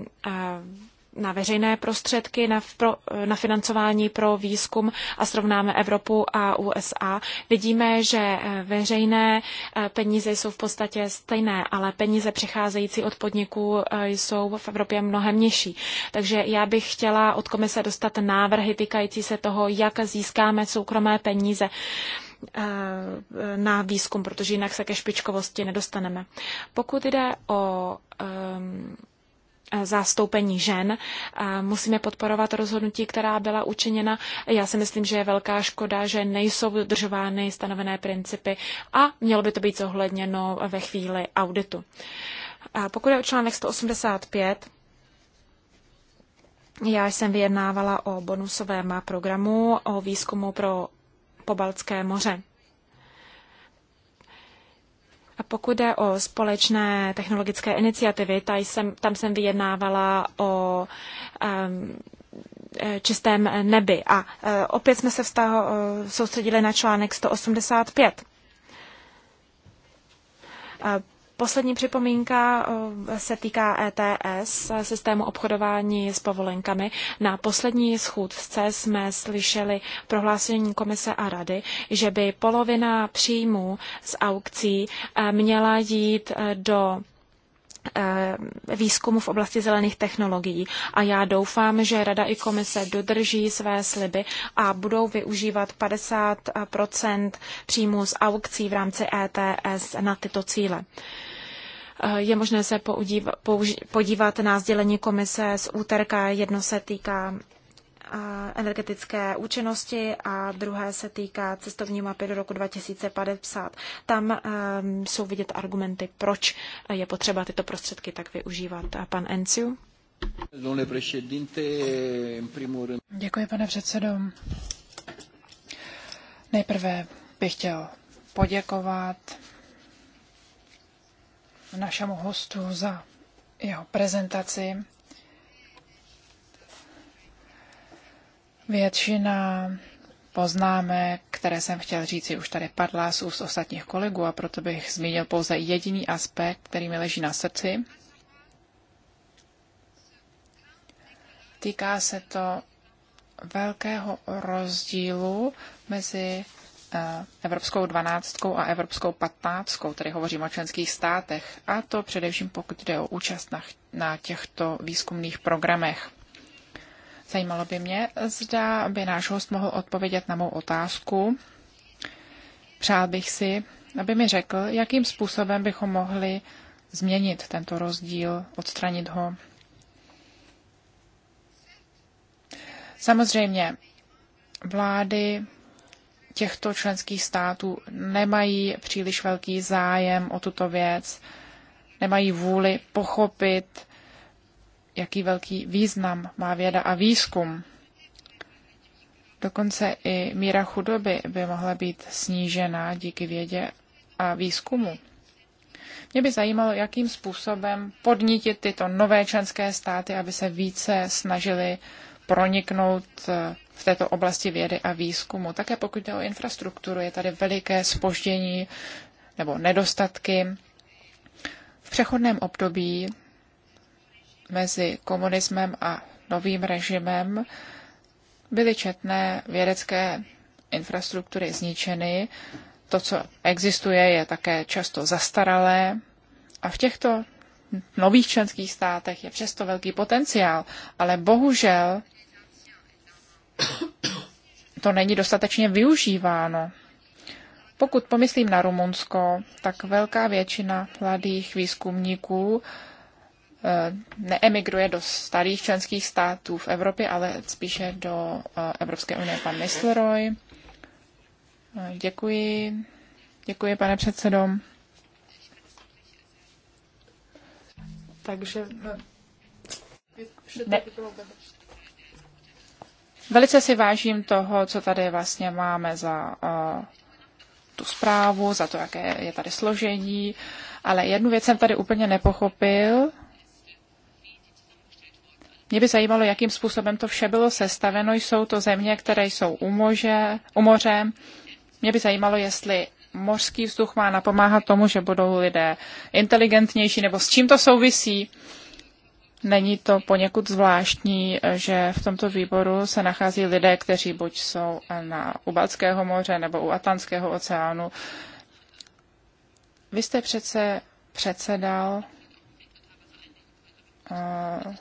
na veřejné prostředky, na, pro, na financování pro výzkum a srovnáme Evropu a USA, vidíme, že eh, veřejné eh, peníze jsou v podstatě stejné, ale peníze přicházející od podniků eh, jsou v Evropě mnohem nižší. Takže já bych chtěla od komise dostat návrhy týkající se toho, jak získáme soukromé peníze na výzkum, protože jinak se ke špičkovosti nedostaneme. Pokud jde o um, Eh, zástoupení žen. Musíme podporovat rozhodnutí, která byla učiněna. Já si myslím, že je velká škoda, že nejsou dodržovány stanovené principy a mělo by to být zohledněno ve chvíli auditu. Pokud je o článek 185, já jsem vyjednávala o bonusovém programu o výzkumu pro Pobaltské moře. A pokud jde o společné technologické iniciativy, jsem, tam jsem vyjednávala o um, čistém nebi. A e, opět jsme se vztaho, e, soustředili na článek 185. Poslední připomínka eh, se týká ETS, eh, systému obchodování s povolenkami. Na poslední schůdce jsme slyšeli prohlášení komise a rady, že by polovina příjmů z aukcí eh, měla jít do výzkumu v oblasti zelených technologií a já doufám, že Rada i komise dodrží své sliby a budou využívat 50 příjmů z aukcí v rámci ETS na tyto cíle. Eh, je možné se podívat, na sdělení komise z úterka. Jedno se týká eh, energetické účinnosti a druhé se týká cestovní mapy do roku 2050. Tam eh, jsou vidět argumenty, proč je potřeba tyto prostředky tak využívat. A pan Enciu? Děkuji, pane předsedo. Nejprve bych chtěl poděkovat našemu hostu za jeho prezentaci. Většina poznáme, které jsem chtěl říct, už tady padla z úst ostatních kolegů a proto bych zmínil pouze jediný aspekt, který mi leží na srdci. Týká se to velkého rozdílu mezi Eh, evropskou dvanáctkou a Evropskou patnáctkou, tedy hovořím o členských státech, a to především pokud jde o účast na, na těchto výzkumných programech. Zajímalo by mě, zda by náš host mohl odpovědět na mou otázku. Přál bych si, aby mi řekl, jakým způsobem bychom mohli změnit tento rozdíl, odstranit ho. Samozřejmě, vlády těchto členských států nemají příliš velký zájem o tuto věc, nemají vůli pochopit, jaký velký význam má věda a výzkum. Dokonce i míra chudoby by mohla být snížena díky vědě a výzkumu. Mě by zajímalo, jakým způsobem podnítit tyto nové členské státy, aby se více snažili proniknout eh, v této oblasti vědy a výzkumu. Také pokud jde o infrastrukturu, je tady veliké spoždění nebo nedostatky. V přechodném období mezi komunismem a novým režimem byly četné vědecké infrastruktury zničeny. To, co existuje, je také často zastaralé. A v těchto nových členských státech je přesto velký potenciál, ale bohužel to není dostatečně využíváno. Pokud pomyslím na Rumunsko, tak velká většina mladých výzkumníků eh, neemigruje do starých členských států v Evropě, ale spíše do eh, Evropské unie. Pan Nisleroy. Eh, děkuji. Děkuji, pane předsedo. Takže ne. Velice si vážím toho, co tady vlastně máme za uh, tu zprávu, za to, jaké je tady složení, ale jednu věc jsem tady úplně nepochopil. Mě by zajímalo, jakým způsobem to vše bylo sestaveno. Jsou to země, které jsou u, može, u moře. Mě by zajímalo, jestli mořský vzduch má napomáhat tomu, že budou lidé inteligentnější, nebo s čím to souvisí. Uh, Není to poněkud zvláštní, že v tomto výboru se nachází lidé, kteří buď jsou na Ubalského moře nebo u Atlantského oceánu. Vy jste přece předsedal uh,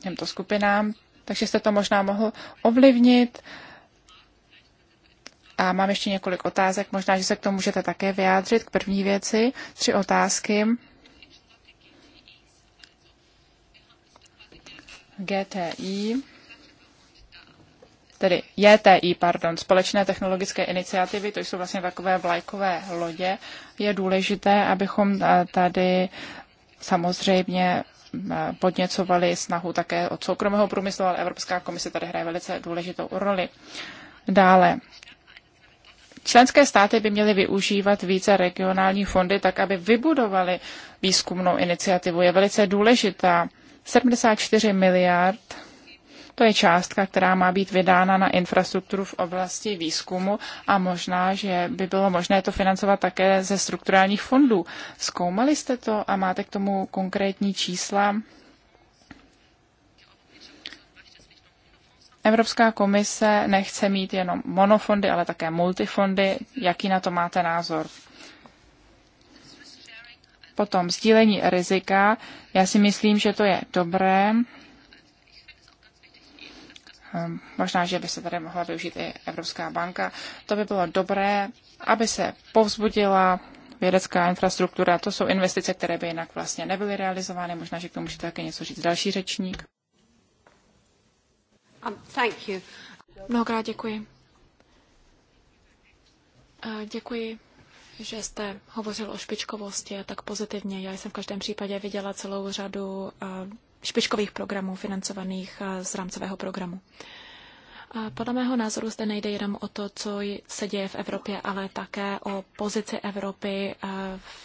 těmto skupinám, takže jste to možná mohl ovlivnit. A mám ještě několik otázek, možná, že se k tomu můžete také vyjádřit. K první věci, tři otázky. GTI, tedy JTI, pardon, Společné technologické iniciativy, to jsou vlastně takové vlajkové lodě, je důležité, abychom eh, tady samozřejmě eh, podněcovali snahu také od soukromého průmyslu, ale Evropská komise tady hraje velice důležitou roli. Dále, Členské státy by měly využívat více regionální fondy tak, aby vybudovali výzkumnou iniciativu. Je velice důležitá. 74 miliard to je částka, která má být vydána na infrastrukturu v oblasti výzkumu a možná, že by bylo možné to financovat také ze strukturálních fondů. Zkoumali jste to a máte k tomu konkrétní čísla? Evropská komise nechce mít jenom monofondy, ale také multifondy. Jaký na to máte názor? Potom sdílení rizika. Já si myslím, že to je dobré. Ehm, možná, že by se tady mohla využít i Evropská banka. To by bylo dobré, aby se povzbudila vědecká infrastruktura. To jsou investice, které by jinak vlastně nebyly realizovány. Možná, že k tomu můžete také něco říct další řečník. Um, thank you. Mnohokrát děkuji. Eh, děkuji že jste hovořil o špičkovosti a tak pozitivně. Já jsem v každém případě viděla celou řadu eh, špičkových programů financovaných eh, z rámcového programu. Podle mého názoru zde nejde jenom o to, co se děje v Evropě, ale také o pozici Evropy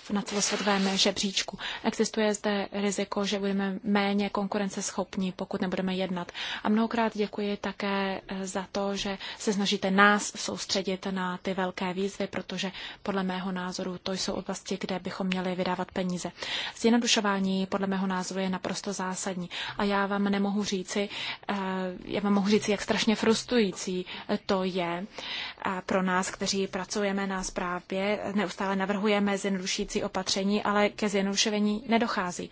eh, na celosvětovém žebříčku. Existuje zde riziko, že budeme méně konkurenceschopní, pokud nebudeme jednat. A mnohokrát děkuji také eh, za to, že se snažíte nás soustředit na ty velké výzvy, protože podle mého názoru to jsou oblasti, kde bychom měli vydávat peníze. Zjednodušování podle mého názoru je naprosto zásadní. A já vám nemohu říci, eh, já vám mohu říci, jak strašně frustrující frustrující to je eh, pro nás, kteří pracujeme na zprávě. Neustále navrhujeme zjednodušící opatření, ale ke zjednodušení nedochází.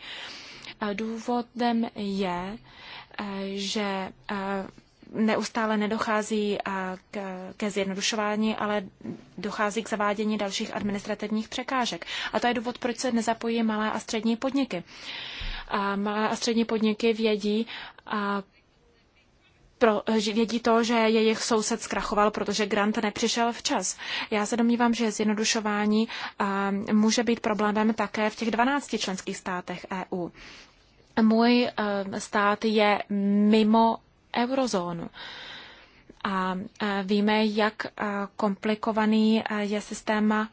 Eh, důvodem je, eh, že neustále nedochází ke zjednodušování, ale dochází k zavádění dalších administrativních překážek. A to je důvod, proč se nezapojí malé a střední podniky. A malé a střední podniky vědí, pro, vědí to, že jejich soused zkrachoval, protože grant nepřišel včas. Já se domnívám, že zjednodušování a, může být problémem také v těch 12 členských státech EU. Můj a, stát je mimo eurozónu. A, a víme, jak komplikovaný je systém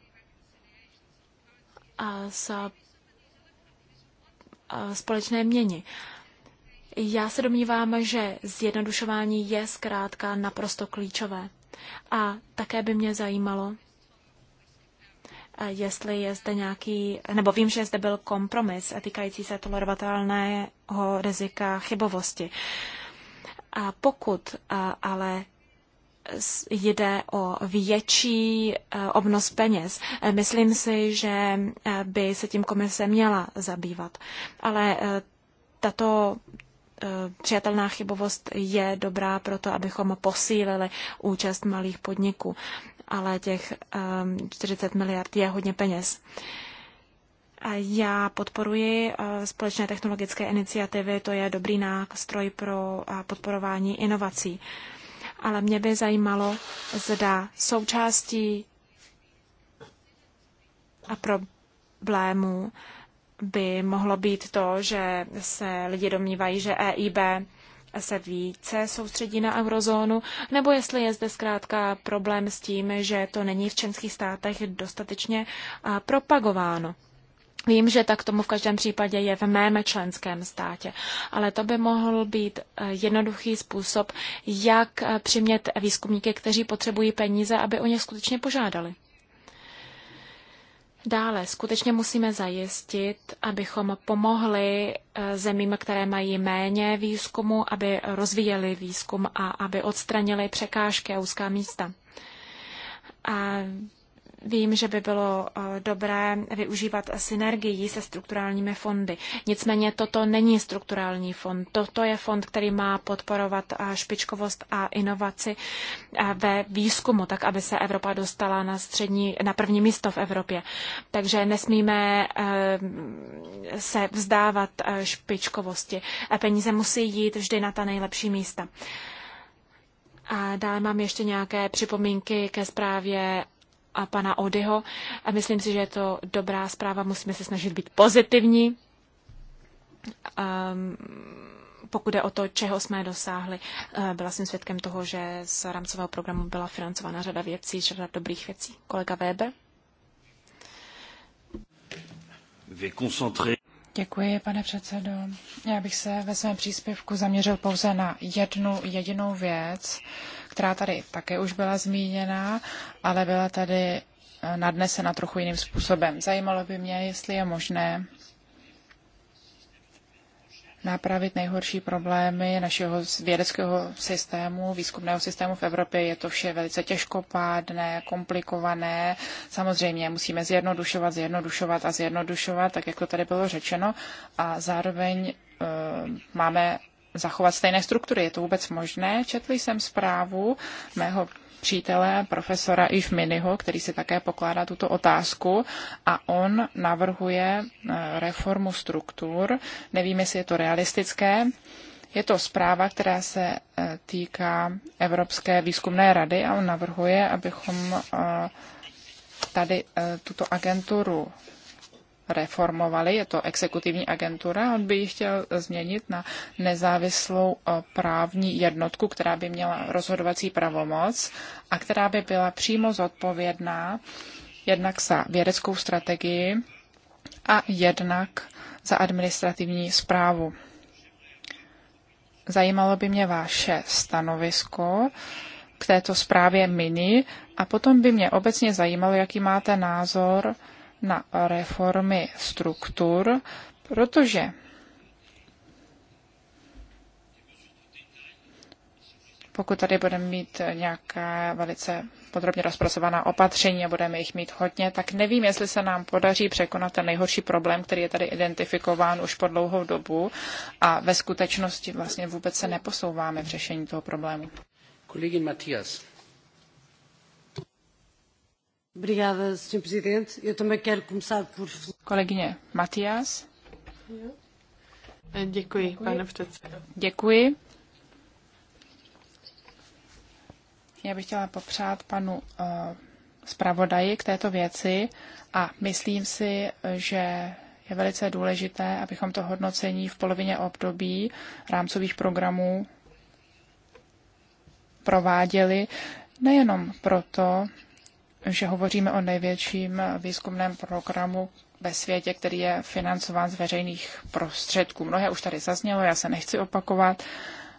s společné měny. Já se domnívám, že zjednodušování je zkrátka naprosto klíčové. A také by mě zajímalo, eh, jestli je zde nějaký, nebo vím, že zde byl kompromis týkající se tolerovatelného rizika chybovosti. A pokud ale jde o větší eh, obnos peněz. Eh, myslím si, že by se tím komise měla zabývat. Ale tato Eh, přijatelná chybovost je dobrá pro to, abychom posílili účast malých podniků, ale těch 40 eh, miliard je hodně peněz. Já podporuji eh, společné technologické iniciativy, to je dobrý nástroj pro podporování inovací. Ale mě by zajímalo, zda součástí a problémů by mohlo být to, že se lidi domnívají, že EIB se více soustředí na eurozónu, nebo jestli je zde zkrátka problém s tím, že to není v členských státech dostatečně propagováno. Vím, že tak tomu v každém případě je v mém členském státě, ale to by mohl být e, jednoduchý způsob, jak e, přimět výzkumníky, kteří potřebují peníze, aby o ně skutečně požádali. Dále skutečně musíme zajistit, abychom pomohli eh, zemím, které mají méně výzkumu, aby rozvíjeli výzkum a aby odstranili překážky a úzká místa. A Vím, že by bylo eh, dobré využívat synergii se strukturálními fondy. Nicméně toto není strukturální fond. Toto je fond, který má podporovat eh, špičkovost a inovaci eh, ve výzkumu, tak aby se Evropa dostala na, střední, na první místo v Evropě. Takže nesmíme se vzdávat špičkovosti. Peníze musí jít vždy na ta nejlepší místa. A dále mám ještě nějaké připomínky ke zprávě a pana Odyho. A myslím si, že je to dobrá zpráva, musíme se snažit být pozitivní. Um, pokud je o to, čeho jsme dosáhli, uh, byla jsem svědkem toho, že z rámcového programu byla financována řada věcí, řada dobrých věcí. Kolega Weber? Děkuji, pane předsedo. Já bych se ve svém příspěvku zaměřil pouze na jednu jedinou věc, která tady také už byla zmíněna, ale byla tady eh, nadnesena trochu jiným způsobem. Zajímalo by mě, jestli je možné napravit nejhorší problémy našeho vědeckého systému, výzkumného systému v Evropě. Je to vše velice těžkopádné, komplikované. Samozřejmě musíme zjednodušovat, zjednodušovat a zjednodušovat, tak jak to tady bylo řečeno. A zároveň e, máme zachovat stejné struktury. Je to vůbec možné? Četl jsem zprávu mého přítele, profesora Miniho, který si také pokládá tuto otázku a on navrhuje eh, reformu struktur. Nevím, jestli je to realistické. Je to zpráva, která se eh, týká Evropské výzkumné rady a on navrhuje, abychom eh, tady tuto agenturu reformovali, je to exekutivní agentura, on by ji chtěl změnit na nezávislou eh, právní jednotku, která by měla rozhodovací pravomoc a která by byla přímo zodpovědná jednak za vědeckou strategii a jednak za administrativní zprávu. Zajímalo by mě vaše stanovisko k této zprávě mini a potom by mě obecně zajímalo, jaký máte názor na reformy struktur, protože pokud tady budeme mít nějaká velice podrobně rozpracovaná opatření a budeme jich mít hodně, tak nevím, jestli se nám podaří překonat ten nejhorší problém, který je tady identifikován už po dlouhou dobu a ve skutečnosti vlastně vůbec se neposouváme v řešení toho problému. Kolegin Matias. Obrigada, Sr. Presidente. Eu também quero começar por... Kolegyně Matias. Děkuji, Děkuji, pane předsedo. Děkuji. Já bych chtěla popřát panu uh, zpravodaji k této věci a myslím si, že je velice důležité, abychom to hodnocení v polovině období rámcových programů prováděli nejenom proto, že hovoříme o největším výzkumném programu ve světě, který je financován z veřejných prostředků. Mnohé už tady zaznělo, já se nechci opakovat,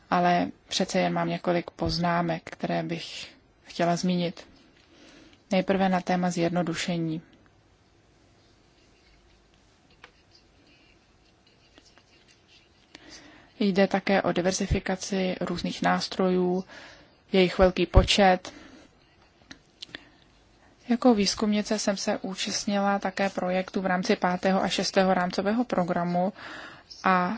ale přece jen mám několik poznámek, které bych chtěla zmínit. Nejprve na téma zjednodušení. Jde také o diversifikaci různých nástrojů, jejich velký počet, jako výzkumnice jsem se účastnila také projektu v rámci 5. a 6. rámcového programu a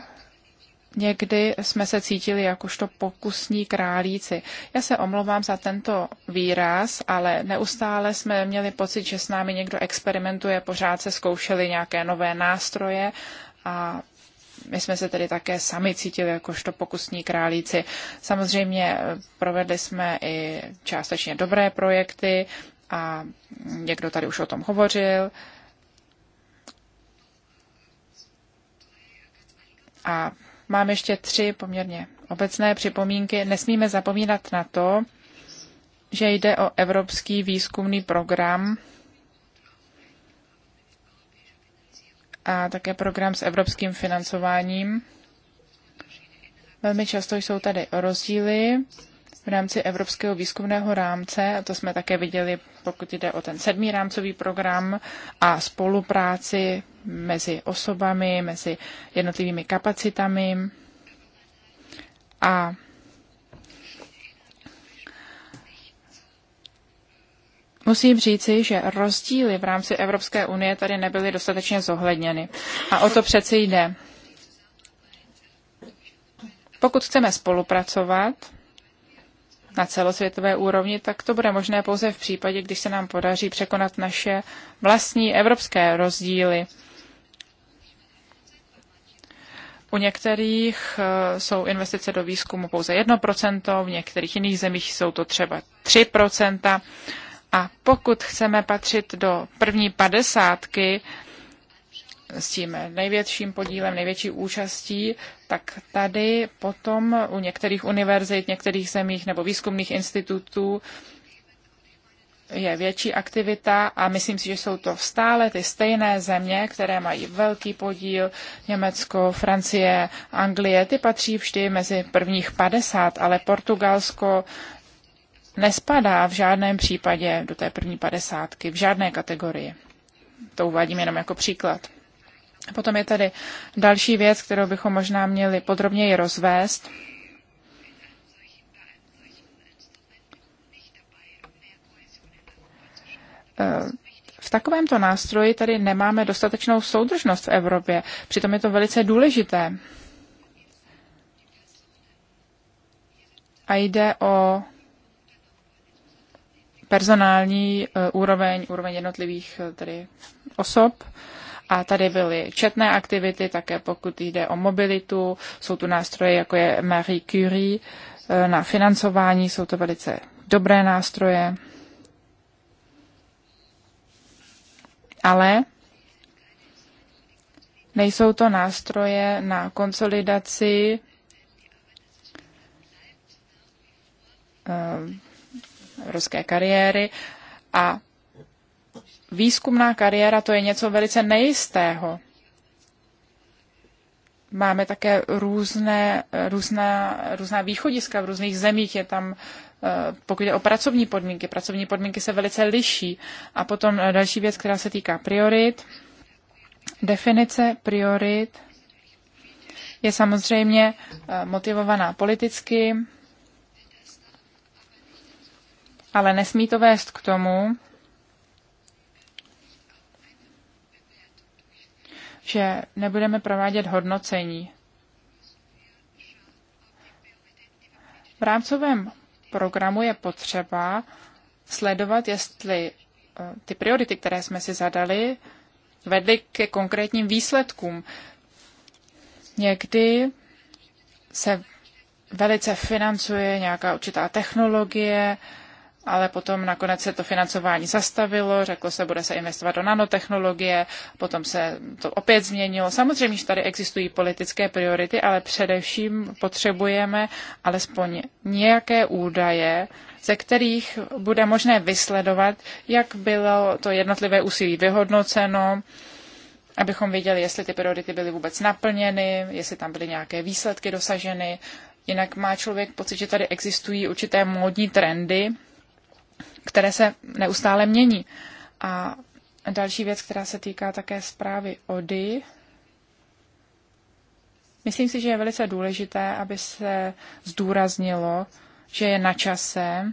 Někdy jsme se cítili jakožto pokusní králíci. Já se omlouvám za tento výraz, ale neustále jsme měli pocit, že s námi někdo experimentuje, pořád se zkoušeli nějaké nové nástroje a my jsme se tedy také sami cítili jakožto pokusní králíci. Samozřejmě eh, provedli jsme i částečně dobré projekty, a někdo tady už o tom hovořil. A mám ještě tři poměrně obecné připomínky. Nesmíme zapomínat na to, že jde o evropský výzkumný program a také program s evropským financováním. Velmi často jsou tady rozdíly rámci Evropského výzkumného rámce, a to jsme také viděli, pokud jde o ten sedmý rámcový program a spolupráci mezi osobami, mezi jednotlivými kapacitami. A Musím říci, že rozdíly v rámci Evropské unie tady nebyly dostatečně zohledněny. A o to přeci jde. Pokud chceme spolupracovat, na celosvětové úrovni, tak to bude možné pouze v případě, když se nám podaří překonat naše vlastní evropské rozdíly. U některých eh, jsou investice do výzkumu pouze 1%, v některých jiných zemích jsou to třeba 3%. A pokud chceme patřit do první padesátky s tím největším podílem, největší účastí, tak tady potom u některých univerzit, některých zemích nebo výzkumných institutů je větší aktivita a myslím si, že jsou to stále ty stejné země, které mají velký podíl, Německo, Francie, Anglie, ty patří vždy mezi prvních 50, ale Portugalsko nespadá v žádném případě do té první padesátky, v žádné kategorii. To uvádím jenom jako příklad. Potom je tady další věc, kterou bychom možná měli podrobněji rozvést. V takovémto nástroji tady nemáme dostatečnou soudržnost v Evropě. Přitom je to velice důležité. A jde o personální eh, úroveň, úroveň jednotlivých eh, tedy osob. A tady byly četné aktivity, také pokud jde o mobilitu. Jsou tu nástroje, jako je Marie Curie e, na financování. Jsou to velice dobré nástroje. Ale nejsou to nástroje na konsolidaci e, ruské kariéry a výzkumná kariéra to je něco velice nejistého. Máme také různé, různá, různá východiska v různých zemích. Je tam, eh, pokud jde o pracovní podmínky, pracovní podmínky se velice liší. A potom eh, další věc, která se týká priorit. Definice priorit je samozřejmě eh, motivovaná politicky, ale nesmí to vést k tomu, že nebudeme provádět hodnocení. V rámcovém programu je potřeba sledovat, jestli eh, ty priority, které jsme si zadali, vedly ke konkrétním výsledkům. Někdy se velice financuje nějaká určitá technologie, ale potom nakonec se to financování zastavilo, řeklo se, bude se investovat do nanotechnologie, potom se to opět změnilo. Samozřejmě, že tady existují politické priority, ale především potřebujeme alespoň nějaké údaje, ze kterých bude možné vysledovat, jak bylo to jednotlivé úsilí vyhodnoceno, abychom věděli, jestli ty priority byly vůbec naplněny, jestli tam byly nějaké výsledky dosaženy. Jinak má člověk pocit, že tady existují určité módní trendy, které se neustále mění. A další věc, která se týká také zprávy ODY, Myslím si, že je velice důležité, aby se zdůraznilo, že je na čase,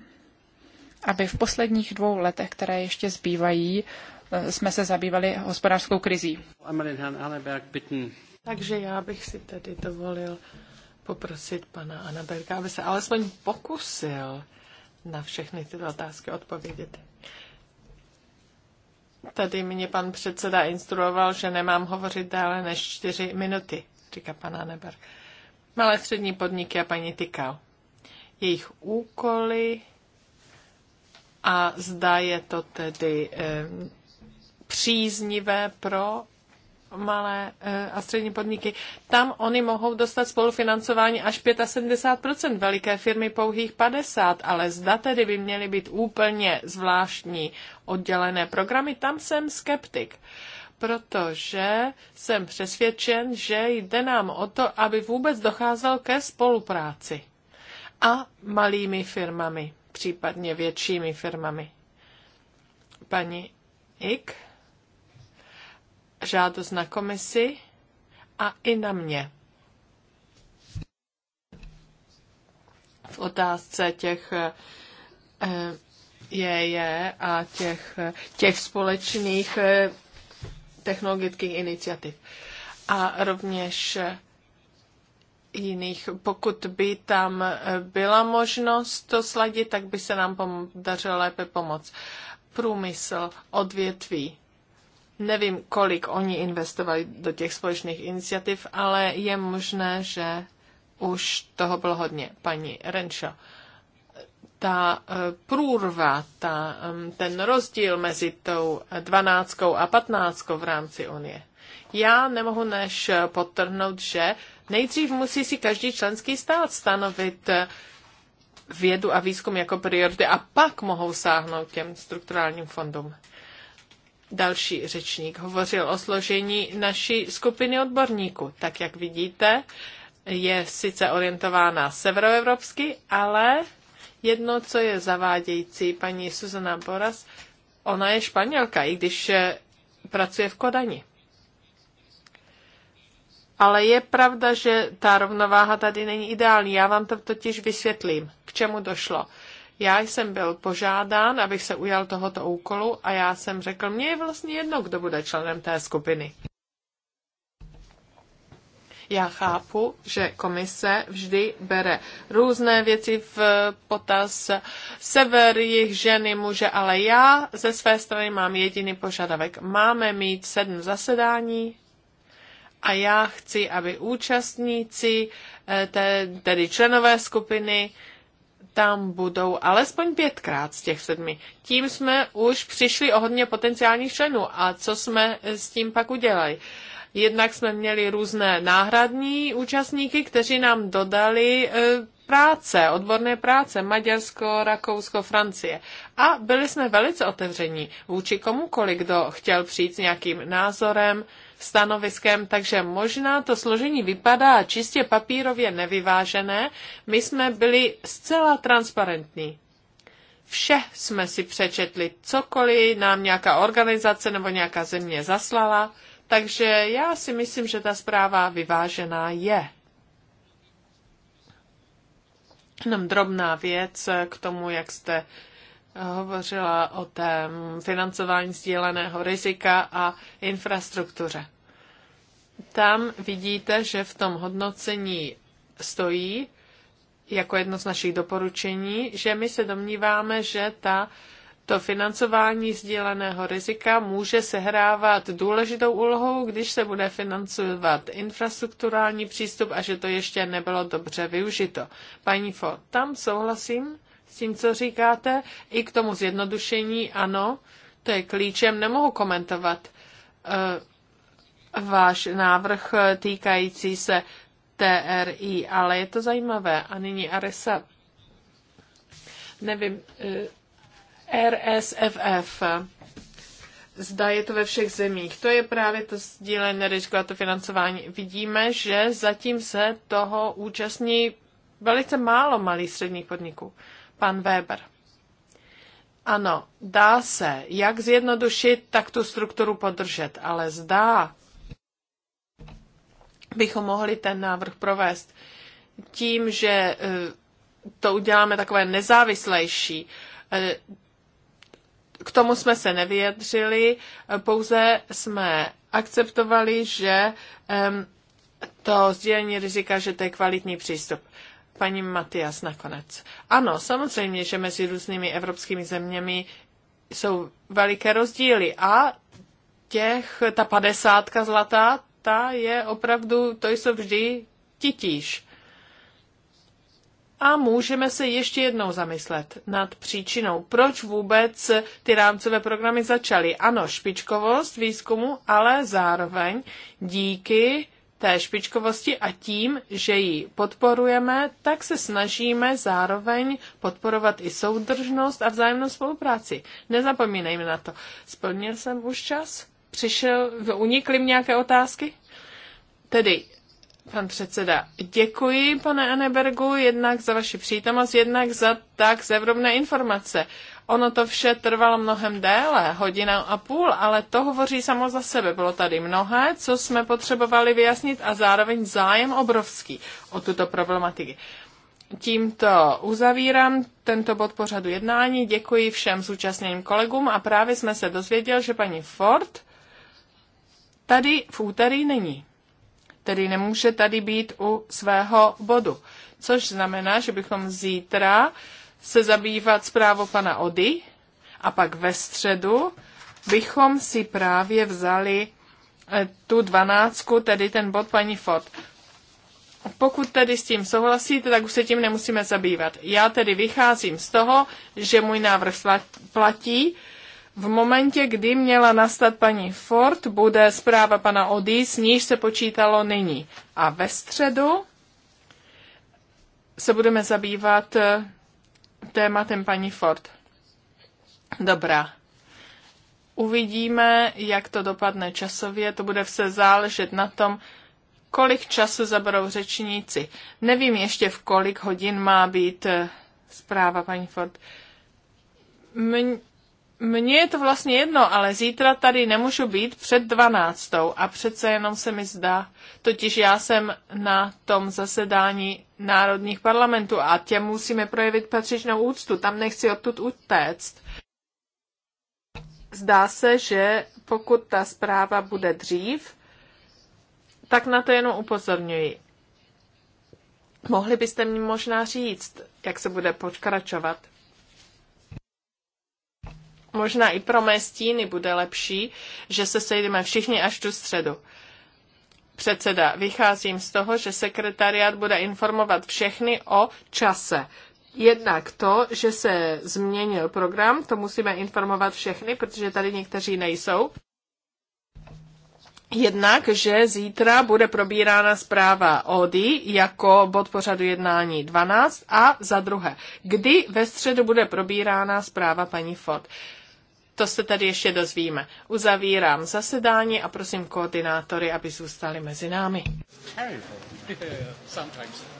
aby v posledních dvou letech, které ještě zbývají, eh, jsme se zabývali hospodářskou krizí. Takže já bych si tedy dovolil poprosit pana Anaberga, aby se alespoň pokusil na všechny tyto otázky odpovědět. Tady mě pan předseda instruoval, že nemám hovořit déle než čtyři minuty, říká pan Aneber. Malé střední podniky a paní Tykal. Jejich úkoly a zdá je to tedy eh, příznivé pro malé eh, a střední podniky. Tam oni mohou dostat spolufinancování až 75%, veliké firmy pouhých 50%, ale zda tedy by měly být úplně zvláštní oddělené programy, tam jsem skeptik protože jsem přesvědčen, že jde nám o to, aby vůbec docházel ke spolupráci a malými firmami, případně většími firmami. Paní Ik? žádost na komisi a i na mě. V otázce těch eh, je, je a těch, těch společných eh, technologických iniciativ. A rovněž jiných. Pokud by tam byla možnost to sladit, tak by se nám dařilo lépe pomoct. Průmysl, odvětví, Nevím, kolik oni investovali do těch společných iniciativ, ale je možné, že už toho bylo hodně, paní Renšo. Ta eh, průrva, ta, ten rozdíl mezi tou dvanáctkou a patnáctkou v rámci Unie. Já nemohu než potrhnout, že nejdřív musí si každý členský stát stanovit eh, vědu a výzkum jako priority a pak mohou sáhnout těm strukturálním fondům. Další řečník hovořil o složení naší skupiny odborníků. Tak jak vidíte, je sice orientována severoevropsky, ale jedno, co je zavádějící, paní Susana Boras, ona je španělka, i když eh, pracuje v Kodani. Ale je pravda, že ta rovnováha tady není ideální. Já vám to totiž vysvětlím, k čemu došlo. Já jsem byl požádán, abych se ujal tohoto úkolu a já jsem řekl, mně je vlastně jedno, kdo bude členem té skupiny. Já chápu, že komise vždy bere různé věci v potaz sever, jich ženy, muže, ale já ze své strany mám jediný požadavek. Máme mít sedm zasedání a já chci, aby účastníci, eh, tedy členové skupiny, tam budou alespoň pětkrát z těch sedmi. Tím jsme už přišli o hodně potenciálních členů. A co jsme s tím pak udělali? Jednak jsme měli různé náhradní účastníky, kteří nám dodali e, práce, odborné práce, Maďarsko, Rakousko, Francie. A byli jsme velice otevření vůči komukoli, kdo chtěl přijít s nějakým názorem, stanoviskem, takže možná to složení vypadá čistě papírově nevyvážené. My jsme byli zcela transparentní. Vše jsme si přečetli, cokoliv nám nějaká organizace nebo nějaká země zaslala, takže já si myslím, že ta zpráva vyvážená je. Jenom drobná věc k tomu, jak jste hovořila o té financování sdíleného rizika a infrastruktuře. Tam vidíte, že v tom hodnocení stojí jako jedno z našich doporučení, že my se domníváme, že ta, to financování sdíleného rizika může sehrávat důležitou úlohou, když se bude financovat infrastrukturální přístup a že to ještě nebylo dobře využito. Paní Fo, tam souhlasím s tím, co říkáte. I k tomu zjednodušení, ano, to je klíčem, nemohu komentovat eh, váš návrh týkající se TRI, ale je to zajímavé. A nyní Arisa, nevím, eh, RSFF, zda je to ve všech zemích. To je právě to sdílené riziko a to financování. Vidíme, že zatím se toho účastní velice málo malých středních podniků. Pan Weber. Ano, dá se jak zjednodušit, tak tu strukturu podržet, ale zdá, bychom mohli ten návrh provést tím, že e, to uděláme takové nezávislejší. E, k tomu jsme se nevyjadřili, e, pouze jsme akceptovali, že to sdílení rizika, že to je kvalitní přístup. Paní Matias nakonec. Ano, samozřejmě, že mezi různými evropskými zeměmi jsou veliké rozdíly a těch, ta padesátka zlatá, ta je opravdu, to jsou vždy titíž. A můžeme se ještě jednou zamyslet nad příčinou, proč vůbec ty rámcové programy začaly. Ano, špičkovost výzkumu, ale zároveň díky té špičkovosti a tím, že ji podporujeme, tak se snažíme zároveň podporovat i soudržnost a vzájemnou spolupráci. Nezapomínejme na to. Splnil jsem už čas? Přišel, unikly mi nějaké otázky? Tedy, pan předseda, děkuji, pane Anebergu, jednak za vaši přítomnost, jednak za tak zevrobné informace. Ono to vše trvalo mnohem déle, hodina a půl, ale to hovoří samo za sebe. Bylo tady mnohé, co jsme potřebovali vyjasnit a zároveň zájem obrovský o tuto problematiky. Tímto uzavírám tento bod pořadu jednání. Děkuji všem zúčastněným kolegům a právě jsme se dozvěděl, že paní Ford tady v úterý není. Tedy nemůže tady být u svého bodu. Což znamená, že bychom zítra se zabývat zprávou pana Ody a pak ve středu bychom si právě vzali eh, tu dvanáctku, tedy ten bod paní Ford. Pokud tedy s tím souhlasíte, tak už se tím nemusíme zabývat. Já tedy vycházím z toho, že můj návrh platí. V momentě, kdy měla nastat paní Ford, bude zpráva pana Ody, s níž se počítalo nyní. A ve středu se budeme zabývat eh, tématem paní Ford. Dobrá. Uvidíme, jak to dopadne časově. To bude vše záležet na tom, kolik času zaberou řečníci. Nevím ještě, v kolik hodin má být eh, zpráva paní Ford. Mně mně je to vlastně jedno, ale zítra tady nemůžu být před 12. a přece jenom se mi zdá. Totiž já jsem na tom zasedání národních parlamentů a těm musíme projevit patřičnou úctu. Tam nechci odtud utéct. Zdá se, že pokud ta zpráva bude dřív, tak na to jenom upozorňuji. Mohli byste mi možná říct, jak se bude pokračovat? možná i pro mé stíny bude lepší, že se sejdeme všichni až tu středu. Předseda, vycházím z toho, že sekretariat bude informovat všechny o čase. Jednak to, že se změnil program, to musíme informovat všechny, protože tady někteří nejsou. Jednak, že zítra bude probírána zpráva ODI jako bod pořadu jednání 12 a za druhé, kdy ve středu bude probírána zpráva paní Ford. To se tady ještě dozvíme. Uzavírám zasedání a prosím koordinátory, aby zůstali mezi námi. (laughs) Sometimes.